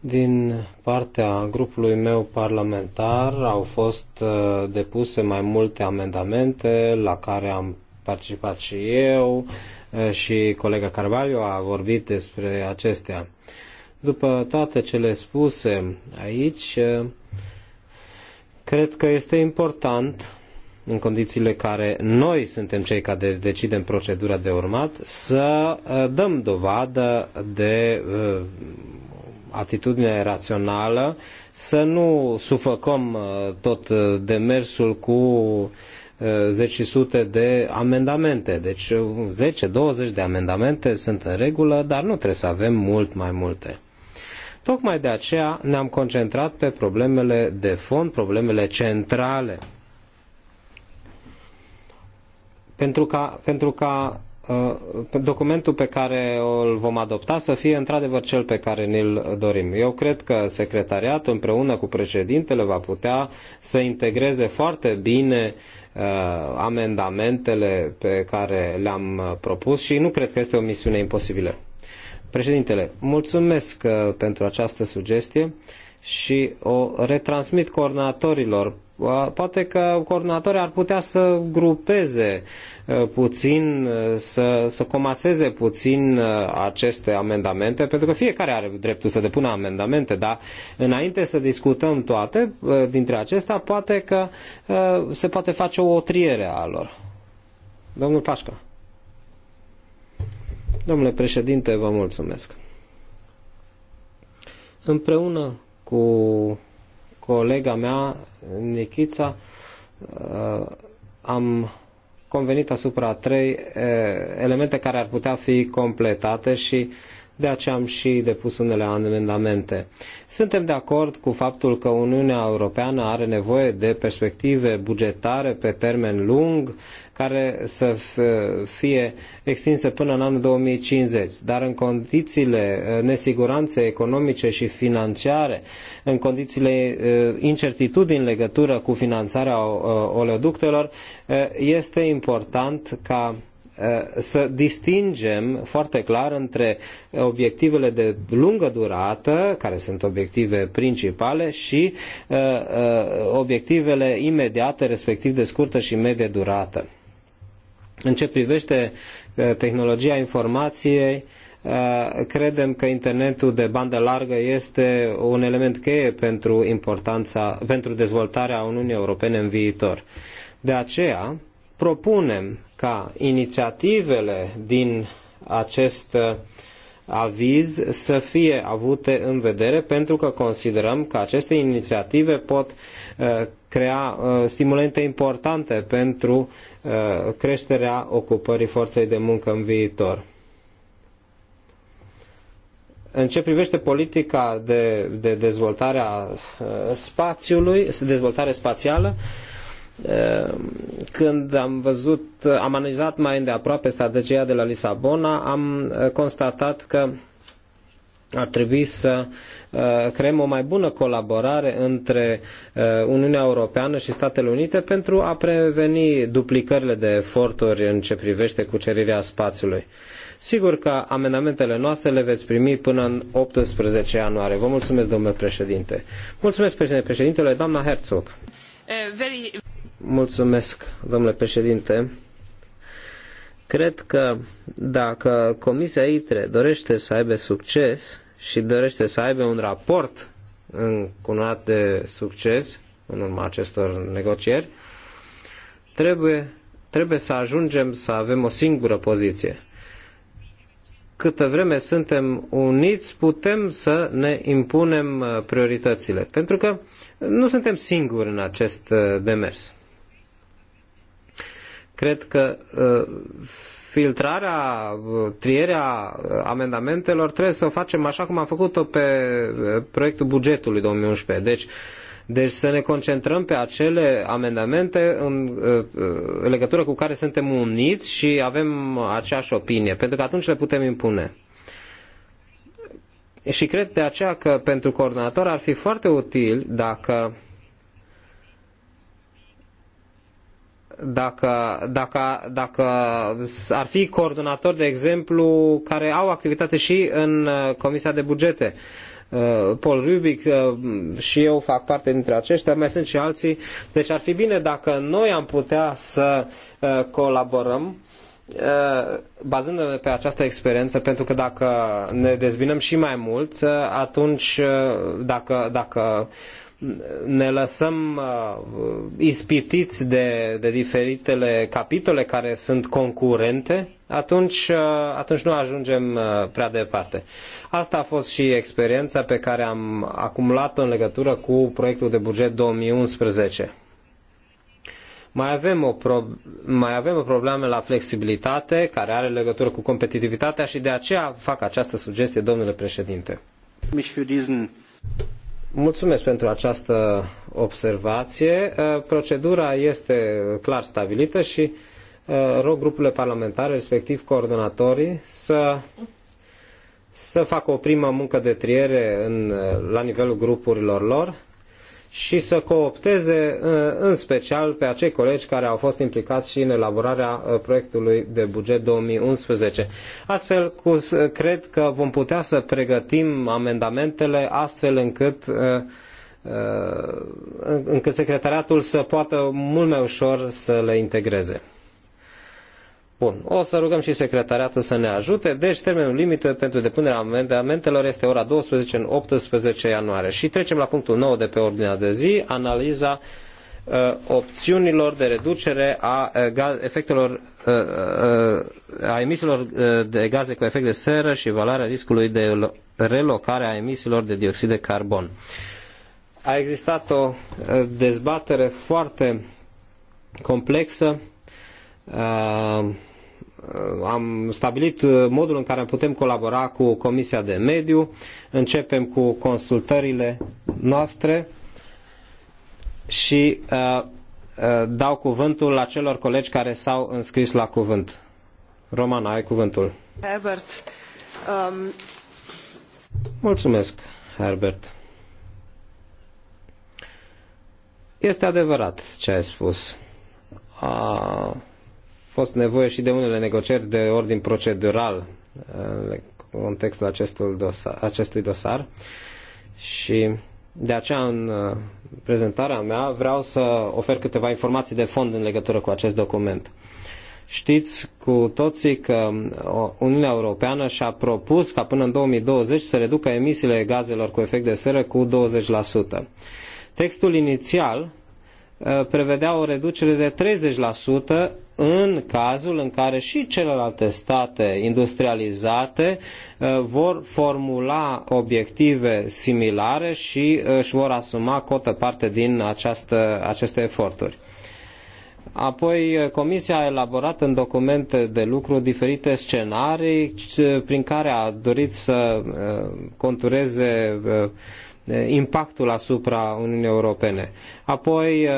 Din partea grupului meu parlamentar au fost eh, depuse mai multe amendamente la care am participat și eu și colega Carvalho a vorbit despre acestea. După toate cele spuse aici, cred că este important în condițiile care noi suntem cei care decidem procedura de urmat, să dăm dovadă de atitudine rațională, să nu sufăcăm tot demersul cu Uh, zeci și sute de amendamente. Deci 10-20 uh, de amendamente sunt în regulă, dar nu trebuie să avem mult mai multe. Tocmai de aceea ne-am concentrat pe problemele de fond, problemele centrale. Pentru ca, pentru ca uh, documentul pe care îl vom adopta să fie într-adevăr cel pe care ne-l dorim. Eu cred că secretariatul împreună cu președintele va putea să integreze foarte bine Uh, amendamentele pe care le-am uh, propus și nu cred că este o misiune imposibilă. Președintele, mulțumesc uh, pentru această sugestie și o retransmit coordonatorilor Poate că coordonatorii ar putea să grupeze uh, puțin, uh, să, să comaseze puțin uh, aceste amendamente, pentru că fiecare are dreptul să depună amendamente, dar înainte să discutăm toate dintre acestea, poate că se poate face o triere a lor. Domnul Pașca. Domnule președinte, vă mulțumesc. Împreună cu colega mea, Nichița, am convenit asupra trei eh, elemente care ar putea fi completate și de aceea am și depus unele amendamente. Suntem de acord cu faptul că Uniunea Europeană are nevoie de perspective bugetare pe termen lung, care să fie extinse până în anul 2050. Dar în condițiile nesiguranței economice și financiare, în condițiile incertitudini în legătură cu finanțarea oleoductelor, este important ca Eh, să distingem foarte clar între obiectivele de lungă durată, care sunt obiective principale, și eh, eh, obiectivele imediate, respectiv de scurtă și medie durată. În ce privește tehnologia informației, credem că internetul de bandă largă este un element cheie pentru, importanța, pentru dezvoltarea Uniunii Europene în viitor. De aceea, propunem ca inițiativele din acest uh, aviz să fie avute în vedere pentru că considerăm că aceste inițiative pot uh, crea uh, stimulente importante pentru creșterea ocupării forței de muncă în viitor în ce privește politica de, de dezvoltare a spațiului, dezvoltare spațială, Ehm, când am văzut, am analizat mai îndeaproape strategia de la Lisabona, am eh, constatat că ar trebui să eh, creăm o mai bună colaborare între eh, Uniunea Europeană și Statele Unite pentru a preveni duplicările de eforturi în ce privește cucerirea spațiului. Sigur că amendamentele noastre le veți primi până în 18 ianuarie. Vă mulțumesc, domnule președinte. Mulțumesc, președintele, doamna Herzog. Very... Mulțumesc, domnule președinte. Cred că dacă Comisia ITRE dorește să aibă succes și dorește să aibă un raport încunat de succes în urma acestor negocieri, trebuie, trebuie să ajungem să avem o singură poziție. Câtă vreme suntem uniți, putem să ne impunem prioritățile, pentru că nu suntem singuri în acest uh, demers. Cred că ă, filtrarea, ă, trierea amendamentelor trebuie să o facem așa cum am făcut-o pe ă, proiectul bugetului 2011. Deci, deci să ne concentrăm pe acele amendamente în, în legătură cu care suntem uniți și avem aceeași opinie, pentru că atunci le putem impune. Și cred de aceea că pentru coordonator ar fi foarte util dacă dacă, dacă, dacă ar fi coordonatori, de exemplu, care au activitate și în uh, Comisia de Bugete. Uh, Paul Rubic uh, și eu fac parte dintre aceștia, mai sunt și alții. Deci ar fi bine dacă noi am putea să colaborăm bazându-ne pe această experiență, pentru că dacă ne dezbinăm și mai mult, atunci dacă, dacă ne lăsăm uh, ispitiți de, de diferitele capitole care sunt concurente, atunci, uh, atunci nu ajungem uh, prea departe. Asta a fost și experiența pe care am acumulat-o în legătură cu proiectul de buget 2011. Mai avem, o pro- mai avem o problemă la flexibilitate care are legătură cu competitivitatea și de aceea fac această sugestie, domnule președinte. Mulțumesc pentru această observație. Uh, procedura este clar stabilită și uh, rog grupurile parlamentare, respectiv coordonatorii, să, să facă o primă muncă de triere în, uh, la nivelul grupurilor lor și să coopteze uh, în special pe acei colegi care au fost implicați și în elaborarea uh, proiectului de buget 2011. Astfel, uh, cred că vom putea să pregătim amendamentele astfel încât încât secretariatul să poată mult mai ușor să le integreze. Bun, o să rugăm și secretariatul să ne ajute. Deci termenul limită pentru depunerea amendamentelor este ora 12 în 18 ianuarie. Și trecem la punctul 9 de pe ordinea de zi, analiza uh, opțiunilor de reducere a uh, efectelor uh, a emisiilor de gaze cu efect de seră și evaluarea riscului de relocare a emisiilor de dioxid de carbon. A existat o dezbatere foarte complexă Uh, am stabilit uh, modul în care putem colabora cu Comisia de Mediu, începem cu consultările noastre și uh, uh, dau cuvântul acelor colegi care s-au înscris la cuvânt. Romana, ai cuvântul. Herbert. Um... Mulțumesc, Herbert. Este adevărat ce ai spus. Uh fost nevoie și de unele negocieri de ordin procedural uh, în contextul acestul dosar, acestui dosar și de aceea în uh, prezentarea mea vreau să ofer câteva informații de fond în legătură cu acest document. Știți cu toții că uh, Uniunea Europeană și-a propus ca până în 2020 să reducă emisiile gazelor cu efect de seră cu 20%. Textul inițial prevedea o reducere de 30% în cazul în care și celelalte state industrializate uh, vor formula obiective similare și uh, își vor asuma cotă parte din această, aceste eforturi. Apoi, uh, Comisia a elaborat în documente de lucru diferite scenarii prin care a dorit să contureze impactul asupra Uniunii Europene. Apoi, uh,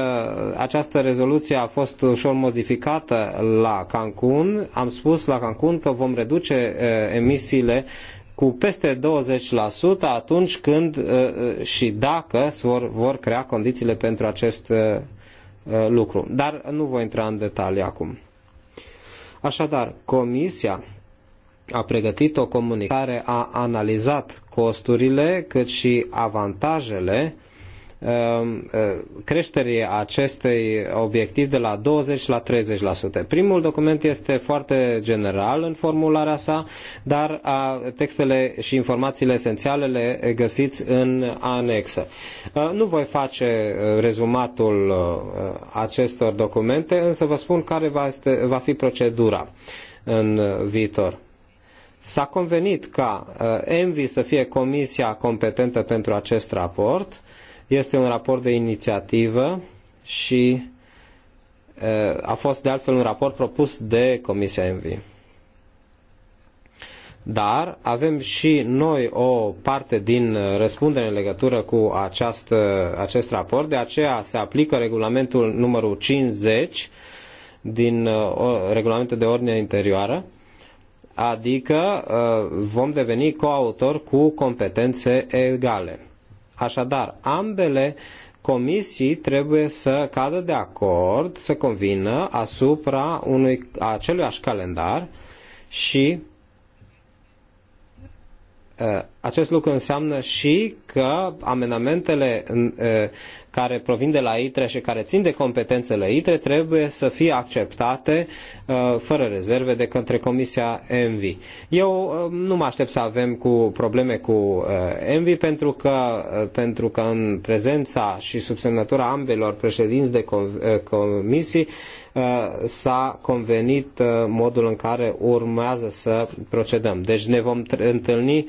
această rezoluție a fost ușor modificată la Cancun. Am spus la Cancun că vom reduce uh, emisiile cu peste 20% atunci când uh, și dacă vor, vor crea condițiile pentru acest lucru. Dar nu voi intra în detalii acum. Așadar, Comisia a pregătit o comunicare, a analizat costurile cât și avantajele um, uh, creșterii acestei obiectiv de la 20 la 30%. Primul document este foarte general în formularea sa, dar uh, textele și informațiile esențiale le găsiți în anexă. Uh, nu voi face rezumatul acestor documente, însă vă spun care va fi procedura în viitor. S-a convenit ca uh, ENVI să fie comisia competentă pentru acest raport. Este un raport de inițiativă și uh, a fost de altfel un raport propus de Comisia ENVI. Dar avem și noi o parte din răspundere în legătură cu aceast, uh, acest raport, de aceea se aplică regulamentul numărul 50 din regulamentul de ordine interioară, adică uh, vom deveni coautor cu competențe egale. Așadar, ambele comisii trebuie să cadă de acord, să convină asupra unui, aceluiași calendar și uh, acest lucru înseamnă și că e, care provin de la ITRE și care țin de competențele ITRE trebuie să fie acceptate fără rezerve de către Comisia ENVI. Eu nu mă aștept să avem cu probleme cu ENVI pentru că, pentru că în prezența și subsemnătura ambelor președinți de comisii s-a convenit modul în care urmează să procedăm. Deci ne vom întâlni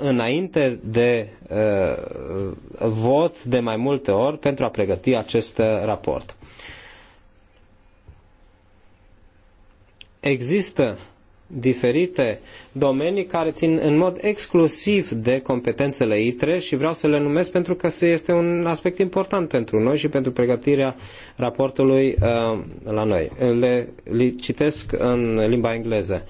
înainte de uh, vot de mai multe ori pentru a pregăti acest raport. Există diferite domenii care țin în mod exclusiv de competențele ITRE și vreau să le numesc pentru că este un aspect important pentru noi și pentru pregătirea raportului uh, la noi. Le, le citesc în limba engleză.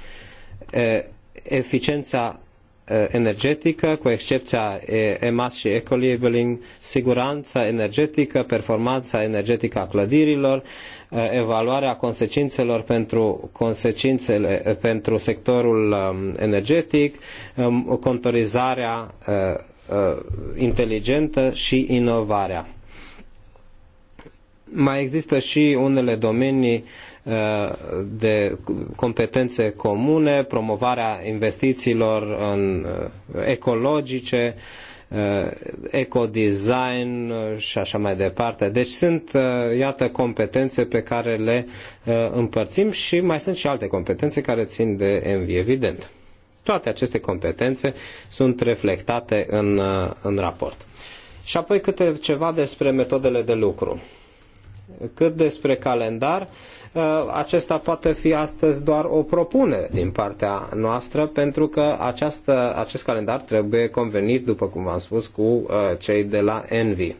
eficiența Eh, energetică, cu excepția eh, EMAS și Ecolabeling, siguranța energetică, performanța energetică a clădirilor, eh, evaluarea consecințelor pentru, consecințele, pentru sectorul energetic, contorizarea inteligentă și inovarea. Mai există și unele domenii de competențe comune, promovarea investițiilor în uh, ecologice, uh, ecodesign uh, și așa mai departe. Deci sunt, iată, competențe pe care le împărțim și mai sunt și alte competențe care țin de Envy, evident. Toate aceste competențe sunt reflectate în, în raport. Și apoi câte ceva despre metodele de lucru. Cât despre calendar, uh, acesta poate fi astăzi doar o propunere din partea noastră, pentru că această, acest calendar trebuie convenit, după cum v-am spus, cu uh, cei de la Envi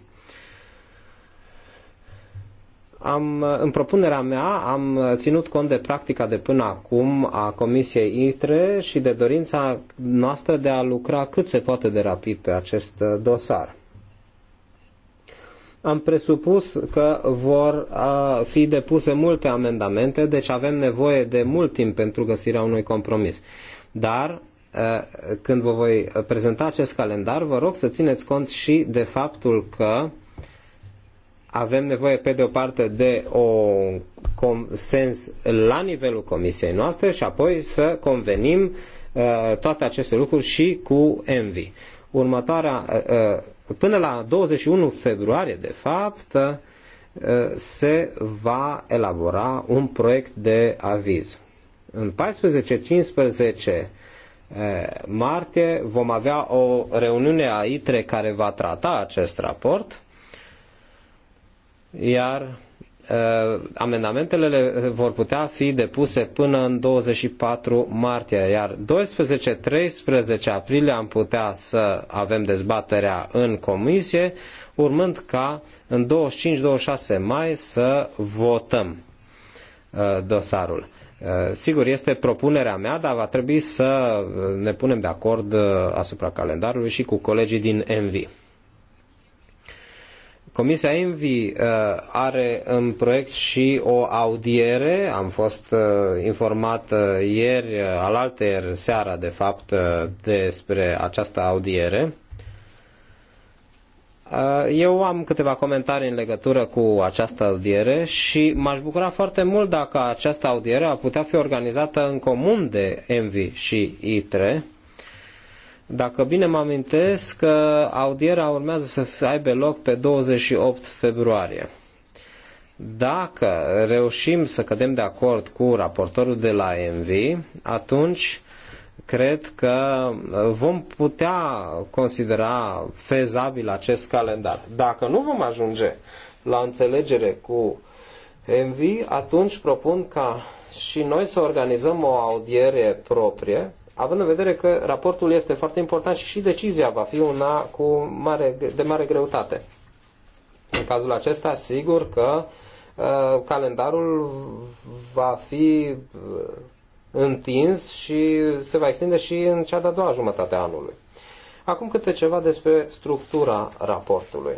am, în propunerea mea am ținut cont de practica de până acum a Comisiei ITRE și de dorința noastră de a lucra cât se poate de rapid pe acest uh, dosar am presupus că vor fi depuse multe amendamente, deci avem nevoie de mult timp pentru găsirea unui compromis. Dar când vă voi prezenta acest calendar, vă rog să țineți cont și de faptul că avem nevoie, pe de o parte, de un consens la nivelul comisiei noastre și apoi să convenim toate aceste lucruri și cu Envi. Următoarea până la 21 februarie, de fapt, uh, se va elabora un proiect de aviz. În 14-15 uh, martie vom avea o reuniune a ITRE care va trata acest raport, iar Uh, amendamentele vor putea fi depuse până în 24 martie, iar 12-13 aprilie am putea să avem dezbaterea în comisie, urmând ca în 25-26 mai să votăm uh, dosarul. Uh, sigur, este propunerea mea, dar va trebui să ne punem de acord asupra calendarului și cu colegii din Envi. Comisia Envi uh, are în proiect și o audiere, am fost uh, informat uh, ieri, alaltăieri seara de fapt, despre această audiere. Eu am câteva comentarii în legătură cu această audiere și m-aș bucura foarte mult dacă această audiere ar putea fi organizată în comun de Envi și ITRE, dacă bine mă amintesc, că audierea urmează să aibă loc pe 28 februarie. Dacă reușim să cădem de acord cu raportorul de la MV, atunci cred că uh, vom putea considera fezabil acest calendar. Dacă nu vom ajunge la înțelegere cu MV, atunci propun ca și noi să organizăm o audiere proprie având în vedere că raportul este foarte important și, și decizia va fi una cu mare, de mare greutate. În cazul acesta, sigur că uh, calendarul va fi uh, întins și se va extinde și în cea de-a doua jumătate a anului. Acum câte ceva despre structura raportului.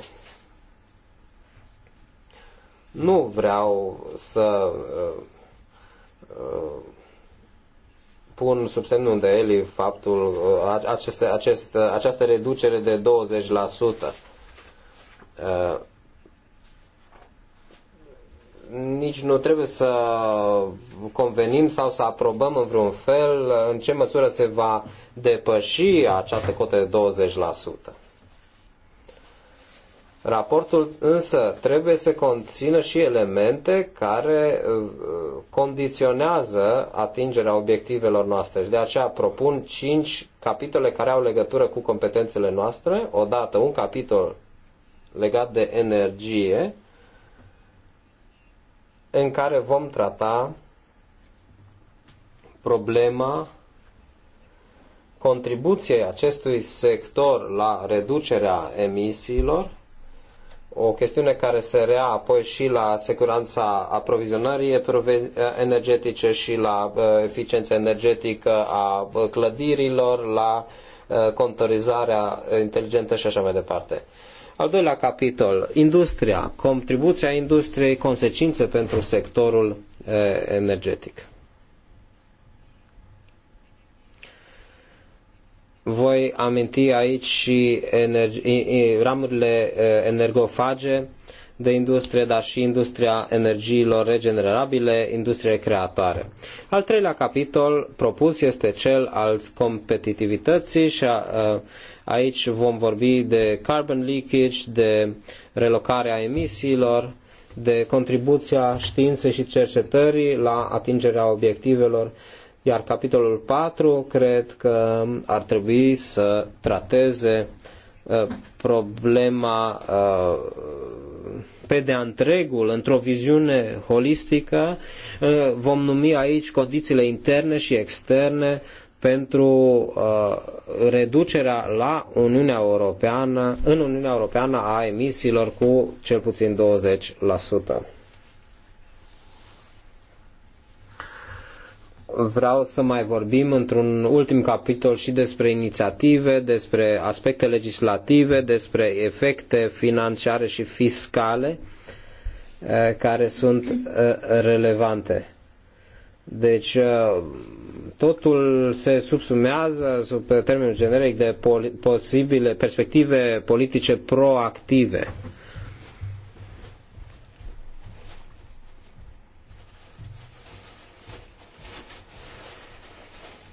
Nu vreau să uh, uh, pun sub semnul de Eli faptul uh, aceste, acest, uh, această reducere de 20%. Uh, nici nu trebuie să convenim sau să aprobăm în vreun fel în ce măsură se va depăși această cotă de 20%. Raportul însă trebuie să conțină și elemente care uh, condiționează atingerea obiectivelor noastre de aceea propun cinci capitole care au legătură cu competențele noastre. Odată un capitol legat de energie în care vom trata problema contribuției acestui sector la reducerea emisiilor o chestiune care se rea apoi și la siguranța aprovizionării energetice și la uh, eficiența energetică a uh, clădirilor, la uh, contorizarea inteligentă și așa mai departe. Al doilea capitol, industria, contribuția industriei, consecințe pentru sectorul energetic. Voi aminti aici și energi, ramurile uh, energofage de industrie, dar și industria energiilor regenerabile, industrie creatoare. Al treilea capitol propus este cel al competitivității și a, uh, aici vom vorbi de carbon leakage, de relocarea emisiilor, de contribuția științei și cercetării la atingerea obiectivelor iar capitolul 4 cred că ar trebui să trateze uh, problema uh, pe de-a întregul, într-o viziune holistică, uh, vom numi aici condițiile interne și externe pentru reducerea la Uniunea Europeană, în Uniunea Europeană a emisiilor cu cel puțin 20%. vreau să mai vorbim într-un ultim capitol și despre inițiative, despre aspecte legislative, despre efecte financiare și fiscale eh, care sunt eh, relevante. Deci eh, totul se subsumează sub termenul generic de posibile perspective politice proactive.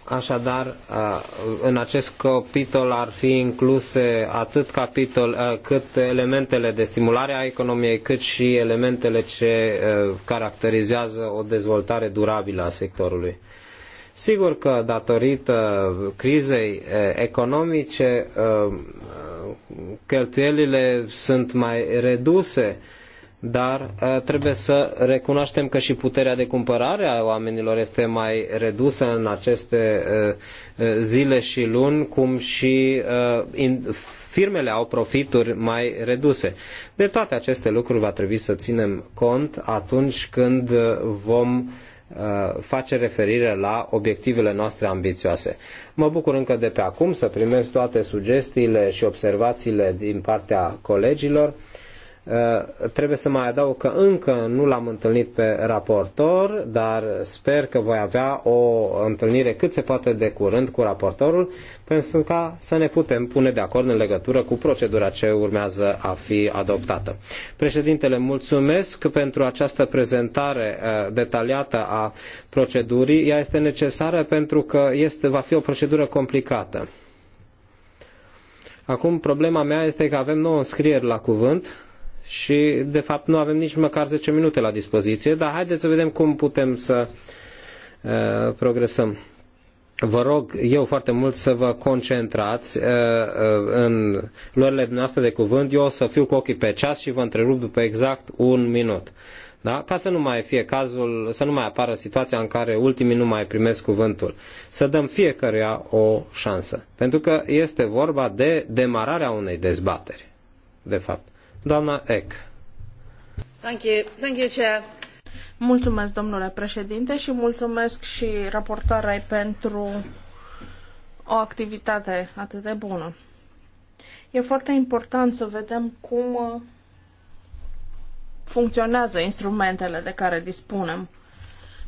Așadar, în acest capitol ar fi incluse atât capitol, cât elementele de stimulare a economiei, cât și elementele ce caracterizează o dezvoltare durabilă a sectorului. Sigur că datorită crizei economice, cheltuielile sunt mai reduse, dar trebuie să recunoaștem că și puterea de cumpărare a oamenilor este mai redusă în aceste zile și luni, cum și firmele au profituri mai reduse. De toate aceste lucruri va trebui să ținem cont atunci când vom face referire la obiectivele noastre ambițioase. Mă bucur încă de pe acum să primesc toate sugestiile și observațiile din partea colegilor Eh, trebuie să mai adaug că încă nu l-am întâlnit pe raportor, dar sper că voi avea o întâlnire cât se poate de curând cu raportorul, pentru ca să ne putem pune de acord în legătură cu procedura ce urmează a fi adoptată. Președintele, mulțumesc pentru această prezentare eh, detaliată a procedurii. Ea este necesară pentru că este, va fi o procedură complicată. Acum, problema mea este că avem nouă înscrieri la cuvânt și de fapt nu avem nici măcar 10 minute la dispoziție, dar haideți să vedem cum putem să uh, progresăm. Vă rog eu foarte mult să vă concentrați uh, uh, în luările noastre de cuvânt. Eu o să fiu cu ochii pe ceas și vă întrerup după exact un minut. Da? Ca să nu mai fie cazul, să nu mai apară situația în care ultimii nu mai primesc cuvântul. Să dăm fiecăruia o șansă. Pentru că este vorba de demararea unei dezbateri, de fapt. Doamna Eck. Thank you. Thank you, Chair. Mulțumesc, domnule președinte, și mulțumesc și raportoarei pentru o activitate atât de bună. E foarte important să vedem cum uh, funcționează instrumentele de care dispunem.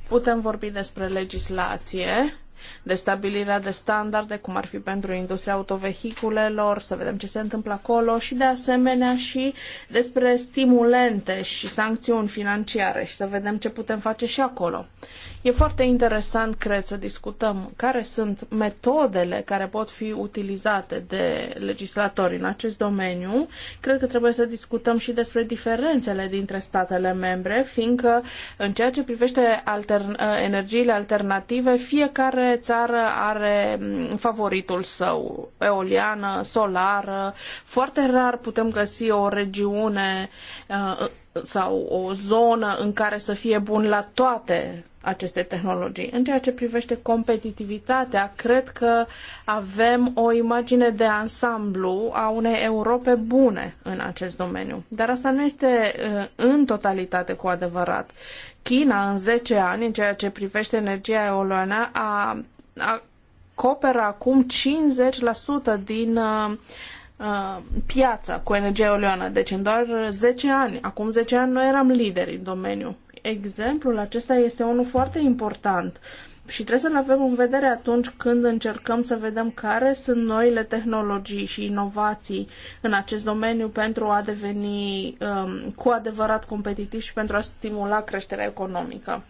Putem vorbi despre legislație, de stabilirea de standarde, cum ar fi pentru industria autovehiculelor, să vedem ce se întâmplă acolo și de asemenea și despre stimulente și sancțiuni financiare și să vedem ce putem face și acolo. E foarte interesant, cred, să discutăm care sunt metodele care pot fi utilizate de legislatori în acest domeniu. Cred că trebuie să discutăm și despre diferențele dintre statele membre, fiindcă în ceea ce privește altern- ă, energiile alternative, fiecare țară are mm, favoritul său, eoliană, solară. Foarte rar putem găsi o regiune ă, sau o zonă în care să fie bun la toate aceste tehnologii. În ceea ce privește competitivitatea, cred că avem o imagine de ansamblu a unei Europe bune în acest domeniu. Dar asta nu este uh, în totalitate cu adevărat. China, în 10 ani, în ceea ce privește energia eoliană, a, a coperă acum 50% din uh, uh, piața cu energia eoliană. Deci în doar 10 ani. Acum 10 ani noi eram lideri în domeniu exemplul acesta este unul foarte important. Și trebuie să-l avem în vedere atunci când încercăm să vedem care sunt noile tehnologii și inovații în acest domeniu pentru a deveni um, cu adevărat competitivi și pentru a stimula creșterea economică.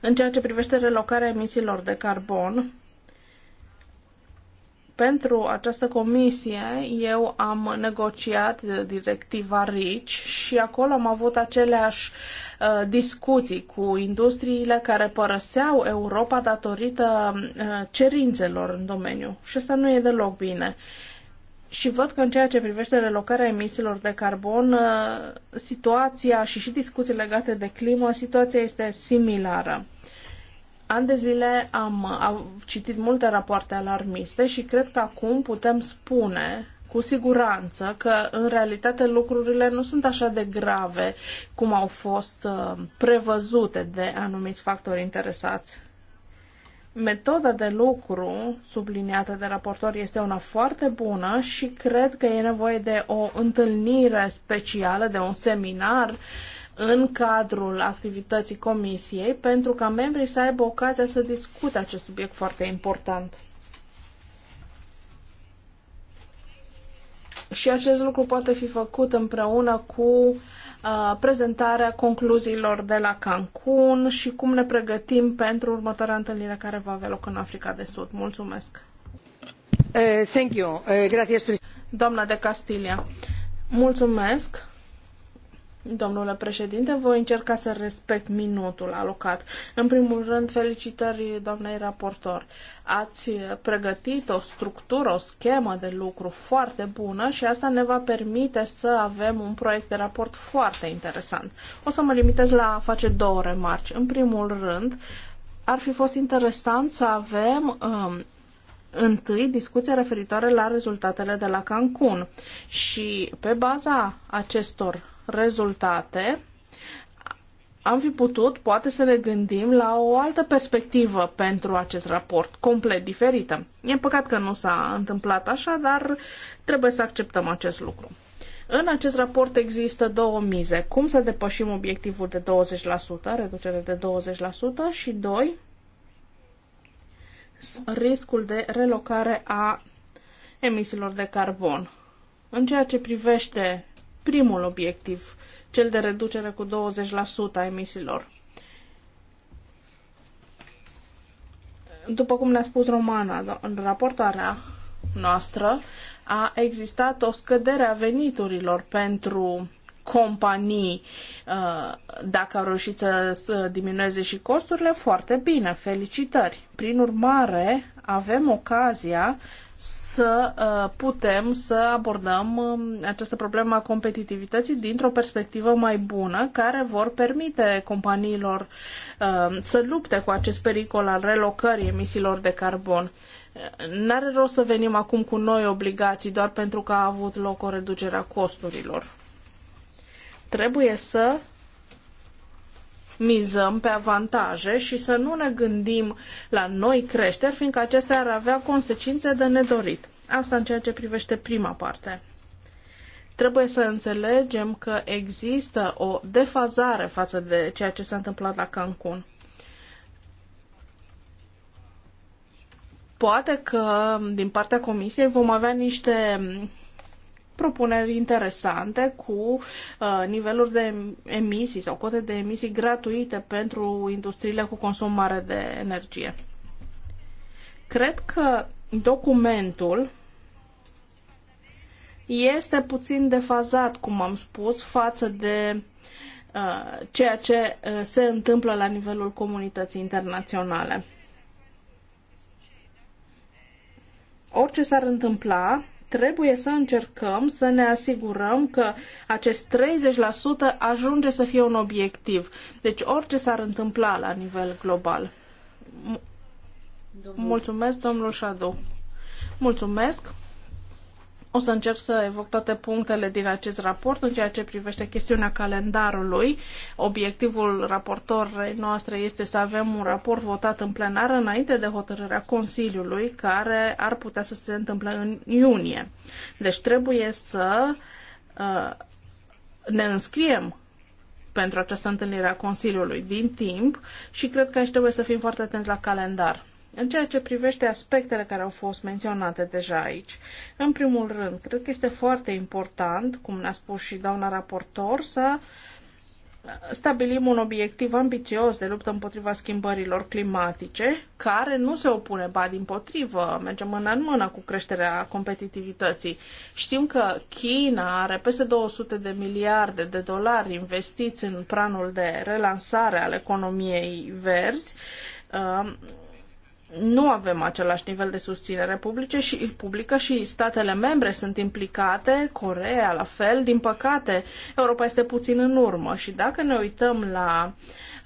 În ceea ce privește relocarea emisiilor de carbon, pentru această comisie eu am negociat directiva RICI și acolo am avut aceleași Uh, discuții cu industriile care părăseau Europa datorită uh, cerințelor în domeniu. Și asta nu e deloc bine. Și văd că în ceea ce privește relocarea emisiilor de carbon, uh, situația și și discuții legate de climă, situația este similară. An de zile am, am citit multe rapoarte alarmiste și cred că acum putem spune cu siguranță că în realitate lucrurile nu sunt așa de grave cum au fost uh, prevăzute de anumiți factori interesați. Metoda de lucru subliniată de raportor este una foarte bună și cred că e nevoie de o întâlnire specială, de un seminar în cadrul activității comisiei pentru ca membrii să aibă ocazia să discute acest subiect foarte important. și acest lucru poate fi făcut împreună cu uh, prezentarea concluziilor de la Cancun și cum ne pregătim pentru următoarea întâlnire care va avea loc în Africa de Sud. Mulțumesc! Uh, thank you. Uh, gracias. Doamna de Castilia, mulțumesc! Domnule președinte, voi încerca să respect minutul alocat. În primul rând, felicitări doamnei raportor. Ați pregătit o structură, o schemă de lucru foarte bună și asta ne va permite să avem un proiect de raport foarte interesant. O să mă limitez la a face două remarci. În primul rând, ar fi fost interesant să avem um, întâi discuția referitoare la rezultatele de la Cancun și pe baza acestor rezultate, am fi putut poate să ne gândim la o altă perspectivă pentru acest raport, complet diferită. E păcat că nu s-a întâmplat așa, dar trebuie să acceptăm acest lucru. În acest raport există două mize. Cum să depășim obiectivul de 20%, reducere de 20% și 2. Riscul de relocare a emisiilor de carbon. În ceea ce privește primul obiectiv, cel de reducere cu 20% a emisiilor. După cum ne-a spus Romana, în raportoarea noastră, a existat o scădere a veniturilor pentru companii, uh, dacă au reușit să diminueze și costurile, foarte bine, felicitări. Prin urmare, avem ocazia să uh, putem să abordăm um, această problemă a competitivității dintr-o perspectivă mai bună, care vor permite companiilor uh, să lupte cu acest pericol al relocării emisiilor de carbon. N-are rost să venim acum cu noi obligații doar pentru că a avut loc o reducere a costurilor. Trebuie să mizăm pe avantaje și să nu ne gândim la noi creșteri, fiindcă acestea ar avea consecințe de nedorit. Asta în ceea ce privește prima parte. Trebuie să înțelegem că există o defazare față de ceea ce s-a întâmplat la Cancun. Poate că din partea Comisiei vom avea niște propuneri interesante cu uh, niveluri de emisii sau cote de emisii gratuite pentru industriile cu consum mare de energie. Cred că documentul este puțin defazat, cum am spus, față de uh, ceea ce uh, se întâmplă la nivelul comunității internaționale. Orice s-ar întâmpla, trebuie să încercăm să ne asigurăm că acest 30% ajunge să fie un obiectiv. Deci orice s-ar întâmpla la nivel global. Mulțumesc, domnul Shadow. Mulțumesc. O să încerc să evoc toate punctele din acest raport în ceea ce privește chestiunea calendarului. Obiectivul raportorului noastre este să avem un raport votat în plenară înainte de hotărârea Consiliului, care ar putea să se întâmple în iunie. Deci trebuie să uh, ne înscriem pentru această întâlnire a Consiliului din timp și cred că aici trebuie să fim foarte atenți la calendar. În ceea ce privește aspectele care au fost menționate deja aici, în primul rând, cred că este foarte important, cum ne-a spus și doamna raportor, să stabilim un obiectiv ambițios de luptă împotriva schimbărilor climatice, care nu se opune, ba din potrivă, merge mână în mână cu creșterea competitivității. Știm că China are peste 200 de miliarde de dolari investiți în planul de relansare al economiei verzi, uh, nu avem același nivel de susținere publice și, publică și statele membre sunt implicate, Corea la fel, din păcate Europa este puțin în urmă și dacă ne uităm la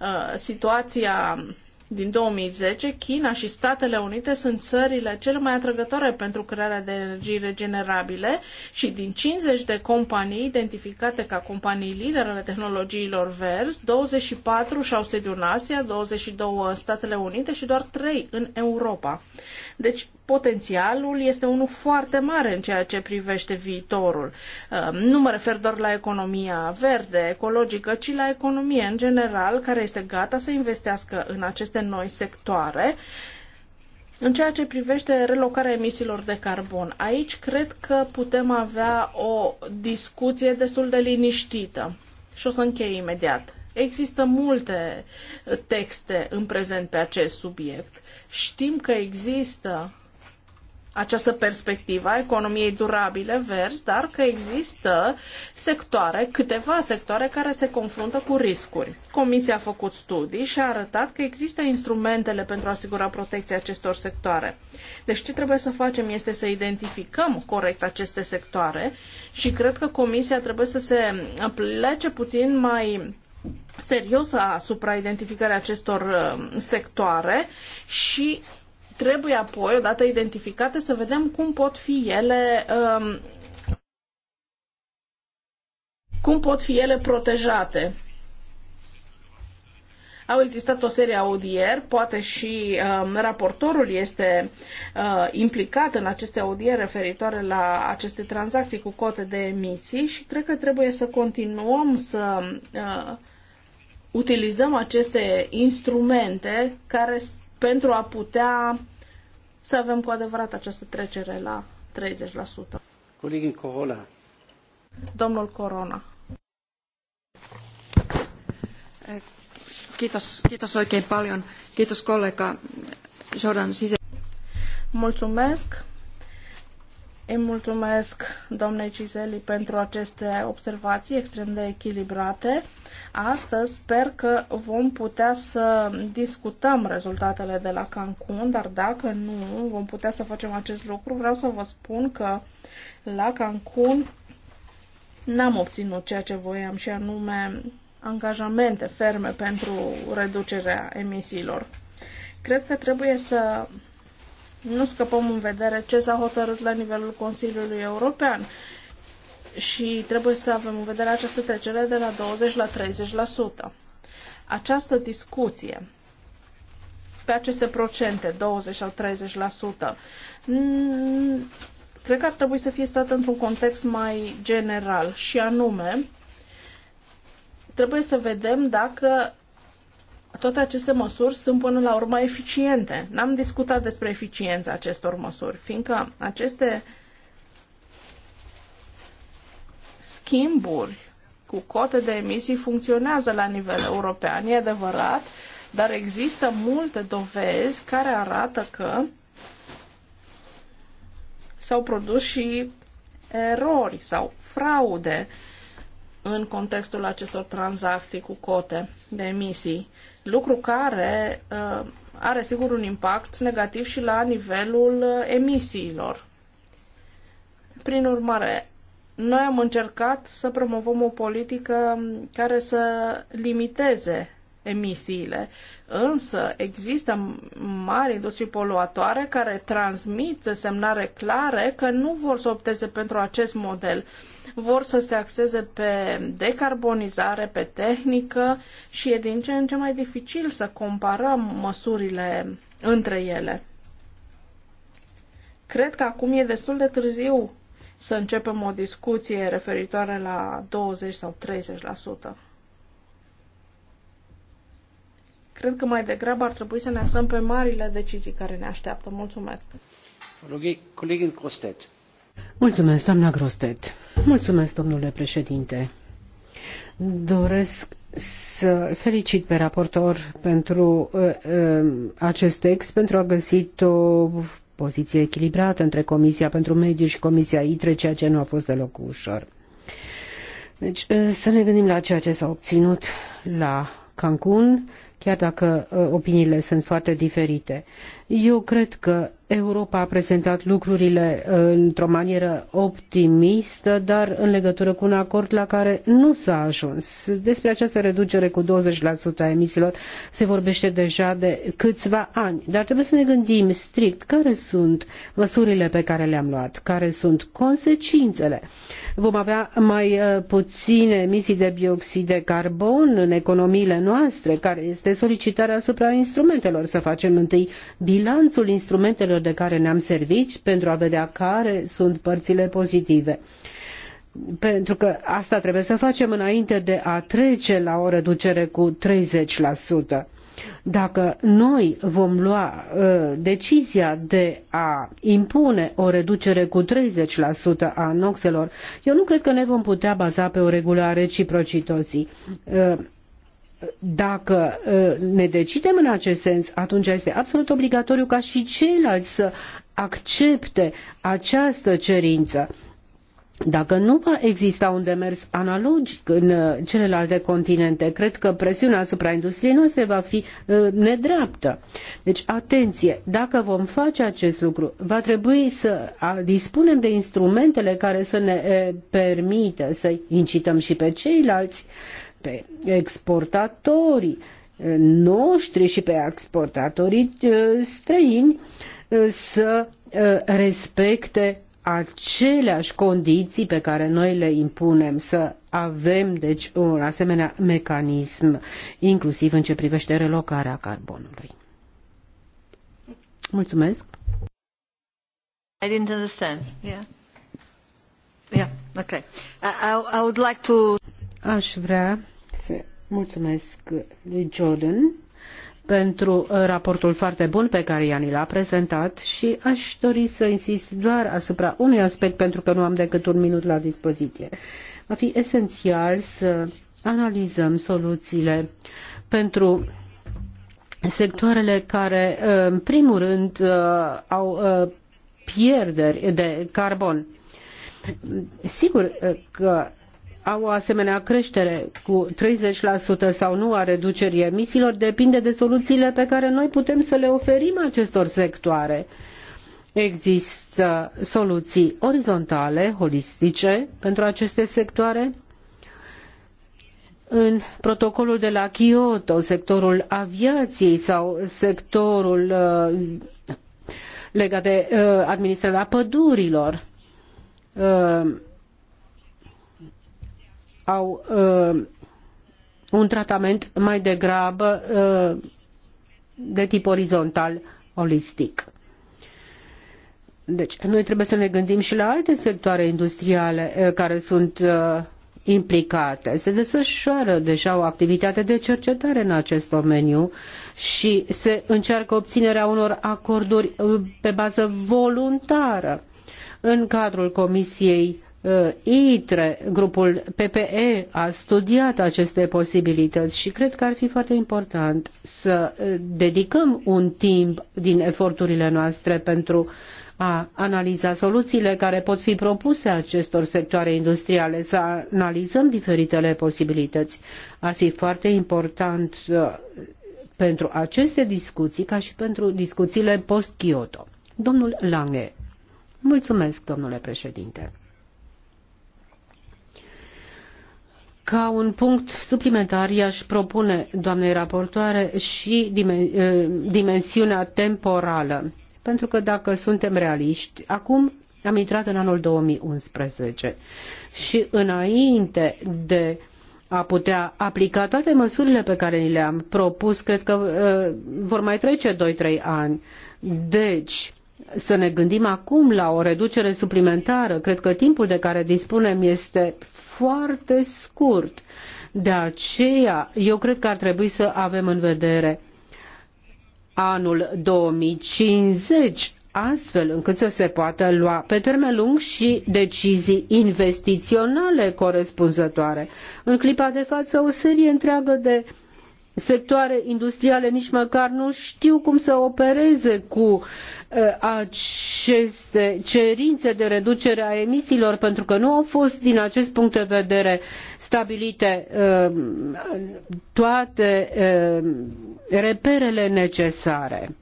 uh, situația din 2010, China și Statele Unite sunt țările cele mai atrăgătoare pentru crearea de energii regenerabile și din 50 de companii identificate ca companii lider ale tehnologiilor verzi, 24 și-au sediul în Asia, 22 în Statele Unite și doar 3 în Europa. Deci potențialul este unul foarte mare în ceea ce privește viitorul. Ehm, nu mă refer doar la economia verde, ecologică, ci la economie în general, care este gata să investească în aceste noi sectoare. În ceea ce privește relocarea emisiilor de carbon, aici cred că putem avea o discuție destul de liniștită. Și o să închei imediat. Există multe texte în prezent pe acest subiect Știm că există această perspectivă a economiei durabile, verzi, dar că există sectoare, câteva sectoare care se confruntă cu riscuri. Comisia a făcut studii și a arătat că există instrumentele pentru a asigura protecția acestor sectoare. Deci ce trebuie să facem este să identificăm corect aceste sectoare și cred că Comisia trebuie să se plece puțin mai serioasă asupra identificării acestor uh, sectoare și trebuie apoi, odată identificate, să vedem cum pot fi ele um, cum pot fi ele protejate. Au existat o serie audieri, poate și um, raportorul este uh, implicat în aceste audieri referitoare la aceste tranzacții cu cote de emisii și cred că trebuie să continuăm să uh, utilizăm aceste instrumente care pentru a putea să avem cu adevărat această trecere la 30%. Colegii Corona. Domnul Corona. Eh, kiitos, kiitos oikein paljon. Kiitos kollega Jordan Sise. Mulțumesc. Îi mulțumesc doamnei Cizeli pentru aceste observații extrem de echilibrate. Astăzi sper că vom putea să discutăm rezultatele de la Cancun, dar dacă nu vom putea să facem acest lucru, vreau să vă spun că la Cancun n-am obținut ceea ce voiam și anume angajamente ferme pentru reducerea emisiilor. Cred că trebuie să nu scăpăm în vedere ce s-a hotărât la nivelul Consiliului European și trebuie să avem în vedere această trecere de la 20 la 30%. Această discuție pe aceste procente, 20 sau 30%, cred că ar trebui să fie stată într-un context mai general și anume, trebuie să vedem dacă toate aceste măsuri sunt până la urmă eficiente. N-am discutat despre eficiența acestor măsuri, fiindcă aceste schimburi cu cote de emisii funcționează la nivel european, e adevărat, dar există multe dovezi care arată că s-au produs și erori sau fraude în contextul acestor tranzacții cu cote de emisii lucru care uh, are sigur un impact negativ și la nivelul uh, emisiilor. Prin urmare, noi am încercat să promovăm o politică um, care să limiteze emisiile. Însă există mari industrii poluatoare care transmit semnare clare că nu vor să opteze pentru acest model vor să se axeze pe decarbonizare, pe tehnică și e din ce în ce mai dificil să comparăm măsurile între ele. Cred că acum e destul de târziu să începem o discuție referitoare la 20 sau 30%. Cred că mai degrabă ar trebui să ne axăm pe marile decizii care ne așteaptă. Mulțumesc! Colegin Crostet. Mulțumesc, doamna Grostet. Mulțumesc, domnule președinte. Doresc să felicit pe raportor pentru uh, uh, acest text, pentru a găsi o poziție echilibrată între Comisia pentru Mediu și Comisia ITRE, ceea ce nu a fost deloc ușor. Deci uh, să ne gândim la ceea ce s-a obținut la Cancun, chiar dacă uh, opiniile sunt foarte diferite. Eu cred că Europa a prezentat lucrurile uh, într-o manieră optimistă, dar în legătură cu un acord la care nu s-a ajuns. Despre această reducere cu 20% a emisiilor se vorbește deja de câțiva ani, dar trebuie să ne gândim strict care sunt măsurile pe care le-am luat, care sunt consecințele. Vom avea mai uh, puține emisii de bioxid de carbon în economiile noastre, care este solicitarea asupra instrumentelor, să facem întâi bilanțul instrumentelor de care ne-am servit pentru a vedea care sunt părțile pozitive pentru că asta trebuie să facem înainte de a trece la o reducere cu 30%. Dacă noi vom lua uh, decizia de a impune o reducere cu 30% a noxelor, eu nu cred că ne vom putea baza pe o regulă a reciprocității. Uh, dacă ă, ne decidem în acest sens, atunci este absolut obligatoriu ca și ceilalți să accepte această cerință. Dacă nu va exista un demers analogic în ă, celelalte continente, cred că presiunea asupra industriei noastre va fi ă, nedreaptă. Deci, atenție, dacă vom face acest lucru, va trebui să dispunem de instrumentele care să ne permită să incităm și pe ceilalți pe exportatorii noștri și pe exportatorii uh, străini uh, să uh, respecte aceleași condiții pe care noi le impunem, să avem deci un asemenea mecanism, inclusiv în ce privește relocarea carbonului. Mulțumesc. I didn't understand. Yeah. Yeah, okay. I, I, I would like to... Aș vrea Mulțumesc lui Jordan pentru uh, raportul foarte bun pe care Iani l-a prezentat și aș dori să insist doar asupra unui aspect pentru că nu am decât un minut la dispoziție. Va fi esențial să analizăm soluțiile pentru sectoarele care, uh, în primul rând, uh, au pierderi de carbon. Sigur că au o asemenea creștere cu 30% sau nu a reducerii emisiilor depinde de soluțiile pe care noi putem să le oferim acestor sectoare. Există soluții orizontale, holistice pentru aceste sectoare? În protocolul de la Kyoto, sectorul aviației sau sectorul uh, legat de uh, administrarea pădurilor, uh, au uh, un tratament mai degrabă uh, de tip orizontal, holistic. Deci, noi trebuie să ne gândim și la alte sectoare industriale uh, care sunt uh, implicate. Se desfășoară deja o activitate de cercetare în acest domeniu și se încearcă obținerea unor acorduri uh, pe bază voluntară. În cadrul Comisiei Uh, ITRE, grupul PPE a studiat aceste posibilități și cred că ar fi foarte important să uh, dedicăm un timp din eforturile noastre pentru a analiza soluțiile care pot fi propuse acestor sectoare industriale, să analizăm diferitele posibilități. Ar fi foarte important uh, pentru aceste discuții ca și pentru discuțiile post-Kyoto. Domnul Lange. Mulțumesc, domnule președinte. Ca un punct suplimentar, i-aș propune, doamnei raportoare, și dimensiunea temporală. Pentru că dacă suntem realiști, acum am intrat în anul 2011 și înainte de a putea aplica toate măsurile pe care ni le-am propus, cred că uh, vor mai trece 2-3 ani. Deci, să ne gândim acum la o reducere suplimentară. Cred că timpul de care dispunem este foarte scurt. De aceea, eu cred că ar trebui să avem în vedere anul 2050, astfel încât să se poată lua pe termen lung și decizii investiționale corespunzătoare. În clipa de față, o serie întreagă de uh, sectoare industriale nici măcar nu știu cum să opereze cu uh, aceste cerințe de reducere a emisiilor, pentru că nu au fost, din acest punct de vedere, stabilite uh, toate uh, reperele necesare.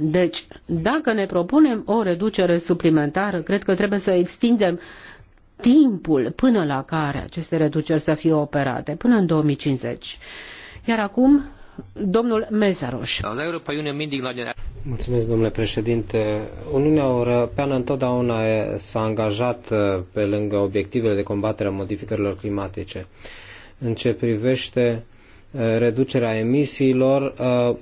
Deci, dacă ne propunem o reducere suplimentară, cred că trebuie să extindem uh, timpul până la care aceste reduceri să fie operate, până în 2050. Iar acum, domnul Mezaroș. Mulțumesc, domnule președinte. Uniunea Europeană întotdeauna s-a angajat uh, pe lângă obiectivele de combatere a modificărilor climatice. În ce privește uh, reducerea emisiilor, uh,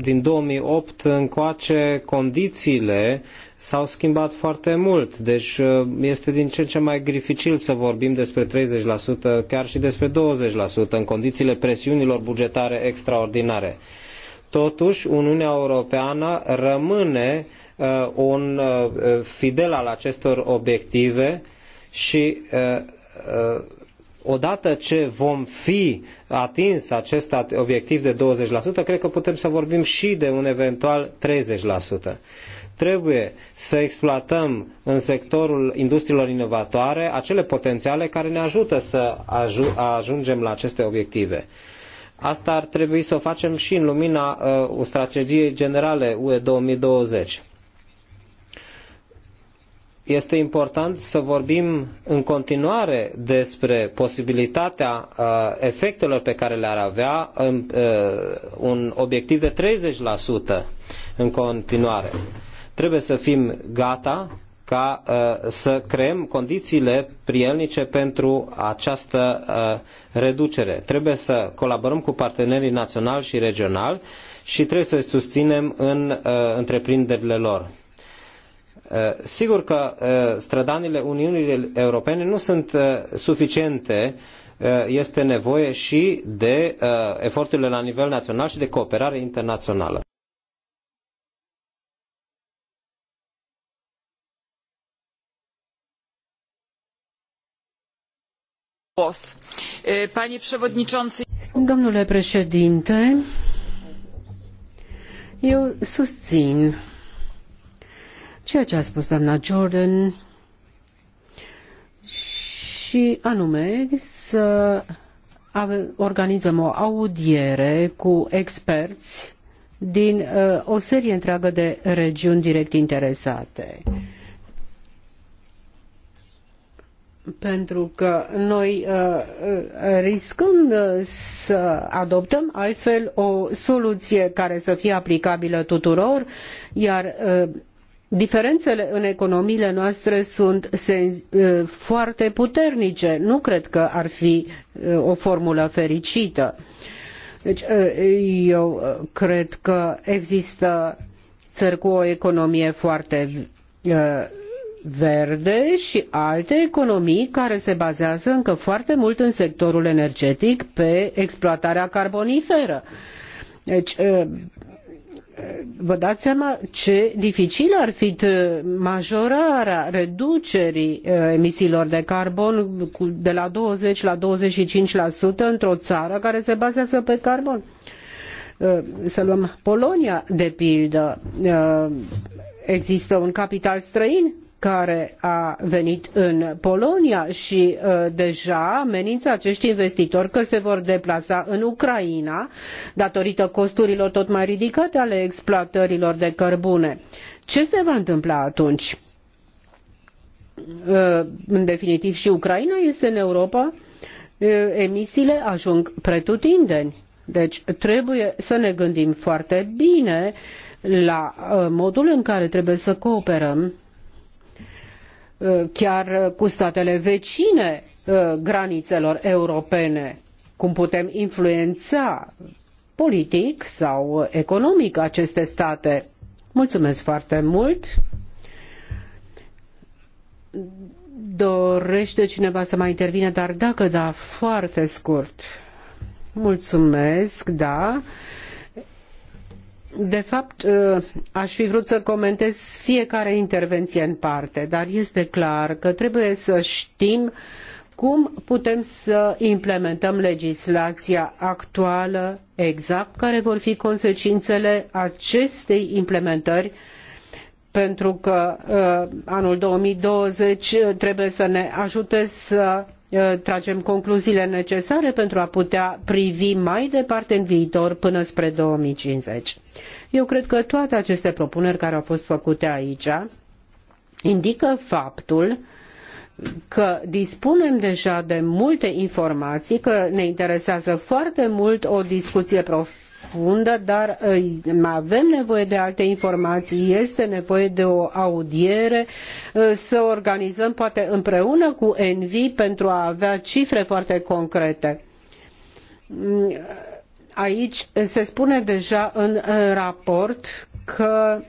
din 2008 încoace condițiile s-au schimbat foarte mult. Deci uh, este din ce în ce mai dificil să vorbim despre 30%, chiar și despre 20% în condițiile presiunilor bugetare extraordinare. Totuși, Uniunea Europeană rămâne uh, un uh, fidel al acestor obiective și uh, uh, odată ce vom fi atins acest obiectiv de 20%, cred că putem să vorbim și de un eventual 30%. Trebuie să exploatăm în sectorul industriilor inovatoare acele potențiale care ne ajută să ajungem la aceste obiective. Asta ar trebui să o facem și în lumina uh, strategiei generale UE 2020 este important să vorbim în continuare despre posibilitatea uh, efectelor pe care le-ar avea um, uh, un obiectiv de 30% în continuare. Uh, Trebuie să fim gata ca uh, să creăm condițiile prielnice pentru această uh, reducere. Trebuie să colaborăm cu partenerii naționali și regionali și trebuie să-i susținem în uh, întreprinderile lor. Sigur că strădanile Uniunii Europene nu sunt suficiente, este nevoie și de eforturile la nivel național și de cooperare internațională. Domnule președinte, eu susțin ceea ce a spus doamna Jordan și anume să organizăm o audiere cu experți din o serie întreagă de regiuni direct interesate. Uh, pentru că noi uh, uh, riscăm uh, să adoptăm altfel o soluție care să fie aplicabilă tuturor, iar diferențele în economiile noastre sunt foarte puternice. Nu cred că ar fi o formulă fericită. Deci, eu cred că există țări cu o economie foarte verde și alte economii care se bazează încă foarte mult în sectorul energetic pe exploatarea carboniferă. Deci, ă, vă dați seama ce dificil ar fi majorarea reducerii ă, emisiilor de carbon de la 20 la 25% într-o țară care se bazează pe carbon. Ă, să luăm Polonia, de pildă. Există un capital străin care a venit în Polonia și uh, deja amenință acești investitori că se vor deplasa în Ucraina datorită costurilor tot mai ridicate ale exploatărilor de cărbune. Ce se va întâmpla atunci? Uh, în definitiv și Ucraina este în Europa, uh, emisiile ajung pretutindeni. Deci trebuie să ne gândim foarte bine la uh, modul în care trebuie să cooperăm Uh, chiar uh, cu statele vecine uh, granițelor europene, cum putem influența politic sau economic aceste state. Mulțumesc foarte mult! Dorește cineva să mai intervine, dar dacă da, foarte scurt. Mulțumesc, da. De fapt, ă, aș fi vrut să comentez fiecare intervenție în parte, dar este clar că trebuie să știm cum putem să implementăm legislația actuală exact, care vor fi consecințele acestei implementări pentru că ă, anul 2020 trebuie să ne ajute să Eh, tragem concluziile necesare pentru a putea privi mai departe în viitor până spre 2050. Eu cred că toate aceste propuneri care au fost făcute aici indică faptul că dispunem deja de multe informații, că ne interesează foarte mult o discuție profundă profundă, dar ă, mai avem nevoie de alte informații, este nevoie de o audiere, ă, să organizăm poate împreună cu Envi pentru a avea cifre foarte concrete mm, aici se spune deja în ă, raport că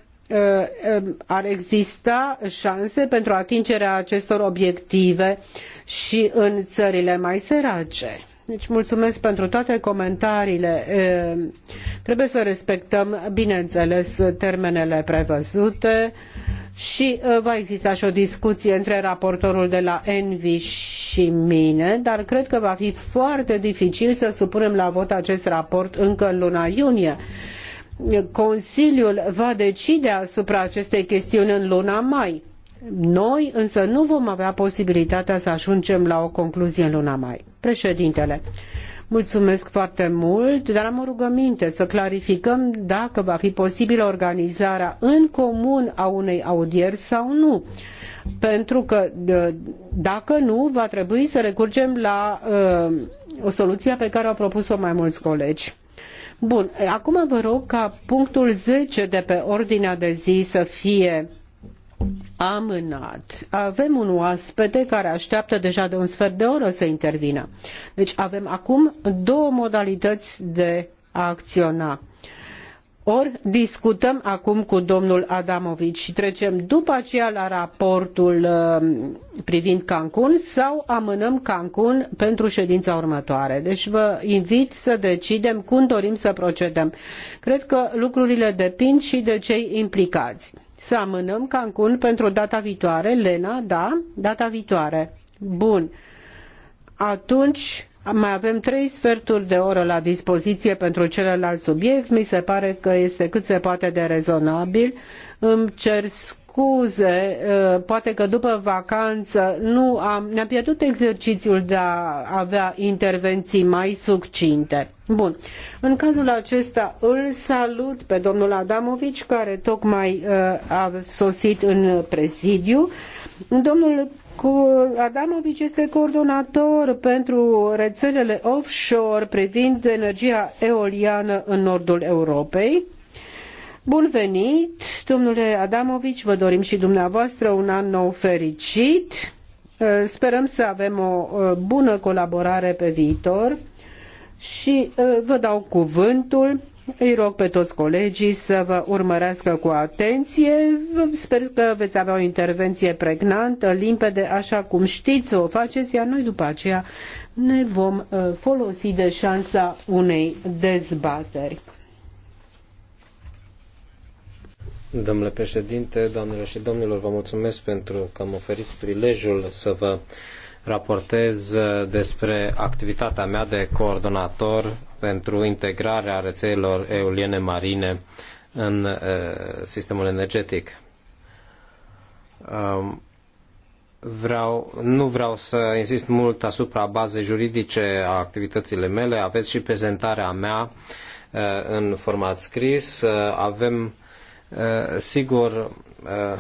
ar exista șanse pentru atingerea acestor obiective și în țările mai sărace. Deci mulțumesc pentru toate comentariile. Trebuie să respectăm, bineînțeles, termenele prevăzute și va exista și o discuție între raportorul de la Envi și mine, dar cred că va fi foarte dificil să supunem la vot acest raport încă în luna iunie. Consiliul va decide asupra acestei chestiuni în luna mai noi însă nu vom avea posibilitatea să ajungem la o concluzie în luna mai. Președintele, mulțumesc foarte mult, dar am o rugăminte să clarificăm dacă va fi posibilă organizarea în comun a unei audieri sau nu. Pentru că dacă nu, va trebui să recurgem la uh, o soluție pe care au propus-o mai mulți colegi. Bun, acum vă rog ca punctul zece de pe ordinea de zi să fie amânat. Avem un oaspete care așteaptă deja de un sfert de oră să intervină. Deci avem acum două modalități de a acționa. Ori discutăm acum cu domnul Adamovici și trecem după aceea la raportul uh, privind Cancun sau amânăm Cancun pentru ședința următoare. Deci vă invit să decidem cum dorim să procedăm. Cred că lucrurile depind și de cei implicați. Să amânăm Cancun pentru data viitoare, Lena, da, data viitoare. Bun. Atunci mai avem trei sferturi de oră la dispoziție pentru celălalt subiect. Mi se pare că este cât se poate de rezonabil. Îmi cer scuze scuze, ă, poate că după vacanță nu am, ne-am pierdut exercițiul de a avea intervenții mai succinte. Bun. În cazul acesta îl salut pe domnul Adamovici, care tocmai ă, a sosit în prezidiu. Domnul Adamovici este coordonator pentru rețelele offshore privind energia eoliană în nordul Europei. Bun venit, domnule Adamovici, vă dorim și dumneavoastră un an nou fericit. Uh, sperăm să avem o uh, bună colaborare pe viitor și uh, vă dau cuvântul. Îi rog pe toți colegii să vă urmărească cu atenție. Sper că veți avea o intervenție pregnantă, limpede, așa cum știți să o faceți, iar noi după aceea ne vom folosi de șansa unei dezbateri. Domnule președinte, doamnelor și domnilor, vă mulțumesc pentru că am oferit prilejul să vă raportez despre activitatea mea de coordonator pentru integrarea rețelelor eoliene marine în uh, sistemul energetic. Um, vreau, nu vreau să insist mult asupra bazei juridice a activităților mele, aveți și prezentarea mea uh, în format scris, uh, avem uh, Eh, sigur, eh,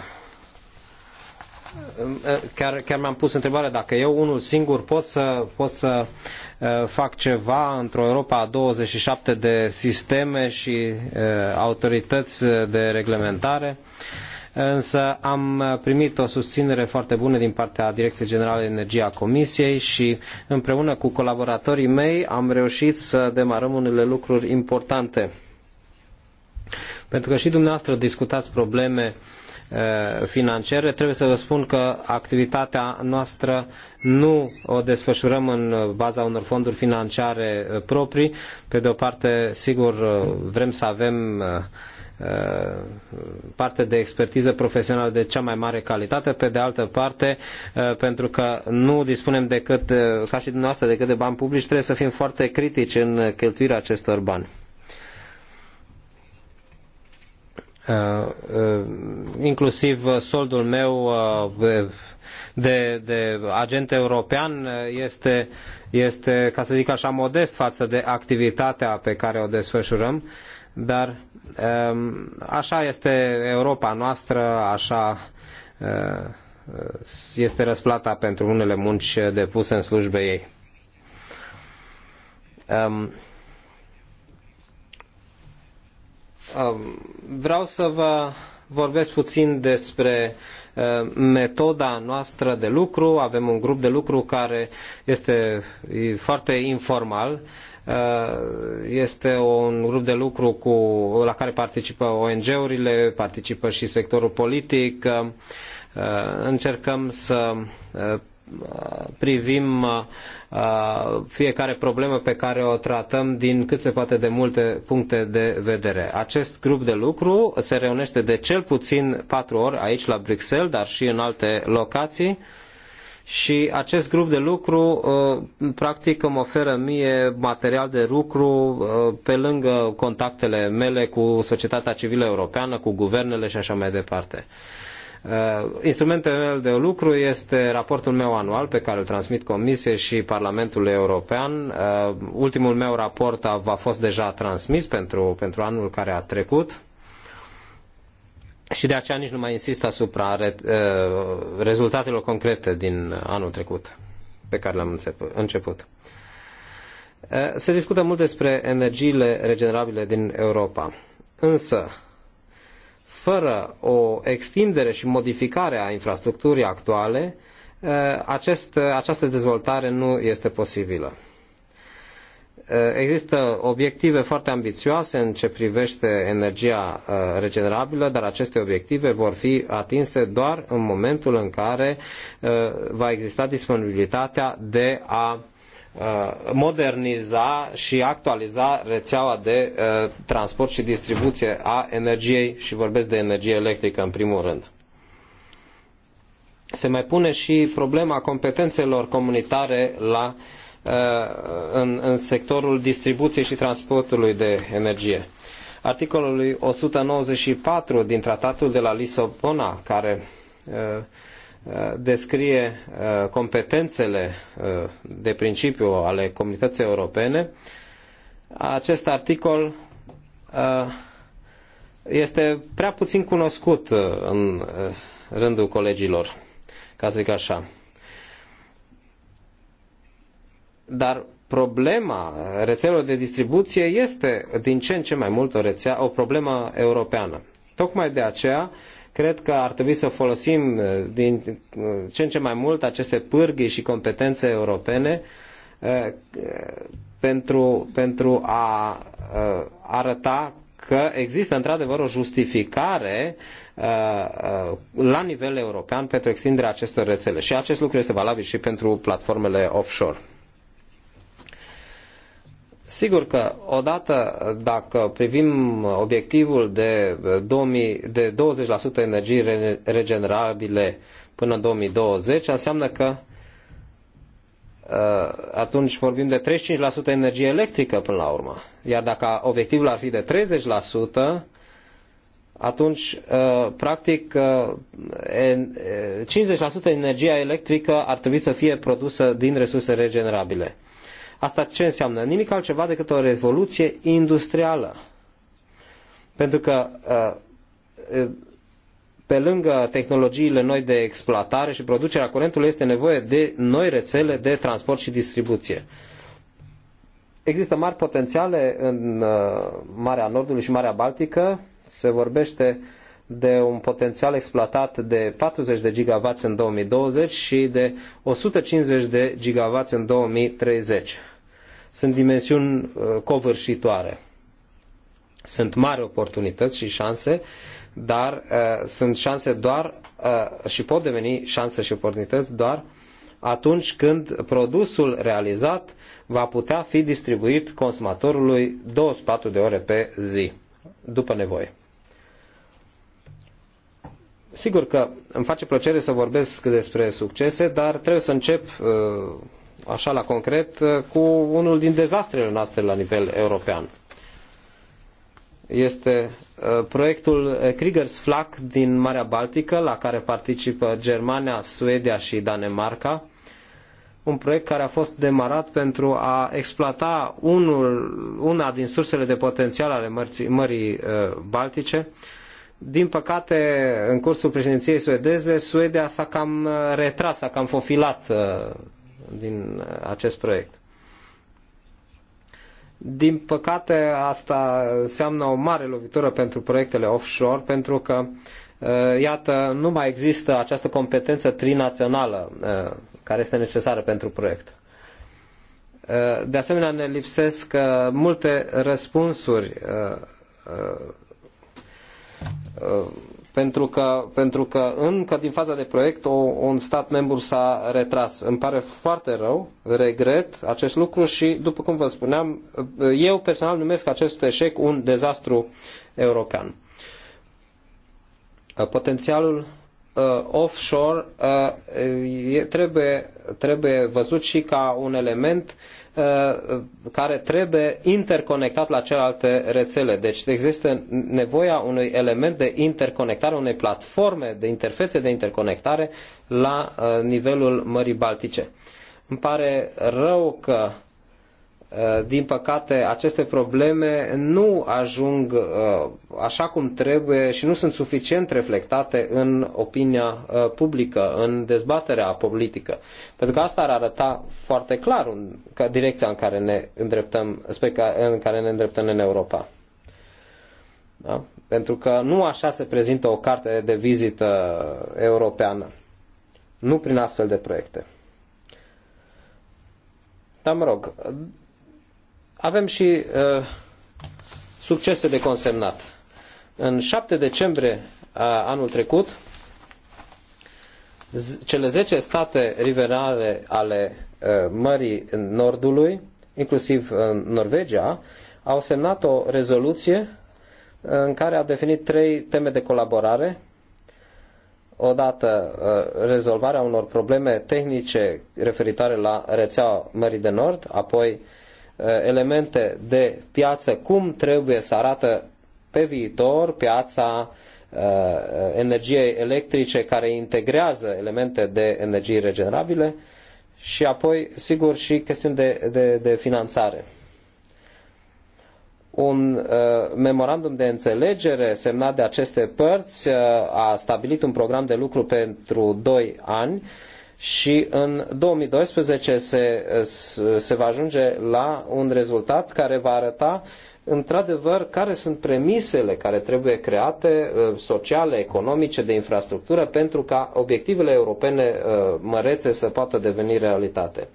eh, chiar, chiar mi-am pus întrebarea dacă eu unul singur pot să, pot să fac ceva într-o Europa a 27 de sisteme și autorități de reglementare. Însă am primit o susținere foarte bună din partea Direcției Generale Energie a Comisiei și împreună cu colaboratorii mei am reușit să demarăm unele lucruri importante pentru că și dumneavoastră discutați probleme financiare, trebuie să vă spun că activitatea noastră nu o desfășurăm în baza unor fonduri financiare proprii. Pe de o parte, sigur, vrem să avem parte de expertiză profesională de cea mai mare calitate, pe de altă parte, pentru că nu dispunem decât, ca și dumneavoastră, decât de bani publici, trebuie să fim foarte critici în cheltuirea acestor bani. Uh, uh, inclusiv uh, soldul meu de, de agent european este, este, ca să zic așa, modest față de activitatea pe care o desfășurăm, dar um, așa este Europa noastră, așa este răsplata pentru unele munci depuse în slujbe ei. Um, Um, vreau să vă vorbesc puțin despre uh, metoda noastră de lucru. Avem un grup de lucru care este foarte informal. Uh, este un grup de lucru cu, la care participă ONG-urile, participă și sectorul politic. Uh, încercăm să privim uh, uh, fiecare problemă pe care o tratăm din cât se poate de multe puncte de vedere. Acest grup de lucru se reunește de cel puțin patru ori aici la Bruxelles, dar și în alte locații. Și acest grup de lucru uh, practic îmi oferă mie material de lucru pe lângă contactele mele cu societatea civilă europeană, cu guvernele și așa mai departe. Uh, instrumentul meu de lucru este raportul meu anual pe care îl transmit Comisiei și Parlamentului European. Uh, ultimul meu raport a, a fost deja transmis pentru, pentru anul care a trecut și de aceea nici nu mai insist asupra re, uh, rezultatelor concrete din anul trecut pe care l am început. Se discută mult despre energiile regenerabile din Europa. Însă, fără o extindere și modificare a infrastructurii actuale, eh, acest, această dezvoltare nu este posibilă. Eh, există obiective foarte ambițioase în ce privește energia eh, regenerabilă, dar aceste obiective vor fi atinse doar în momentul în care va exista disponibilitatea de a Uh, moderniza și actualiza rețeaua de uh, transport și distribuție a energiei și vorbesc de energie electrică în primul rând. Se mai pune și problema competențelor comunitare la, uh, în, în sectorul distribuției și transportului de energie articolului 194 din tratatul de la Lisabona, care Uh, descrie uh, competențele uh, de principiu ale comunității europene, acest articol este prea puțin cunoscut în rândul colegilor, ca să zic așa. Dar problema rețelelor de distribuție este din ce în ce mai mult o rețea, o problemă europeană. Tocmai de aceea Cred că ar trebui să folosim uh, din uh, ce în ce mai mult aceste pârghii și competențe europene uh, pentru, pentru a arăta că există într-adevăr o justificare la nivel european pentru extinderea acestor rețele. Și acest lucru este valabil și pentru platformele offshore. Sigur că odată dacă privim obiectivul de, 2000, eh, de 20% energii regenerabile până în 2020, înseamnă că eh, atunci vorbim de 35% energie electrică până la urmă. Iar dacă obiectivul ar fi de 30%, atunci, eh, practic, 50% energia electrică ar trebui să fie produsă din resurse regenerabile. Asta ce înseamnă? Nimic altceva decât o revoluție industrială. Pentru că uh, uh, pe lângă tehnologiile noi de exploatare și producerea curentului este nevoie de noi rețele de transport și distribuție. Există mari potențiale în uh, Marea Nordului și Marea Baltică. Se vorbește de un potențial exploatat de 40 de gigawatts în 2020 și de 150 de gigawatts în 2030 sunt dimensiuni uh, covârșitoare. Sunt mari oportunități și șanse, dar uh, sunt șanse doar uh, și pot deveni șanse și oportunități doar atunci când produsul realizat va putea fi distribuit consumatorului 24 de ore pe zi, după nevoie. Sigur că îmi face plăcere să vorbesc despre succese, dar trebuie să încep uh, așa la concret, cu unul din dezastrele noastre la nivel european. Este uh, proiectul Kriegers Flak din Marea Baltică, la care participă Germania, Suedia și Danemarca, un proiect care a fost demarat pentru a exploata unul, una din sursele de potențial ale mărții, Mării uh, Baltice. Din păcate, în cursul președinției suedeze, Suedia s-a cam uh, retras, s-a cam fofilat din acest proiect. Din păcate, asta înseamnă o mare lovitură pentru proiectele offshore, pentru că, iată, nu mai există această competență trinațională care este necesară pentru proiect. De asemenea, ne lipsesc multe răspunsuri pentru că, pentru că încă din faza de proiect o, un stat membru s-a retras. Îmi pare foarte rău, regret acest lucru și, după cum vă spuneam, eu personal numesc acest eșec un dezastru european. Uh, potențialul uh, offshore uh, trebuie, trebuie văzut și ca un element uh, Uh, care trebuie interconectat la celelalte rețele. Deci există nevoia unui element de interconectare, unei platforme de interfețe de interconectare la uh, nivelul Mării Baltice. Îmi pare rău că Eh, din păcate, aceste probleme nu ajung eh, așa cum trebuie și nu sunt suficient reflectate în opinia eh, publică, în dezbaterea politică. Pentru că asta ar arăta foarte clar că direcția în care ne îndreptăm, în care ne îndreptăm în Europa. Da? Pentru că nu așa se prezintă o carte de vizită europeană. Nu prin astfel de proiecte. Dar mă rog, avem și uh, succese de consemnat. În 7 decembrie uh, anul trecut, cele zece state riverare ale uh, Mării Nordului, inclusiv uh, Norvegia, au semnat o rezoluție uh, în care au definit trei teme de colaborare. Odată uh, rezolvarea unor probleme tehnice referitoare la rețeaua Mării de Nord, apoi Eh, elemente de piață, cum trebuie să arată pe viitor piața eh, eh, energiei electrice care integrează elemente de energii regenerabile și apoi, sigur, și chestiuni de, de, de finanțare. Un uh, memorandum de înțelegere semnat de aceste părți uh, a stabilit un program de lucru pentru 2 ani uh, și în 2012 se, se va ajunge la un rezultat care va arăta într-adevăr care sunt premisele care trebuie create uh, sociale, economice, de infrastructură pentru ca obiectivele europene uh, mărețe să poată deveni realitate.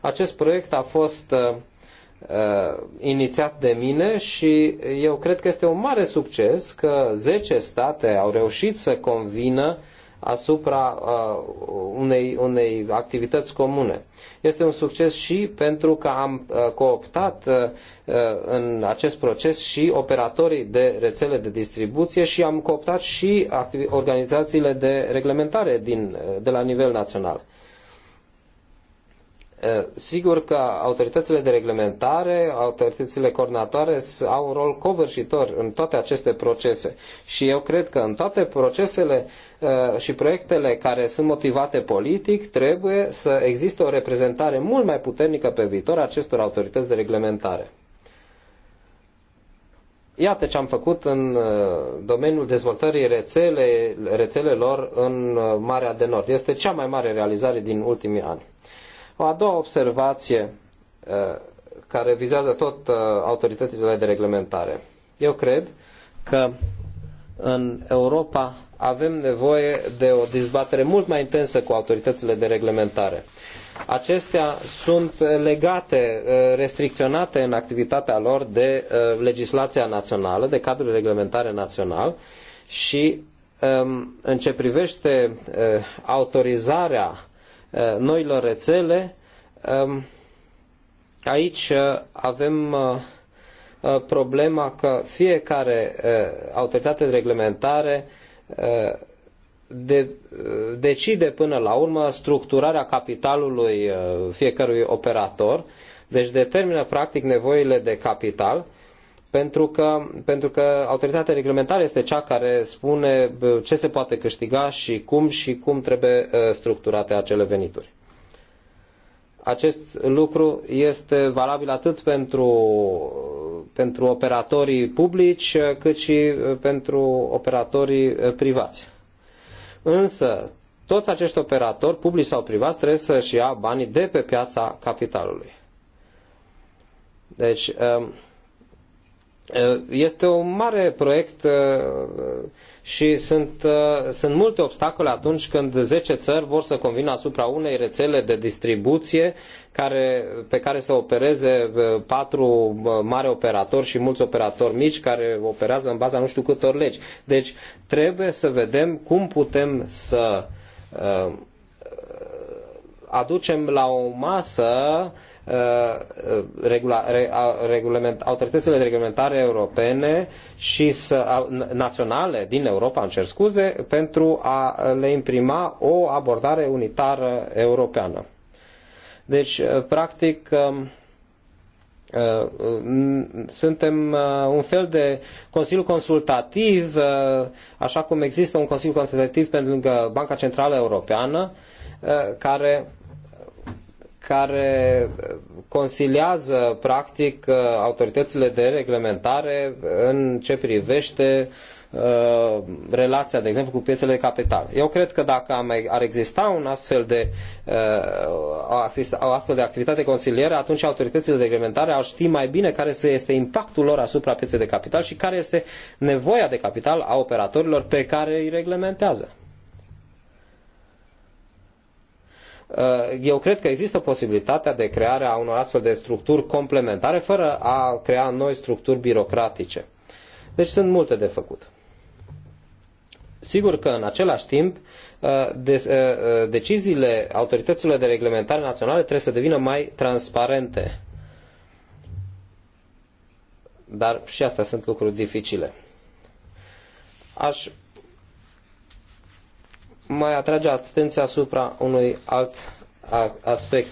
Acest proiect a fost uh, inițiat de mine și eu cred că este un mare succes că zece state au reușit să convină uh, asupra unei, unei activități comune. Este un succes și pentru că am cooptat în acest proces și operatorii de rețele de distribuție și am cooptat și organizațiile de reglementare din, de la nivel național. Eh, sigur că autoritățile de reglementare, autoritățile coordonatoare au un rol covârșitor în toate aceste procese și eu cred că în toate procesele eh, și proiectele care sunt motivate politic trebuie să existe o reprezentare mult mai puternică pe viitor a acestor autorități de reglementare. Iată ce am făcut în eh, domeniul dezvoltării rețele, rețelelor în Marea de Nord. Este cea mai mare realizare din ultimii ani. O a doua observație eh, care vizează tot eh, autoritățile de reglementare. Eu cred că în Europa avem nevoie de o dezbatere mult mai intensă cu autoritățile de reglementare. Acestea sunt legate, eh, restricționate în activitatea lor de legislația națională, de cadrul reglementare național și ehm, în ce privește autorizarea Uh, noilor rețele, um, aici uh, avem uh, problema că fiecare autoritate de reglementare de, decide până la urmă structurarea capitalului fiecărui operator, deci determină practic nevoile de capital pentru că, pentru că autoritatea reglementară este cea care spune ce se poate câștiga și cum și cum trebuie uh, structurate acele venituri. Acest lucru este valabil atât pentru, uh, pentru operatorii publici, uh, cât și pentru operatorii privați. Însă, toți acești operatori, publici sau privați, trebuie să-și ia banii de pe piața capitalului. Deci, um, Eh, este un mare proiect eh, și sunt, eh, sunt multe obstacole atunci când 10 țări vor să convină asupra unei rețele de distribuție care, pe care să opereze patru mari operatori și mulți operatori mici care operează în baza nu știu câtor legi. Deci trebuie să vedem cum putem să aducem la o masă Uh, uh, regula, regulament, autoritățile de reglementare europene și să, naționale din Europa, îmi cer scuze, pentru a le imprima o abordare unitară europeană. Deci, uh, practic, um, suntem un fel de Consiliu Consultativ, așa cum există un Consiliu Consultativ pentru Banca Centrală Europeană, care care eh, consiliază practic eh, autoritățile de reglementare în ce privește eh, relația, de exemplu, cu piețele de capital. Eu cred că dacă ar exista un astfel de, o astfel de activitate consiliere, atunci autoritățile de reglementare ar ști mai bine care este impactul lor asupra pieței de capital și care este nevoia de capital a operatorilor pe care îi reglementează. Uh, eu cred că există posibilitatea de creare a unor astfel de structuri complementare fără a crea noi structuri birocratice. Deci sunt multe de făcut. Sigur că în același timp uh, uh, deciziile autorităților de reglementare naționale trebuie să devină mai transparente. Dar și astea sunt lucruri dificile. Aș mai atrage atenția asupra unui alt aspect.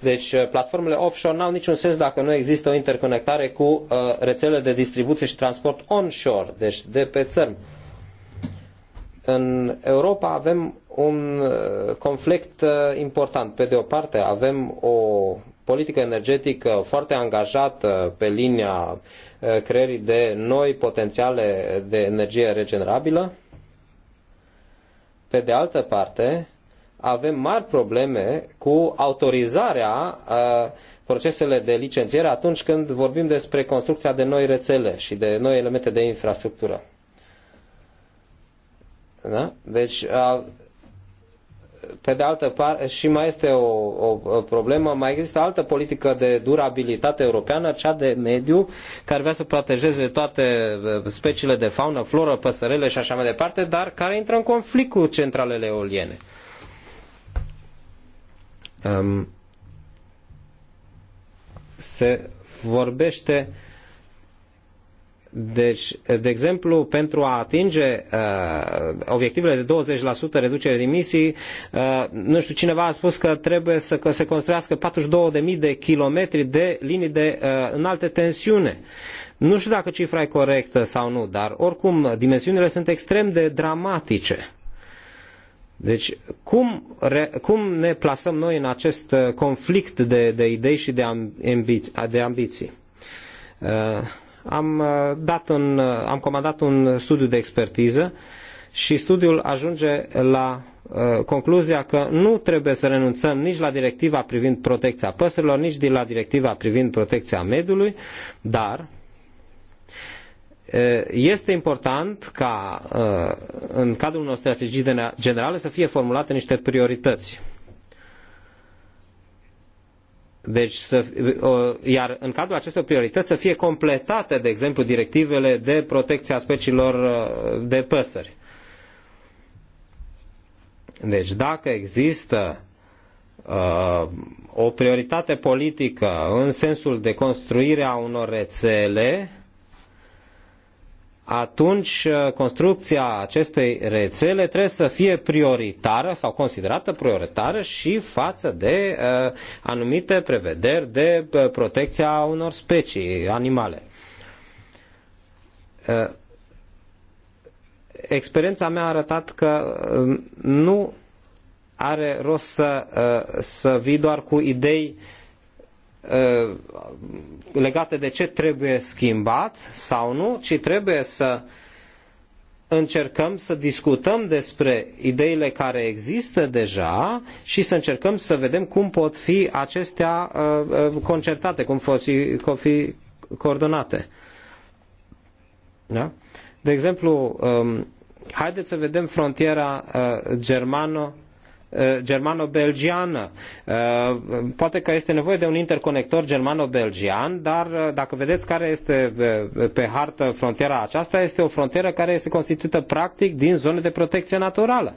Deci uh, platformele offshore n-au niciun sens dacă nu există o interconectare cu uh, rețelele de distribuție și transport onshore, deci de pe țărm. În Europa avem un uh, conflict important. Pe de o parte avem o politică energetică foarte angajată pe linia creării de noi potențiale de energie regenerabilă, pe de altă parte, avem mari probleme cu autorizarea uh, procesele de licențiere atunci când vorbim despre construcția de noi rețele și de noi elemente de infrastructură. Da? Deci a, pe de altă parte, și mai este o, o, problemă, mai există altă politică de durabilitate europeană, cea de mediu, care vrea să protejeze toate uh, speciile de faună, floră, păsărele și așa mai departe, dar care intră în conflict cu centralele eoliene. Um, se vorbește uh, deci, de exemplu, pentru a atinge uh, obiectivele de 20% reducere de emisii, uh, nu știu, cineva a spus că trebuie să că se construiască 42.000 de kilometri de linii de uh, înalte tensiune. Nu știu dacă cifra e corectă sau nu, dar oricum dimensiunile sunt extrem de dramatice. Deci, cum, re, cum ne plasăm noi în acest uh, conflict de, de idei și de, ambi, de ambiții? Uh, am, uh, dat un, uh, am comandat un studiu de expertiză și studiul ajunge la uh, concluzia că nu trebuie să renunțăm nici la directiva privind protecția păsărilor, nici la directiva privind protecția mediului, dar este important ca în cadrul unor strategii generale să fie formulate niște priorități. Deci să, iar în cadrul acestor priorități să fie completate, de exemplu, directivele de protecție a speciilor uh, de păsări. Deci dacă există uh, o prioritate politică în sensul de construire a unor rețele, atunci uh, construcția acestei rețele trebuie să fie prioritară sau considerată prioritară și față de uh, anumite prevederi de uh, protecția unor specii animale. Uh, experiența mea a arătat că uh, nu are rost să, uh, să vii doar cu idei uh, Uh, legate de ce trebuie schimbat sau nu, ci trebuie să încercăm să discutăm despre ideile care există deja și să încercăm să vedem cum pot fi acestea uh, uh, concertate, cum pot fi coordonate. Da? De exemplu, um, haideți să vedem frontiera germano Eh, germano-belgiană. Eh, poate că este nevoie de un interconector germano-belgian, dar eh, dacă vedeți care este pe hartă frontiera aceasta, este o frontieră care este constituită practic din zone de protecție naturală.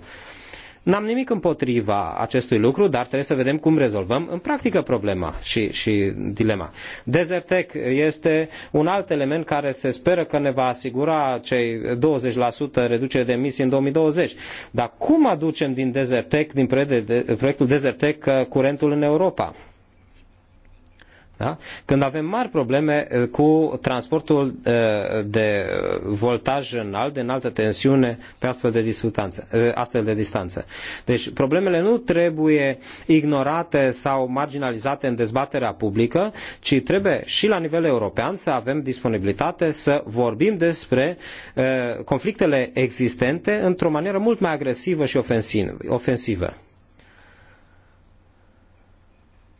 N-am nimic împotriva acestui lucru, dar trebuie să vedem cum rezolvăm în practică problema și, și dilema. Desertec este un alt element care se speră că ne va asigura cei 20% reducere de emisii în 2020. Dar cum aducem din Desertec, din proiectul Desertec, uh, curentul în Europa? Da? Când avem mari probleme eh, cu transportul eh, de voltaj înalt, de înaltă tensiune, pe astfel de, eh, astfel de distanță. Deci problemele nu trebuie ignorate sau marginalizate în dezbaterea publică, ci trebuie și la nivel european să avem disponibilitate să vorbim despre conflictele existente într-o manieră mult mai agresivă și ofensivă.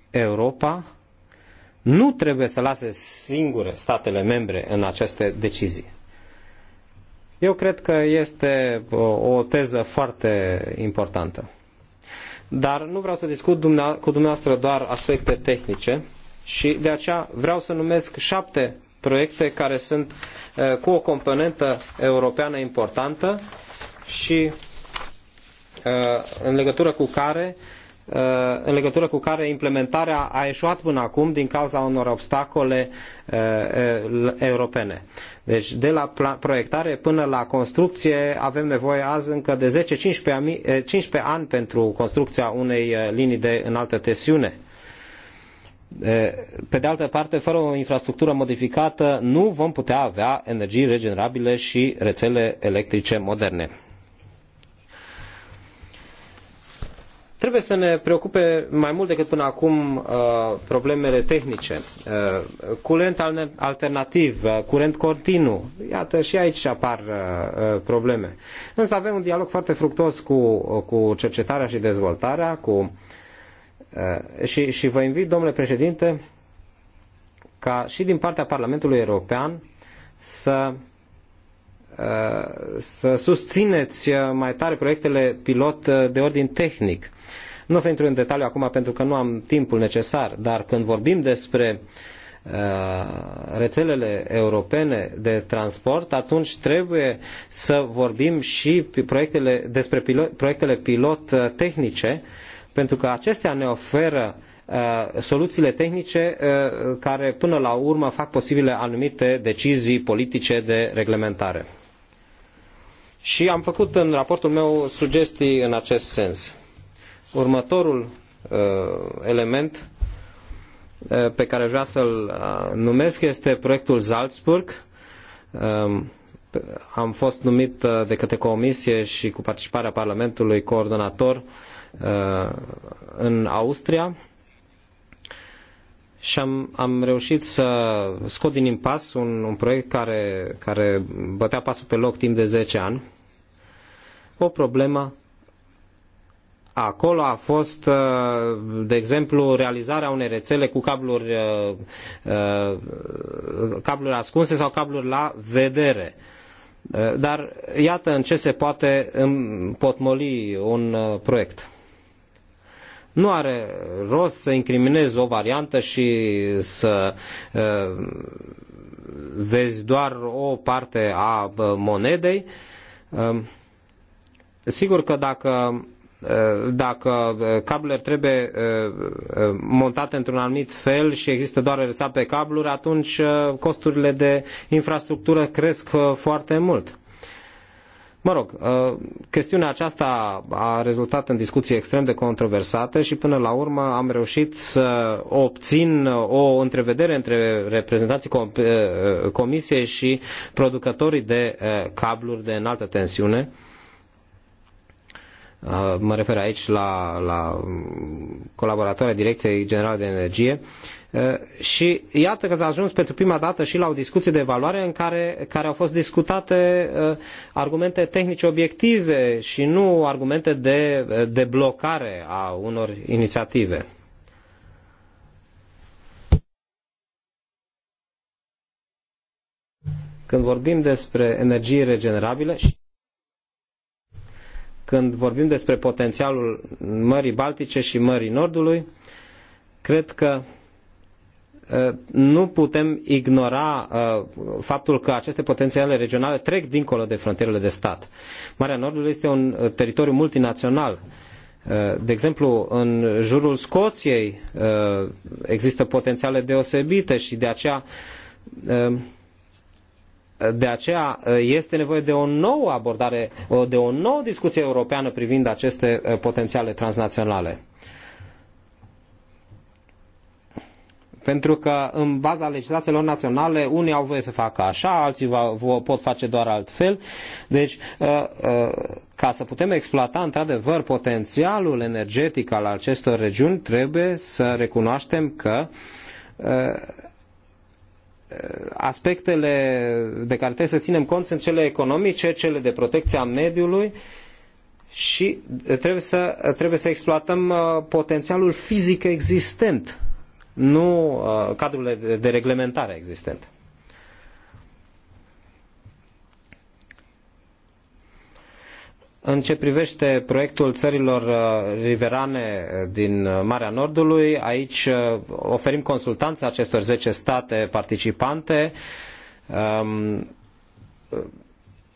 Europa nu trebuie să lase singure statele membre în aceste decizii. Eu cred că este uh, o teză foarte importantă. Dar nu vreau să discut cu dumneavoastră doar aspecte tehnice și de aceea vreau să numesc șapte proiecte care sunt uh, cu o componentă europeană importantă și uh, în legătură cu care Uh, în legătură cu care implementarea a eșuat până acum din cauza unor obstacole uh, uh, europene. Deci de la proiectare până la construcție avem nevoie azi încă de 10-15 eh, ani pentru construcția unei eh, linii de înaltă tensiune. Eh, pe de altă parte, fără o infrastructură modificată, nu vom putea avea energii regenerabile și rețele electrice moderne. Trebuie să ne preocupe mai mult decât până acum uh, problemele tehnice. Uh, curent alternativ, uh, curent continuu, iată și aici apar probleme. Însă avem un dialog foarte fructos cu, cu cercetarea și dezvoltarea, cu și, și vă invit, domnule președinte, ca și din partea Parlamentului European să să susțineți mai tare proiectele pilot uh, de ordin tehnic. Nu o să intru în detaliu acum pentru că nu am timpul necesar, dar când vorbim despre uh, rețelele europene de transport, atunci trebuie să vorbim și proiectele, despre pilot, proiectele pilot uh, tehnice, pentru că acestea ne oferă soluțiile tehnice care până la urmă fac posibile anumite decizii politice de reglementare. Și am făcut în raportul meu sugestii în acest sens. Următorul uh, element uh, pe care vreau să-l uh, numesc este proiectul Salzburg. Um, am fost numit uh, de către Comisie și cu participarea Parlamentului coordonator în Austria și am, am reușit să scot din impas un, un proiect care, care bătea pasul pe loc timp de 10 ani o problemă Acolo a fost, uh, de exemplu, realizarea unei rețele cu cabluri, uh, uh, cabluri ascunse sau cabluri la vedere. Dar iată în ce se poate împotmoli un proiect. Nu are rost să incriminezi o variantă și să vezi doar o parte a monedei Sigur că dacă eh, dacă eh, cablurile trebuie eh, montate într-un anumit fel și există doar rețea pe cabluri, atunci costurile de infrastructură cresc foarte mult. Mă rog, chestiunea aceasta a rezultat în discuții extrem de controversate și până la urmă am reușit să obțin o întrevedere între reprezentanții comisiei și producătorii de cabluri de înaltă tensiune mă refer aici la, la colaboratoarea Direcției Generale de Energie, eh, și iată că s-a ajuns pentru prima dată și la o discuție de evaluare în care, care au fost discutate eh, argumente tehnice obiective și nu argumente de, eh, de blocare a unor inițiative. Când vorbim despre energie regenerabile și când vorbim despre potențialul Mării Baltice și Mării Nordului, cred că ă, nu putem ignora ă, faptul că aceste potențiale regionale trec dincolo de frontierele de stat. Marea Nordului este un ă, teritoriu multinațional. De exemplu, în jurul Scoției există potențiale deosebite și de aceea de aceea uh, este nevoie de o nouă abordare, de o nouă discuție europeană privind aceste uh, potențiale transnaționale. Pentru că în baza legislațiilor naționale unii au voie să facă așa, alții vă pot face doar altfel. Deci, uh, ca să putem exploata într-adevăr potențialul energetic al acestor regiuni, trebuie să recunoaștem că aspectele de care trebuie să ținem cont sunt cele economice, cele de protecția a mediului și trebuie să, trebuie să exploatăm uh, potențialul fizic existent, nu uh, cadrul de reglementare existent. În ce privește proiectul țărilor uh, riverane uh, din uh, Marea Nordului, aici oferim consultanță acestor zece state participante. Um,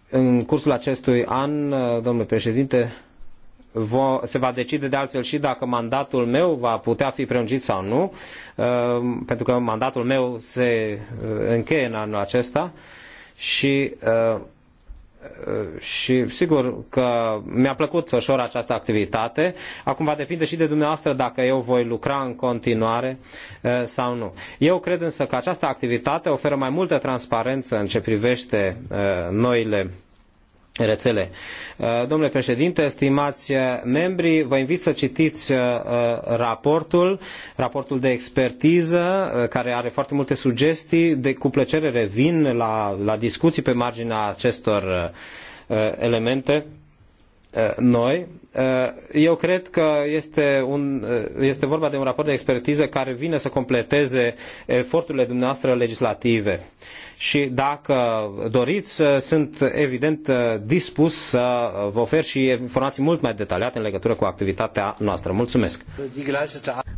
în cursul acestui an, domnule președinte, se va decide de altfel și dacă mandatul meu va putea fi prelungit sau nu, pentru că mandatul meu se încheie în anul acesta și și sigur că mi-a plăcut să ușor această activitate. Acum va depinde și de dumneavoastră dacă eu voi lucra în continuare uh, sau nu. Eu cred însă că această activitate oferă mai multă transparență în ce privește uh, noile rețele. Uh, domnule președinte, stimați uh, membri, vă invit să citiți uh, raportul, raportul de expertiză, care are foarte multe sugestii. De, cu plăcere revin la, la discuții pe marginea acestor elemente Uh, noi. Uh, eu cred că este, un, uh, este vorba de un raport de expertiză care vine să completeze eforturile dumneavoastră legislative. Și dacă doriți, sunt evident dispus să vă ofer și informații mult mai detaliate în legătură cu activitatea noastră. Mulțumesc!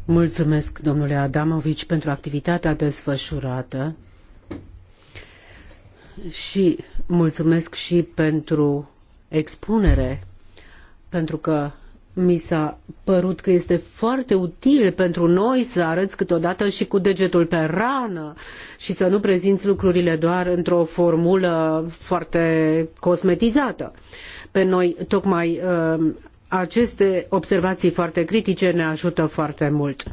Mulțumesc, domnule Adamovici, pentru activitatea desfășurată și mulțumesc și pentru expunere pentru că mi s-a părut că este foarte util pentru noi să arăți câteodată și cu degetul pe rană și să nu prezinți lucrurile doar într-o formulă foarte cosmetizată. Pe noi, tocmai uh, aceste observații foarte critice ne ajută foarte mult.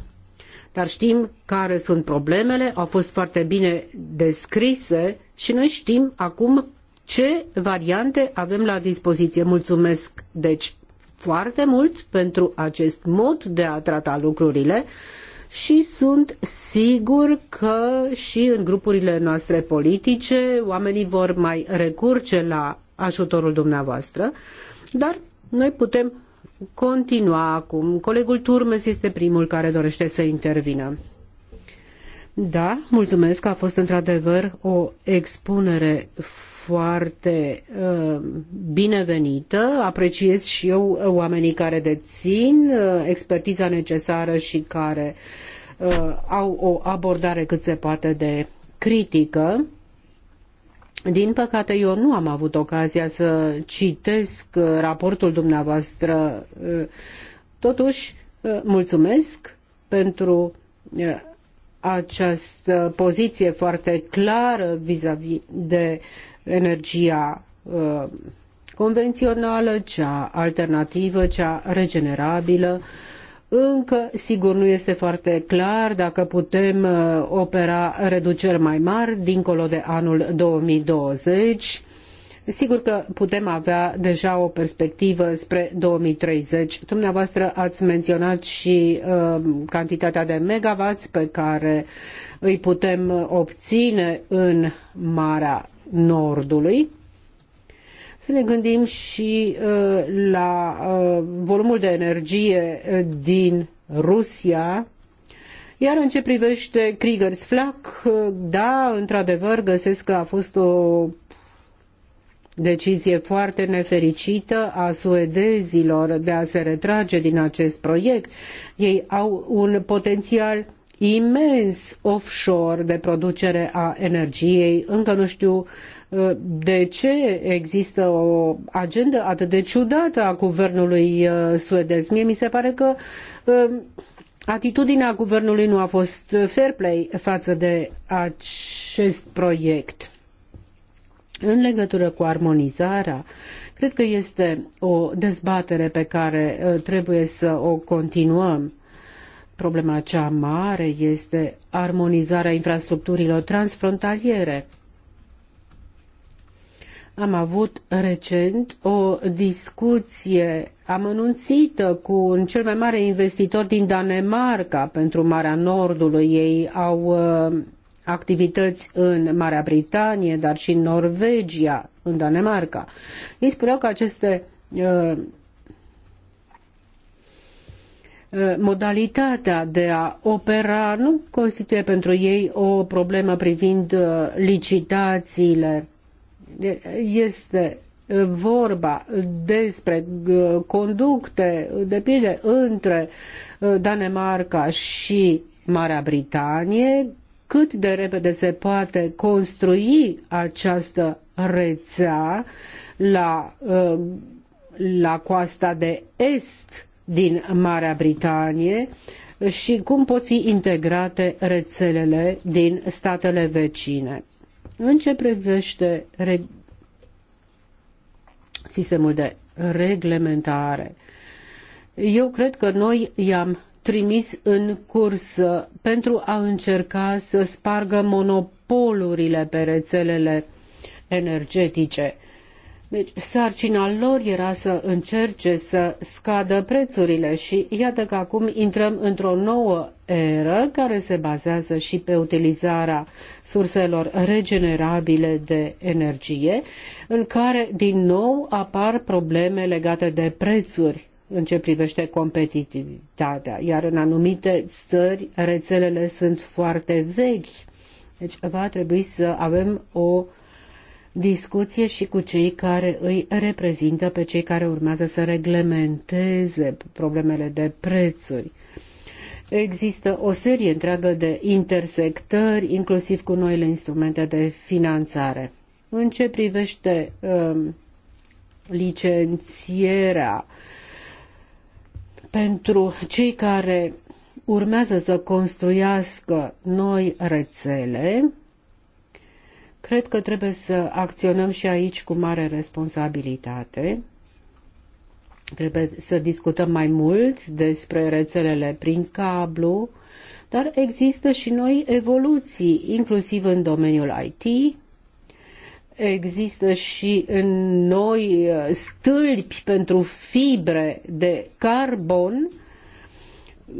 Dar știm care sunt problemele, au fost foarte bine descrise și noi știm acum ce variante avem la dispoziție. Mulțumesc, deci, foarte mult pentru acest mod de a trata lucrurile și sunt sigur că și în grupurile noastre politice oamenii vor mai recurge la ajutorul dumneavoastră, dar noi putem continua acum. Colegul Turmes este primul care dorește să intervină. Da, mulțumesc, a fost într-adevăr o expunere foarte uh, binevenită. Apreciez și eu uh, oamenii care dețin uh, expertiza necesară și care uh, au o abordare cât se poate de critică. Din păcate, eu nu am avut ocazia să citesc uh, raportul dumneavoastră. Uh, totuși, mulțumesc pentru această poziție foarte clară vis-a-vis de energia uh, convențională, cea alternativă, cea regenerabilă. Încă, sigur, nu este foarte clar dacă putem uh, opera reduceri mai mari dincolo de anul 2020. Sigur că putem avea deja o perspectivă spre 2030. Dumneavoastră ați menționat și uh, cantitatea de megawatts pe care îi putem obține în Marea Nordului, să ne gândim și uh, la uh, volumul de energie uh, din Rusia, iar în ce privește Kriegers Flak, da, într-adevăr, găsesc că a fost o decizie foarte nefericită a suedezilor de a se retrage din acest proiect. Ei au un potențial imens offshore de producere a energiei. Încă nu știu uh, de ce există o agendă atât de ciudată a guvernului uh, suedez. Mie mi se pare că uh, atitudinea guvernului nu a fost fair play față de acest proiect. În legătură cu armonizarea, cred că este o dezbatere pe care trebuie să o continuăm problema cea mare este armonizarea infrastructurilor transfrontaliere. Am avut recent o discuție amănunțită cu un cel mai mare investitor din Danemarca pentru Marea Nordului. Ei au uh, activități în Marea Britanie, dar și în Norvegia, în Danemarca. Ei spuneau că aceste uh, Eh, modalitatea de a opera nu constituie pentru ei o problemă privind eh, licitațiile. Este eh, vorba despre conducte, de pildă, între Danemarca și Marea Britanie, cât de repede se poate construi această rețea la, la coasta de est din Marea Britanie și cum pot fi integrate rețelele din statele vecine. În ce privește re... sistemul de reglementare, eu cred că noi i-am trimis în curs pentru a încerca să spargă monopolurile pe rețelele energetice deci sarcina lor era să încerce să scadă prețurile și iată că acum intrăm într-o nouă eră care se bazează și pe utilizarea surselor regenerabile de energie, în care din nou apar probleme legate de prețuri în ce privește competitivitatea, iar în anumite țări rețelele sunt foarte vechi. Deci va trebui să avem o discuție și cu cei care îi reprezintă pe cei care urmează să reglementeze problemele de prețuri. Există o serie întreagă de intersectări, inclusiv cu noile instrumente de finanțare. În ce privește um, licențierea pentru cei care urmează să construiască noi rețele, Cred că trebuie să acționăm și aici cu mare responsabilitate. Trebuie să discutăm mai mult despre rețelele prin cablu, dar există și noi evoluții, inclusiv în domeniul IT. Există și noi uh, stâlpi pentru fibre de carbon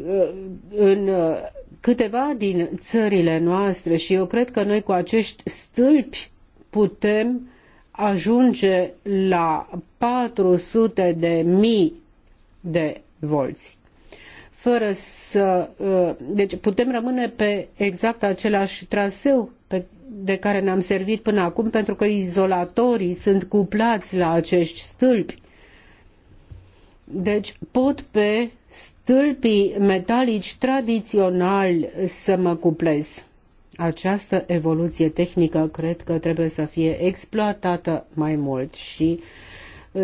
uh, în uh, câteva din țările noastre și eu cred că noi cu acești stâlpi putem ajunge la 400 de mii de volți. Fără să, uh, deci putem rămâne pe exact același traseu pe, de care ne-am servit până acum pentru că izolatorii sunt cuplați la acești stâlpi deci pot pe stâlpii metalici tradiționali să mă cuplez. Această evoluție tehnică cred că trebuie să fie exploatată mai mult și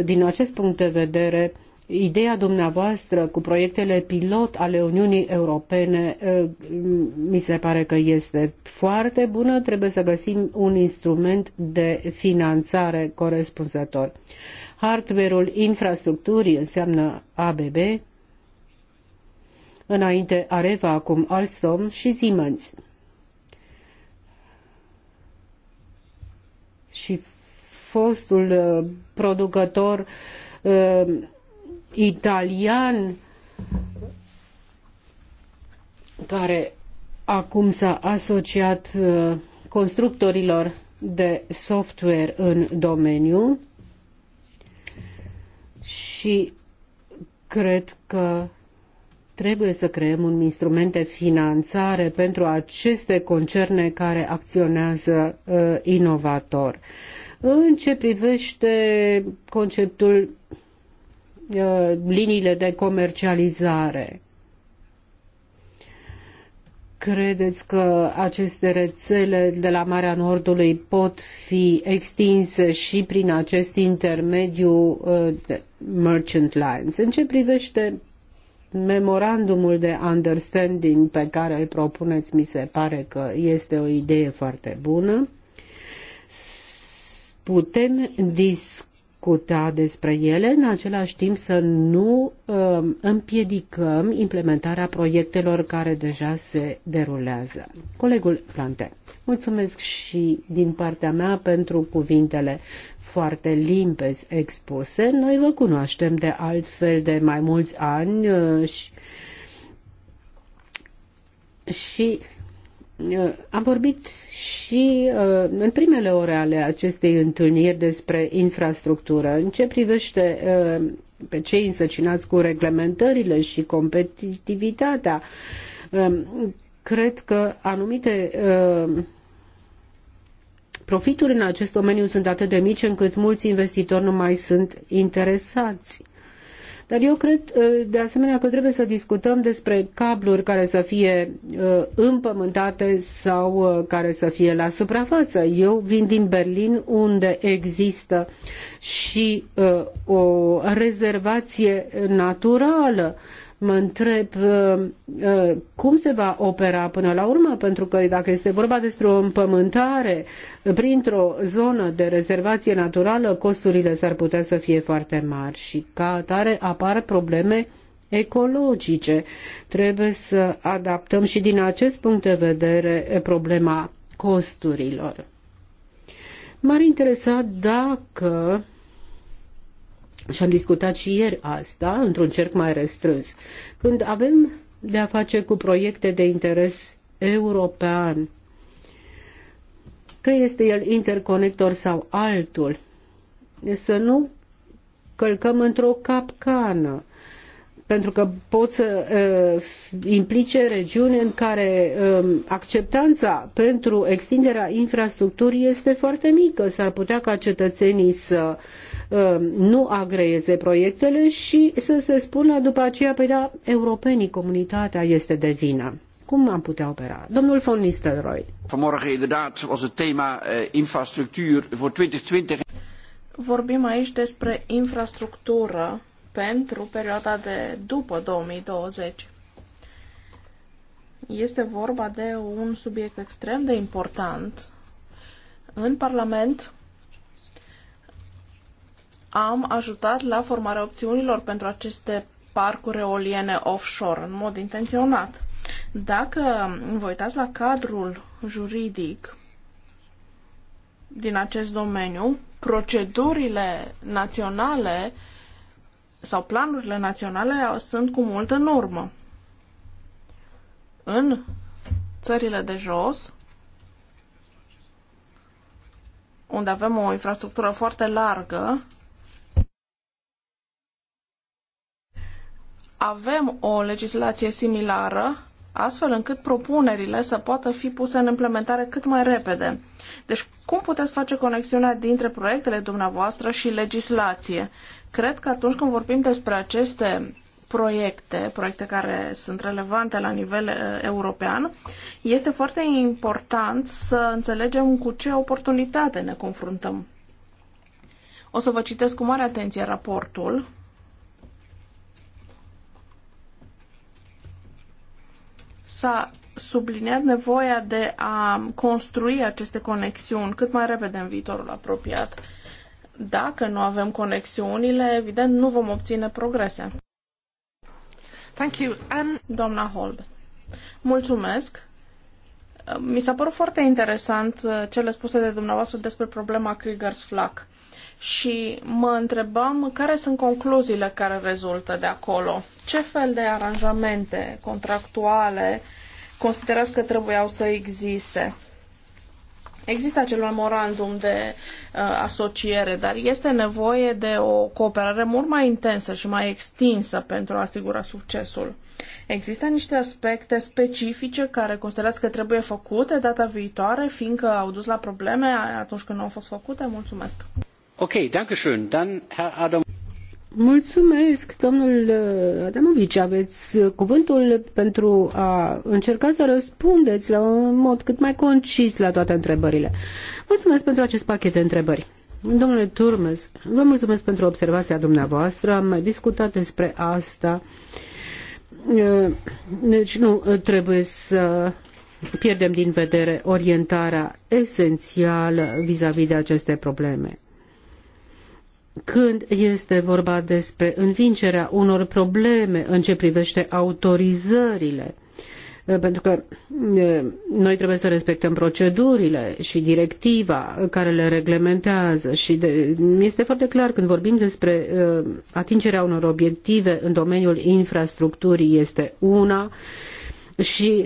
din acest punct de vedere ideea dumneavoastră cu proiectele pilot ale Uniunii Europene mi se pare că este foarte bună. Trebuie să găsim un instrument de finanțare corespunzător. Hardware-ul infrastructurii înseamnă ABB, înainte Areva, acum Alstom și Siemens. Și fostul uh, producător uh, italian care acum s-a asociat uh, constructorilor de software în domeniu și cred că trebuie să creăm un instrument de finanțare pentru aceste concerne care acționează uh, inovator. În ce privește conceptul uh, liniile de comercializare, Credeți că aceste rețele de la Marea Nordului pot fi extinse și prin acest intermediu uh, de Merchant Lines? În ce privește memorandumul de understanding pe care îl propuneți, mi se pare că este o idee foarte bună. Putem discuta discuta despre ele, în același timp să nu um, împiedicăm implementarea proiectelor care deja se derulează. Colegul Plante, mulțumesc și din partea mea pentru cuvintele foarte limpezi expuse. Noi vă cunoaștem de altfel de mai mulți ani uh, și, și am vorbit și uh, în primele ore ale acestei întâlniri despre infrastructură. În ce privește uh, pe cei însăcinați cu reglementările și competitivitatea, um, cred că anumite uh, profituri în acest domeniu sunt atât de mici încât mulți investitori nu mai sunt interesați. Dar eu cred uh, de asemenea că trebuie să discutăm despre cabluri care să fie uh, împământate sau uh, care să fie la suprafață. Eu vin din Berlin unde există și o rezervație naturală mă întreb uh, uh, cum se va opera până la urmă, pentru că dacă este vorba despre o împământare printr-o zonă de rezervație naturală, costurile s-ar putea să fie foarte mari și ca atare apar probleme ecologice. Trebuie să adaptăm și din acest punct de vedere problema costurilor. M-ar interesa dacă și am discutat și ieri asta, într-un cerc mai restrâns. Când avem de a face cu proiecte de interes european, că este el interconector sau altul, să nu călcăm într-o capcană pentru că pot să uh, implice regiuni în care um, acceptanța pentru extinderea infrastructurii este foarte mică. S-ar putea ca cetățenii să um, nu agreieze proiectele și să se spună după aceea, păi da, europenii, comunitatea este de vină. Cum am putea opera? Domnul von Nistelrooy. Vanmorgen inderdaad was het thema uh, infrastructuur voor 2020. Vorbim aici despre infrastructură pentru perioada de după 2020. Este vorba de un subiect extrem de important. În Parlament am ajutat la formarea opțiunilor pentru aceste parcuri eoliene offshore, în mod intenționat. Dacă vă uitați la cadrul juridic din acest domeniu, procedurile naționale uh, sau planurile naționale sunt cu mult în urmă. În țările de jos, unde avem o infrastructură foarte largă, avem o legislație similară astfel încât propunerile să poată fi puse în implementare cât mai repede. Deci, cum puteți face conexiunea dintre proiectele dumneavoastră și legislație? Cred că atunci când vorbim despre aceste proiecte, proiecte care sunt relevante la nivel uh, european, este foarte important să înțelegem cu ce oportunitate ne confruntăm. O să vă citesc cu mare atenție raportul s-a subliniat nevoia de a construi aceste conexiuni cât mai repede în viitorul apropiat. Dacă nu avem conexiunile, evident, nu vom obține progrese. Thank you. Um... Doamna Holb. Mulțumesc. Mi s-a părut foarte interesant uh, cele spuse de dumneavoastră despre problema Kriegers Flak și mă întrebam care sunt concluziile care rezultă de acolo. Ce fel de aranjamente contractuale considerați că trebuiau să existe? Există acel memorandum de uh, asociere, dar este nevoie de o cooperare mult mai intensă și mai extinsă pentru a asigura succesul. Există niște aspecte specifice care considerați că trebuie făcute data viitoare, fiindcă au dus la probleme atunci când nu au fost făcute? Mulțumesc! Okay, Dann Herr Adam. Mulțumesc, domnul uh, Adamovici. Aveți uh, cuvântul pentru a încerca să răspundeți la un mod cât mai concis la toate întrebările. Mulțumesc pentru acest pachet de întrebări. Domnule Turmes, vă mulțumesc pentru observația dumneavoastră. Am mai discutat despre asta. Uh, deci nu trebuie să pierdem din vedere orientarea esențială vis a -vis de aceste probleme când este vorba despre învingerea unor probleme în ce privește autorizările, pentru că noi trebuie să respectăm procedurile și directiva care le reglementează și de, este foarte clar când vorbim despre atingerea unor obiective în domeniul infrastructurii este una și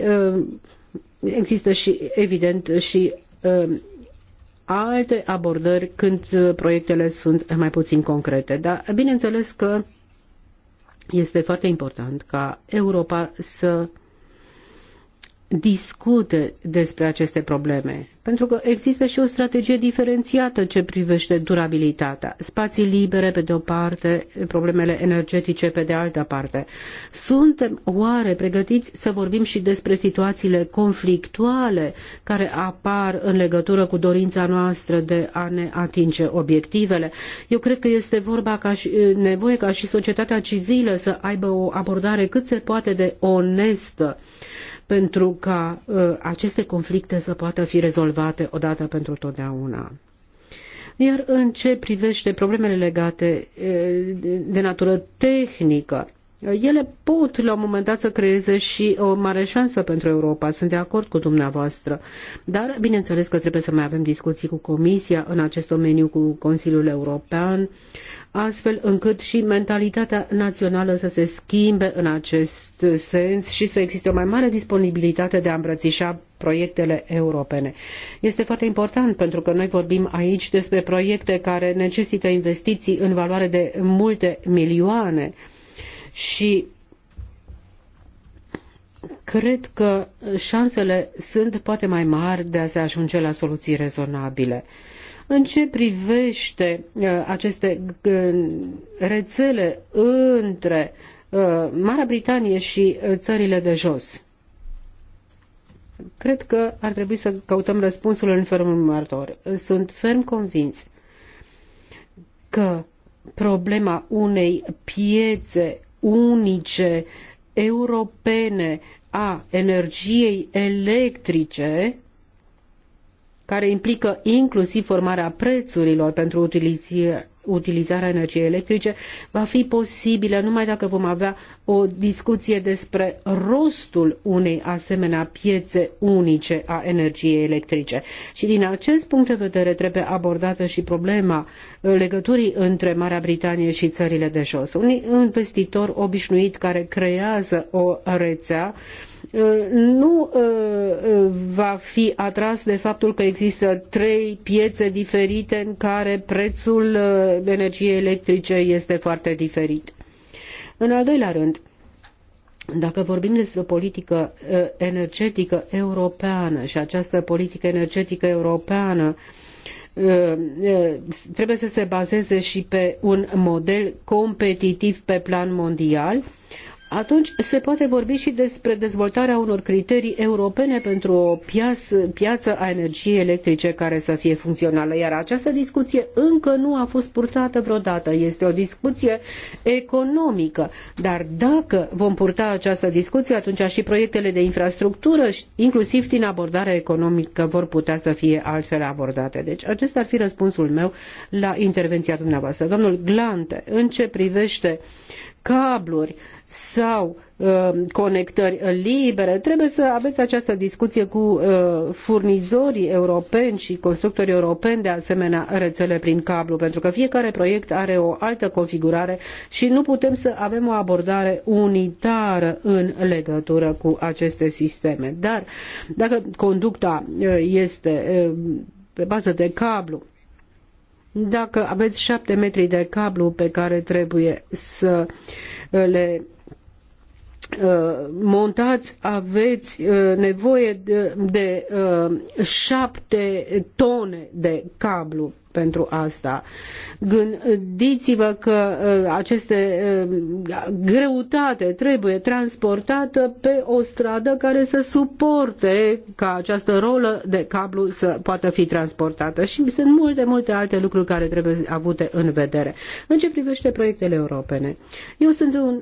există și evident și alte abordări când uh, proiectele sunt mai puțin concrete. Dar bineînțeles că este foarte important ca Europa să discute despre aceste probleme. Pentru că există și o strategie diferențiată ce privește durabilitatea. Spații libere pe de o parte, problemele energetice pe de altă parte. Suntem oare pregătiți să vorbim și despre situațiile conflictuale care apar în legătură cu dorința noastră de a ne atinge obiectivele? Eu cred că este vorba ca și, nevoie ca și societatea civilă să aibă o abordare cât se poate de onestă pentru ca uh, aceste conflicte să poată fi rezolvate rezolvate odată pentru totdeauna. Iar în ce privește problemele legate de natură tehnică, ele pot la un moment dat să creeze și o mare șansă pentru Europa. Sunt de acord cu dumneavoastră. Dar, bineînțeles că trebuie să mai avem discuții cu Comisia în acest domeniu, cu Consiliul European, astfel încât și mentalitatea națională să se schimbe în acest sens și să existe o mai mare disponibilitate de a îmbrățișa proiectele europene. Este foarte important pentru că noi vorbim aici despre proiecte care necesită investiții în valoare de multe milioane și cred că șansele sunt poate mai mari de a se ajunge la soluții rezonabile. În ce privește uh, aceste uh, rețele între uh, Marea Britanie și țările de jos? Cred că ar trebui să căutăm răspunsul în felul următor. Sunt ferm convins că problema unei piețe unice europene a energiei electrice care implică inclusiv formarea prețurilor pentru utilizarea energiei electrice, va fi posibilă numai dacă vom avea o discuție despre rostul unei asemenea piețe unice a energiei electrice. Și din acest punct de vedere trebuie abordată și problema legăturii între Marea Britanie și țările de jos. Un investitor obișnuit care creează o rețea nu uh, uh, va fi atras de faptul că există trei piețe diferite în care prețul uh, energiei electrice este foarte diferit. În al doilea rând, dacă vorbim despre o politică energetică europeană și această politică energetică europeană trebuie să se bazeze și pe un model competitiv pe plan mondial, atunci se poate vorbi și despre dezvoltarea unor criterii europene pentru o piață, piață a energiei electrice care să fie funcțională. Iar această discuție încă nu a fost purtată vreodată. Este o discuție economică. Dar dacă vom purta această discuție, atunci și proiectele de infrastructură, inclusiv din abordare economică, vor putea să fie altfel abordate. Deci acesta ar fi răspunsul meu la intervenția dumneavoastră. Domnul Glante, în ce privește cabluri, uh, sau uh, conectări libere. Trebuie să aveți această discuție cu uh, furnizorii europeni și constructorii europeni de asemenea rețele prin cablu, pentru că fiecare proiect are o altă configurare și nu putem să avem o abordare unitară în legătură cu aceste sisteme. Dar dacă conducta uh, este pe bază de cablu, dacă aveți șapte metri de cablu pe care trebuie să le Uh, montați aveți uh, nevoie de, de uh, șapte tone de cablu pentru asta. Gândiți-vă că uh, aceste uh, greutate trebuie transportată pe o stradă care să suporte ca această rolă de cablu să poată fi transportată și sunt multe, multe alte lucruri care trebuie avute în vedere. În ce privește proiectele europene, eu sunt un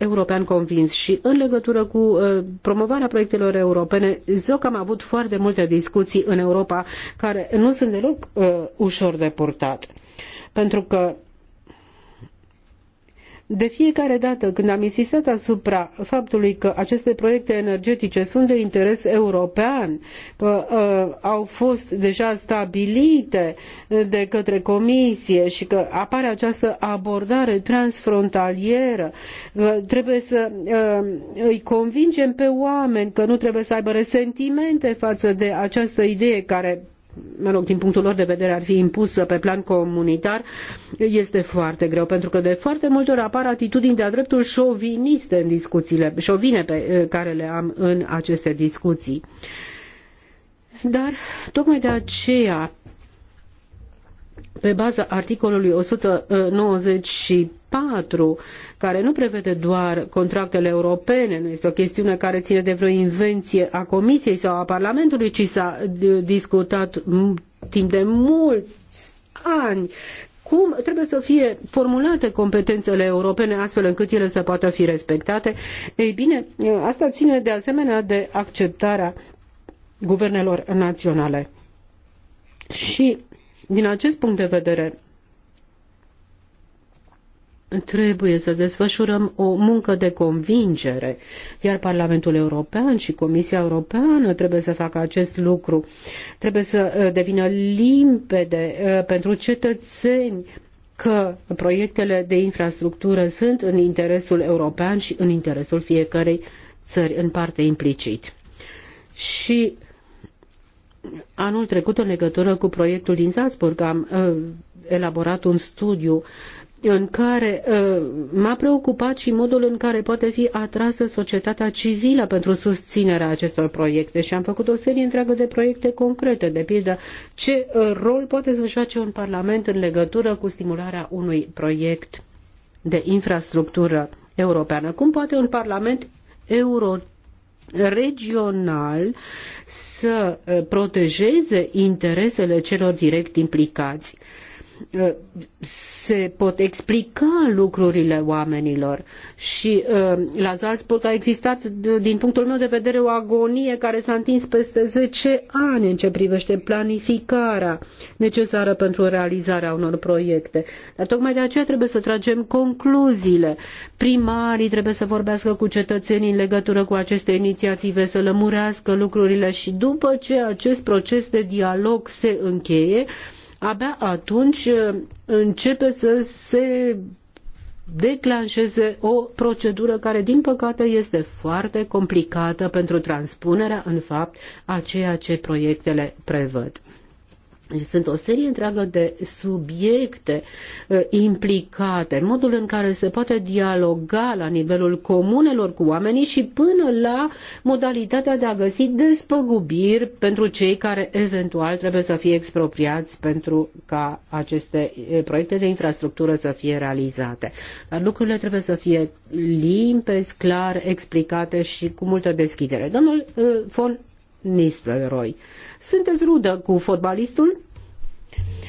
european convins și în legătură cu uh, promovarea proiectelor europene, zic că am avut foarte multe discuții în Europa care nu sunt deloc uh, ușor de purtat. Pentru că de fiecare dată când am insistat asupra faptului că aceste proiecte energetice sunt de interes european, că uh, au fost deja stabilite de către Comisie și că apare această abordare transfrontalieră, uh, trebuie să uh, îi convingem pe oameni că nu trebuie să aibă resentimente față de această idee care mă rog, din punctul lor de vedere ar fi impusă pe plan comunitar, este foarte greu, pentru că de foarte multe ori apar atitudini de-a dreptul șoviniste în discuțiile, șovine pe eh, care le am în aceste discuții. Dar tocmai de aceea pe baza articolului 194, care nu prevede doar contractele europene, nu este o chestiune care ține de vreo invenție a Comisiei sau a Parlamentului, ci s-a uh, discutat timp de mulți ani cum trebuie să fie formulate competențele europene astfel încât ele să poată fi respectate. Ei bine, uh, asta ține de asemenea de acceptarea guvernelor naționale. Și din acest punct de vedere, trebuie să desfășurăm o muncă de convingere, iar Parlamentul European și Comisia Europeană trebuie să facă acest lucru. Trebuie să uh, devină limpede uh, pentru cetățeni că proiectele de infrastructură sunt în interesul european și în interesul fiecarei țări în parte implicit. Și Anul trecut, în legătură cu proiectul din Salzburg, am uh, elaborat un studiu în care uh, m-a preocupat și modul în care poate fi atrasă societatea civilă pentru susținerea acestor proiecte și am făcut o serie întreagă de proiecte concrete, de pildă ce uh, rol poate să joace un parlament în legătură cu stimularea unui proiect de infrastructură europeană. Cum poate un parlament euro regional să uh, protejeze interesele celor direct implicați. Uh, se pot explica lucrurile oamenilor și uh, la Salzburg a existat din punctul meu de vedere o agonie care s-a întins peste 10 ani în ce privește planificarea necesară pentru realizarea unor proiecte. Dar tocmai de aceea trebuie să tragem concluziile. Primarii trebuie să vorbească cu cetățenii în legătură cu aceste inițiative, să lămurească lucrurile și după ce acest proces de dialog se încheie, abia atunci uh, începe să se declanșeze o procedură care, din păcate, este foarte complicată pentru transpunerea în fapt a ceea ce proiectele prevăd. Sunt o serie întreagă de subiecte uh, implicate, modul în care se poate dialoga la nivelul comunelor cu oamenii și până la modalitatea de a găsi despăgubiri pentru cei care eventual trebuie să fie expropriați pentru ca aceste uh, proiecte de infrastructură să fie realizate. Dar lucrurile trebuie să fie limpezi, clar explicate și cu multă deschidere. Domnul von uh, Nistelrooy. Sunteți rudă cu fotbalistul?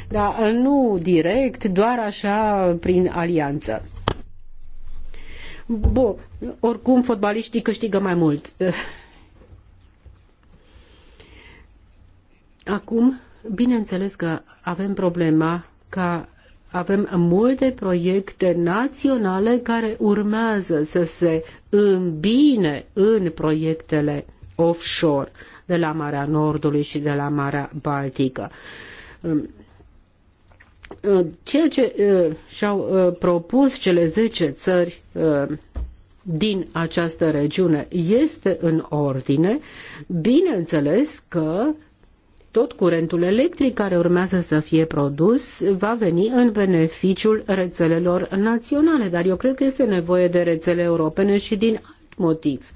Da, nu direct, doar așa prin alianță. Bun, oricum fotbaliștii câștigă mai mult. Acum, bineînțeles că avem problema ca avem multe proiecte naționale care urmează să se îmbine în proiectele offshore de la Marea Nordului și de la Marea Baltică. Um, uh, ceea ce uh, și-au uh, propus cele 10 țări din această regiune este în ordine, bineînțeles că tot curentul electric care urmează să fie produs va veni în beneficiul rețelelor naționale, dar eu cred că este nevoie de rețele europene și din alt motiv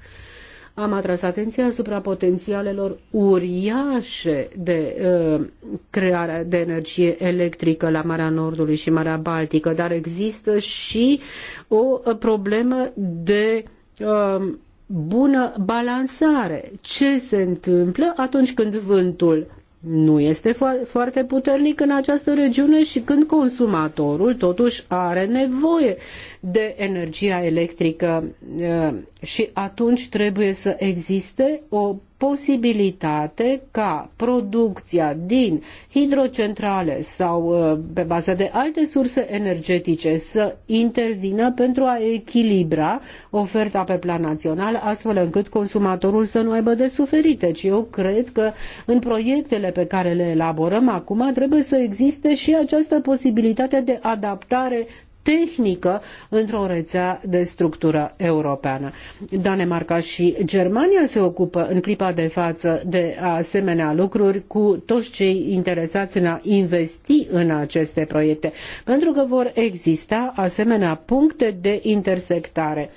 am atras atenția asupra potențialelor uriașe de uh, creare de energie electrică la Marea Nordului și Marea Baltică, dar există și o problemă de uh, bună balansare. Ce se întâmplă atunci când vântul nu este fo- foarte puternic în această regiune și când consumatorul totuși are nevoie de energia electrică uh, și atunci trebuie să existe o posibilitate ca producția din hidrocentrale sau uh, pe bază de alte surse energetice să intervină pentru a echilibra oferta pe plan național, astfel încât consumatorul să nu aibă de suferit. Deci eu cred că în proiectele pe care le elaborăm acum trebuie să existe și această posibilitate de adaptare tehnică într-o rețea de structură europeană. Danemarca și Germania se ocupă în clipa de față de asemenea lucruri cu toți cei interesați în a investi în aceste proiecte, pentru că vor exista asemenea puncte de intersectare.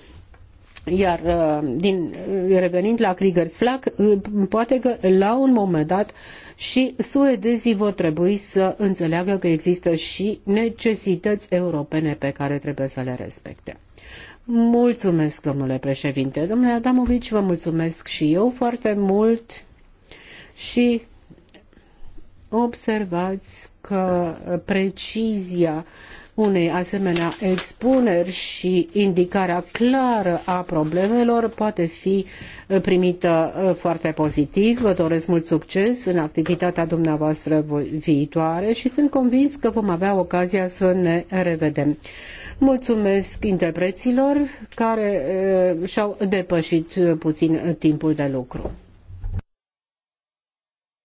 Iar uh, din, revenind la Kriegers Flag, uh, poate că la un moment dat și suedezii vor trebui să înțeleagă că există și necesități europene pe care trebuie să le respecte. Mulțumesc, domnule președinte. Domnule Adamovici, vă mulțumesc și eu foarte mult și observați că precizia uh, unei asemenea expuneri și indicarea clară a problemelor poate fi uh, primită uh, foarte pozitiv. Vă doresc mult succes în activitatea dumneavoastră viitoare și sunt convins că vom avea ocazia să ne revedem. Mulțumesc interpreților care uh, și-au depășit puțin timpul de lucru.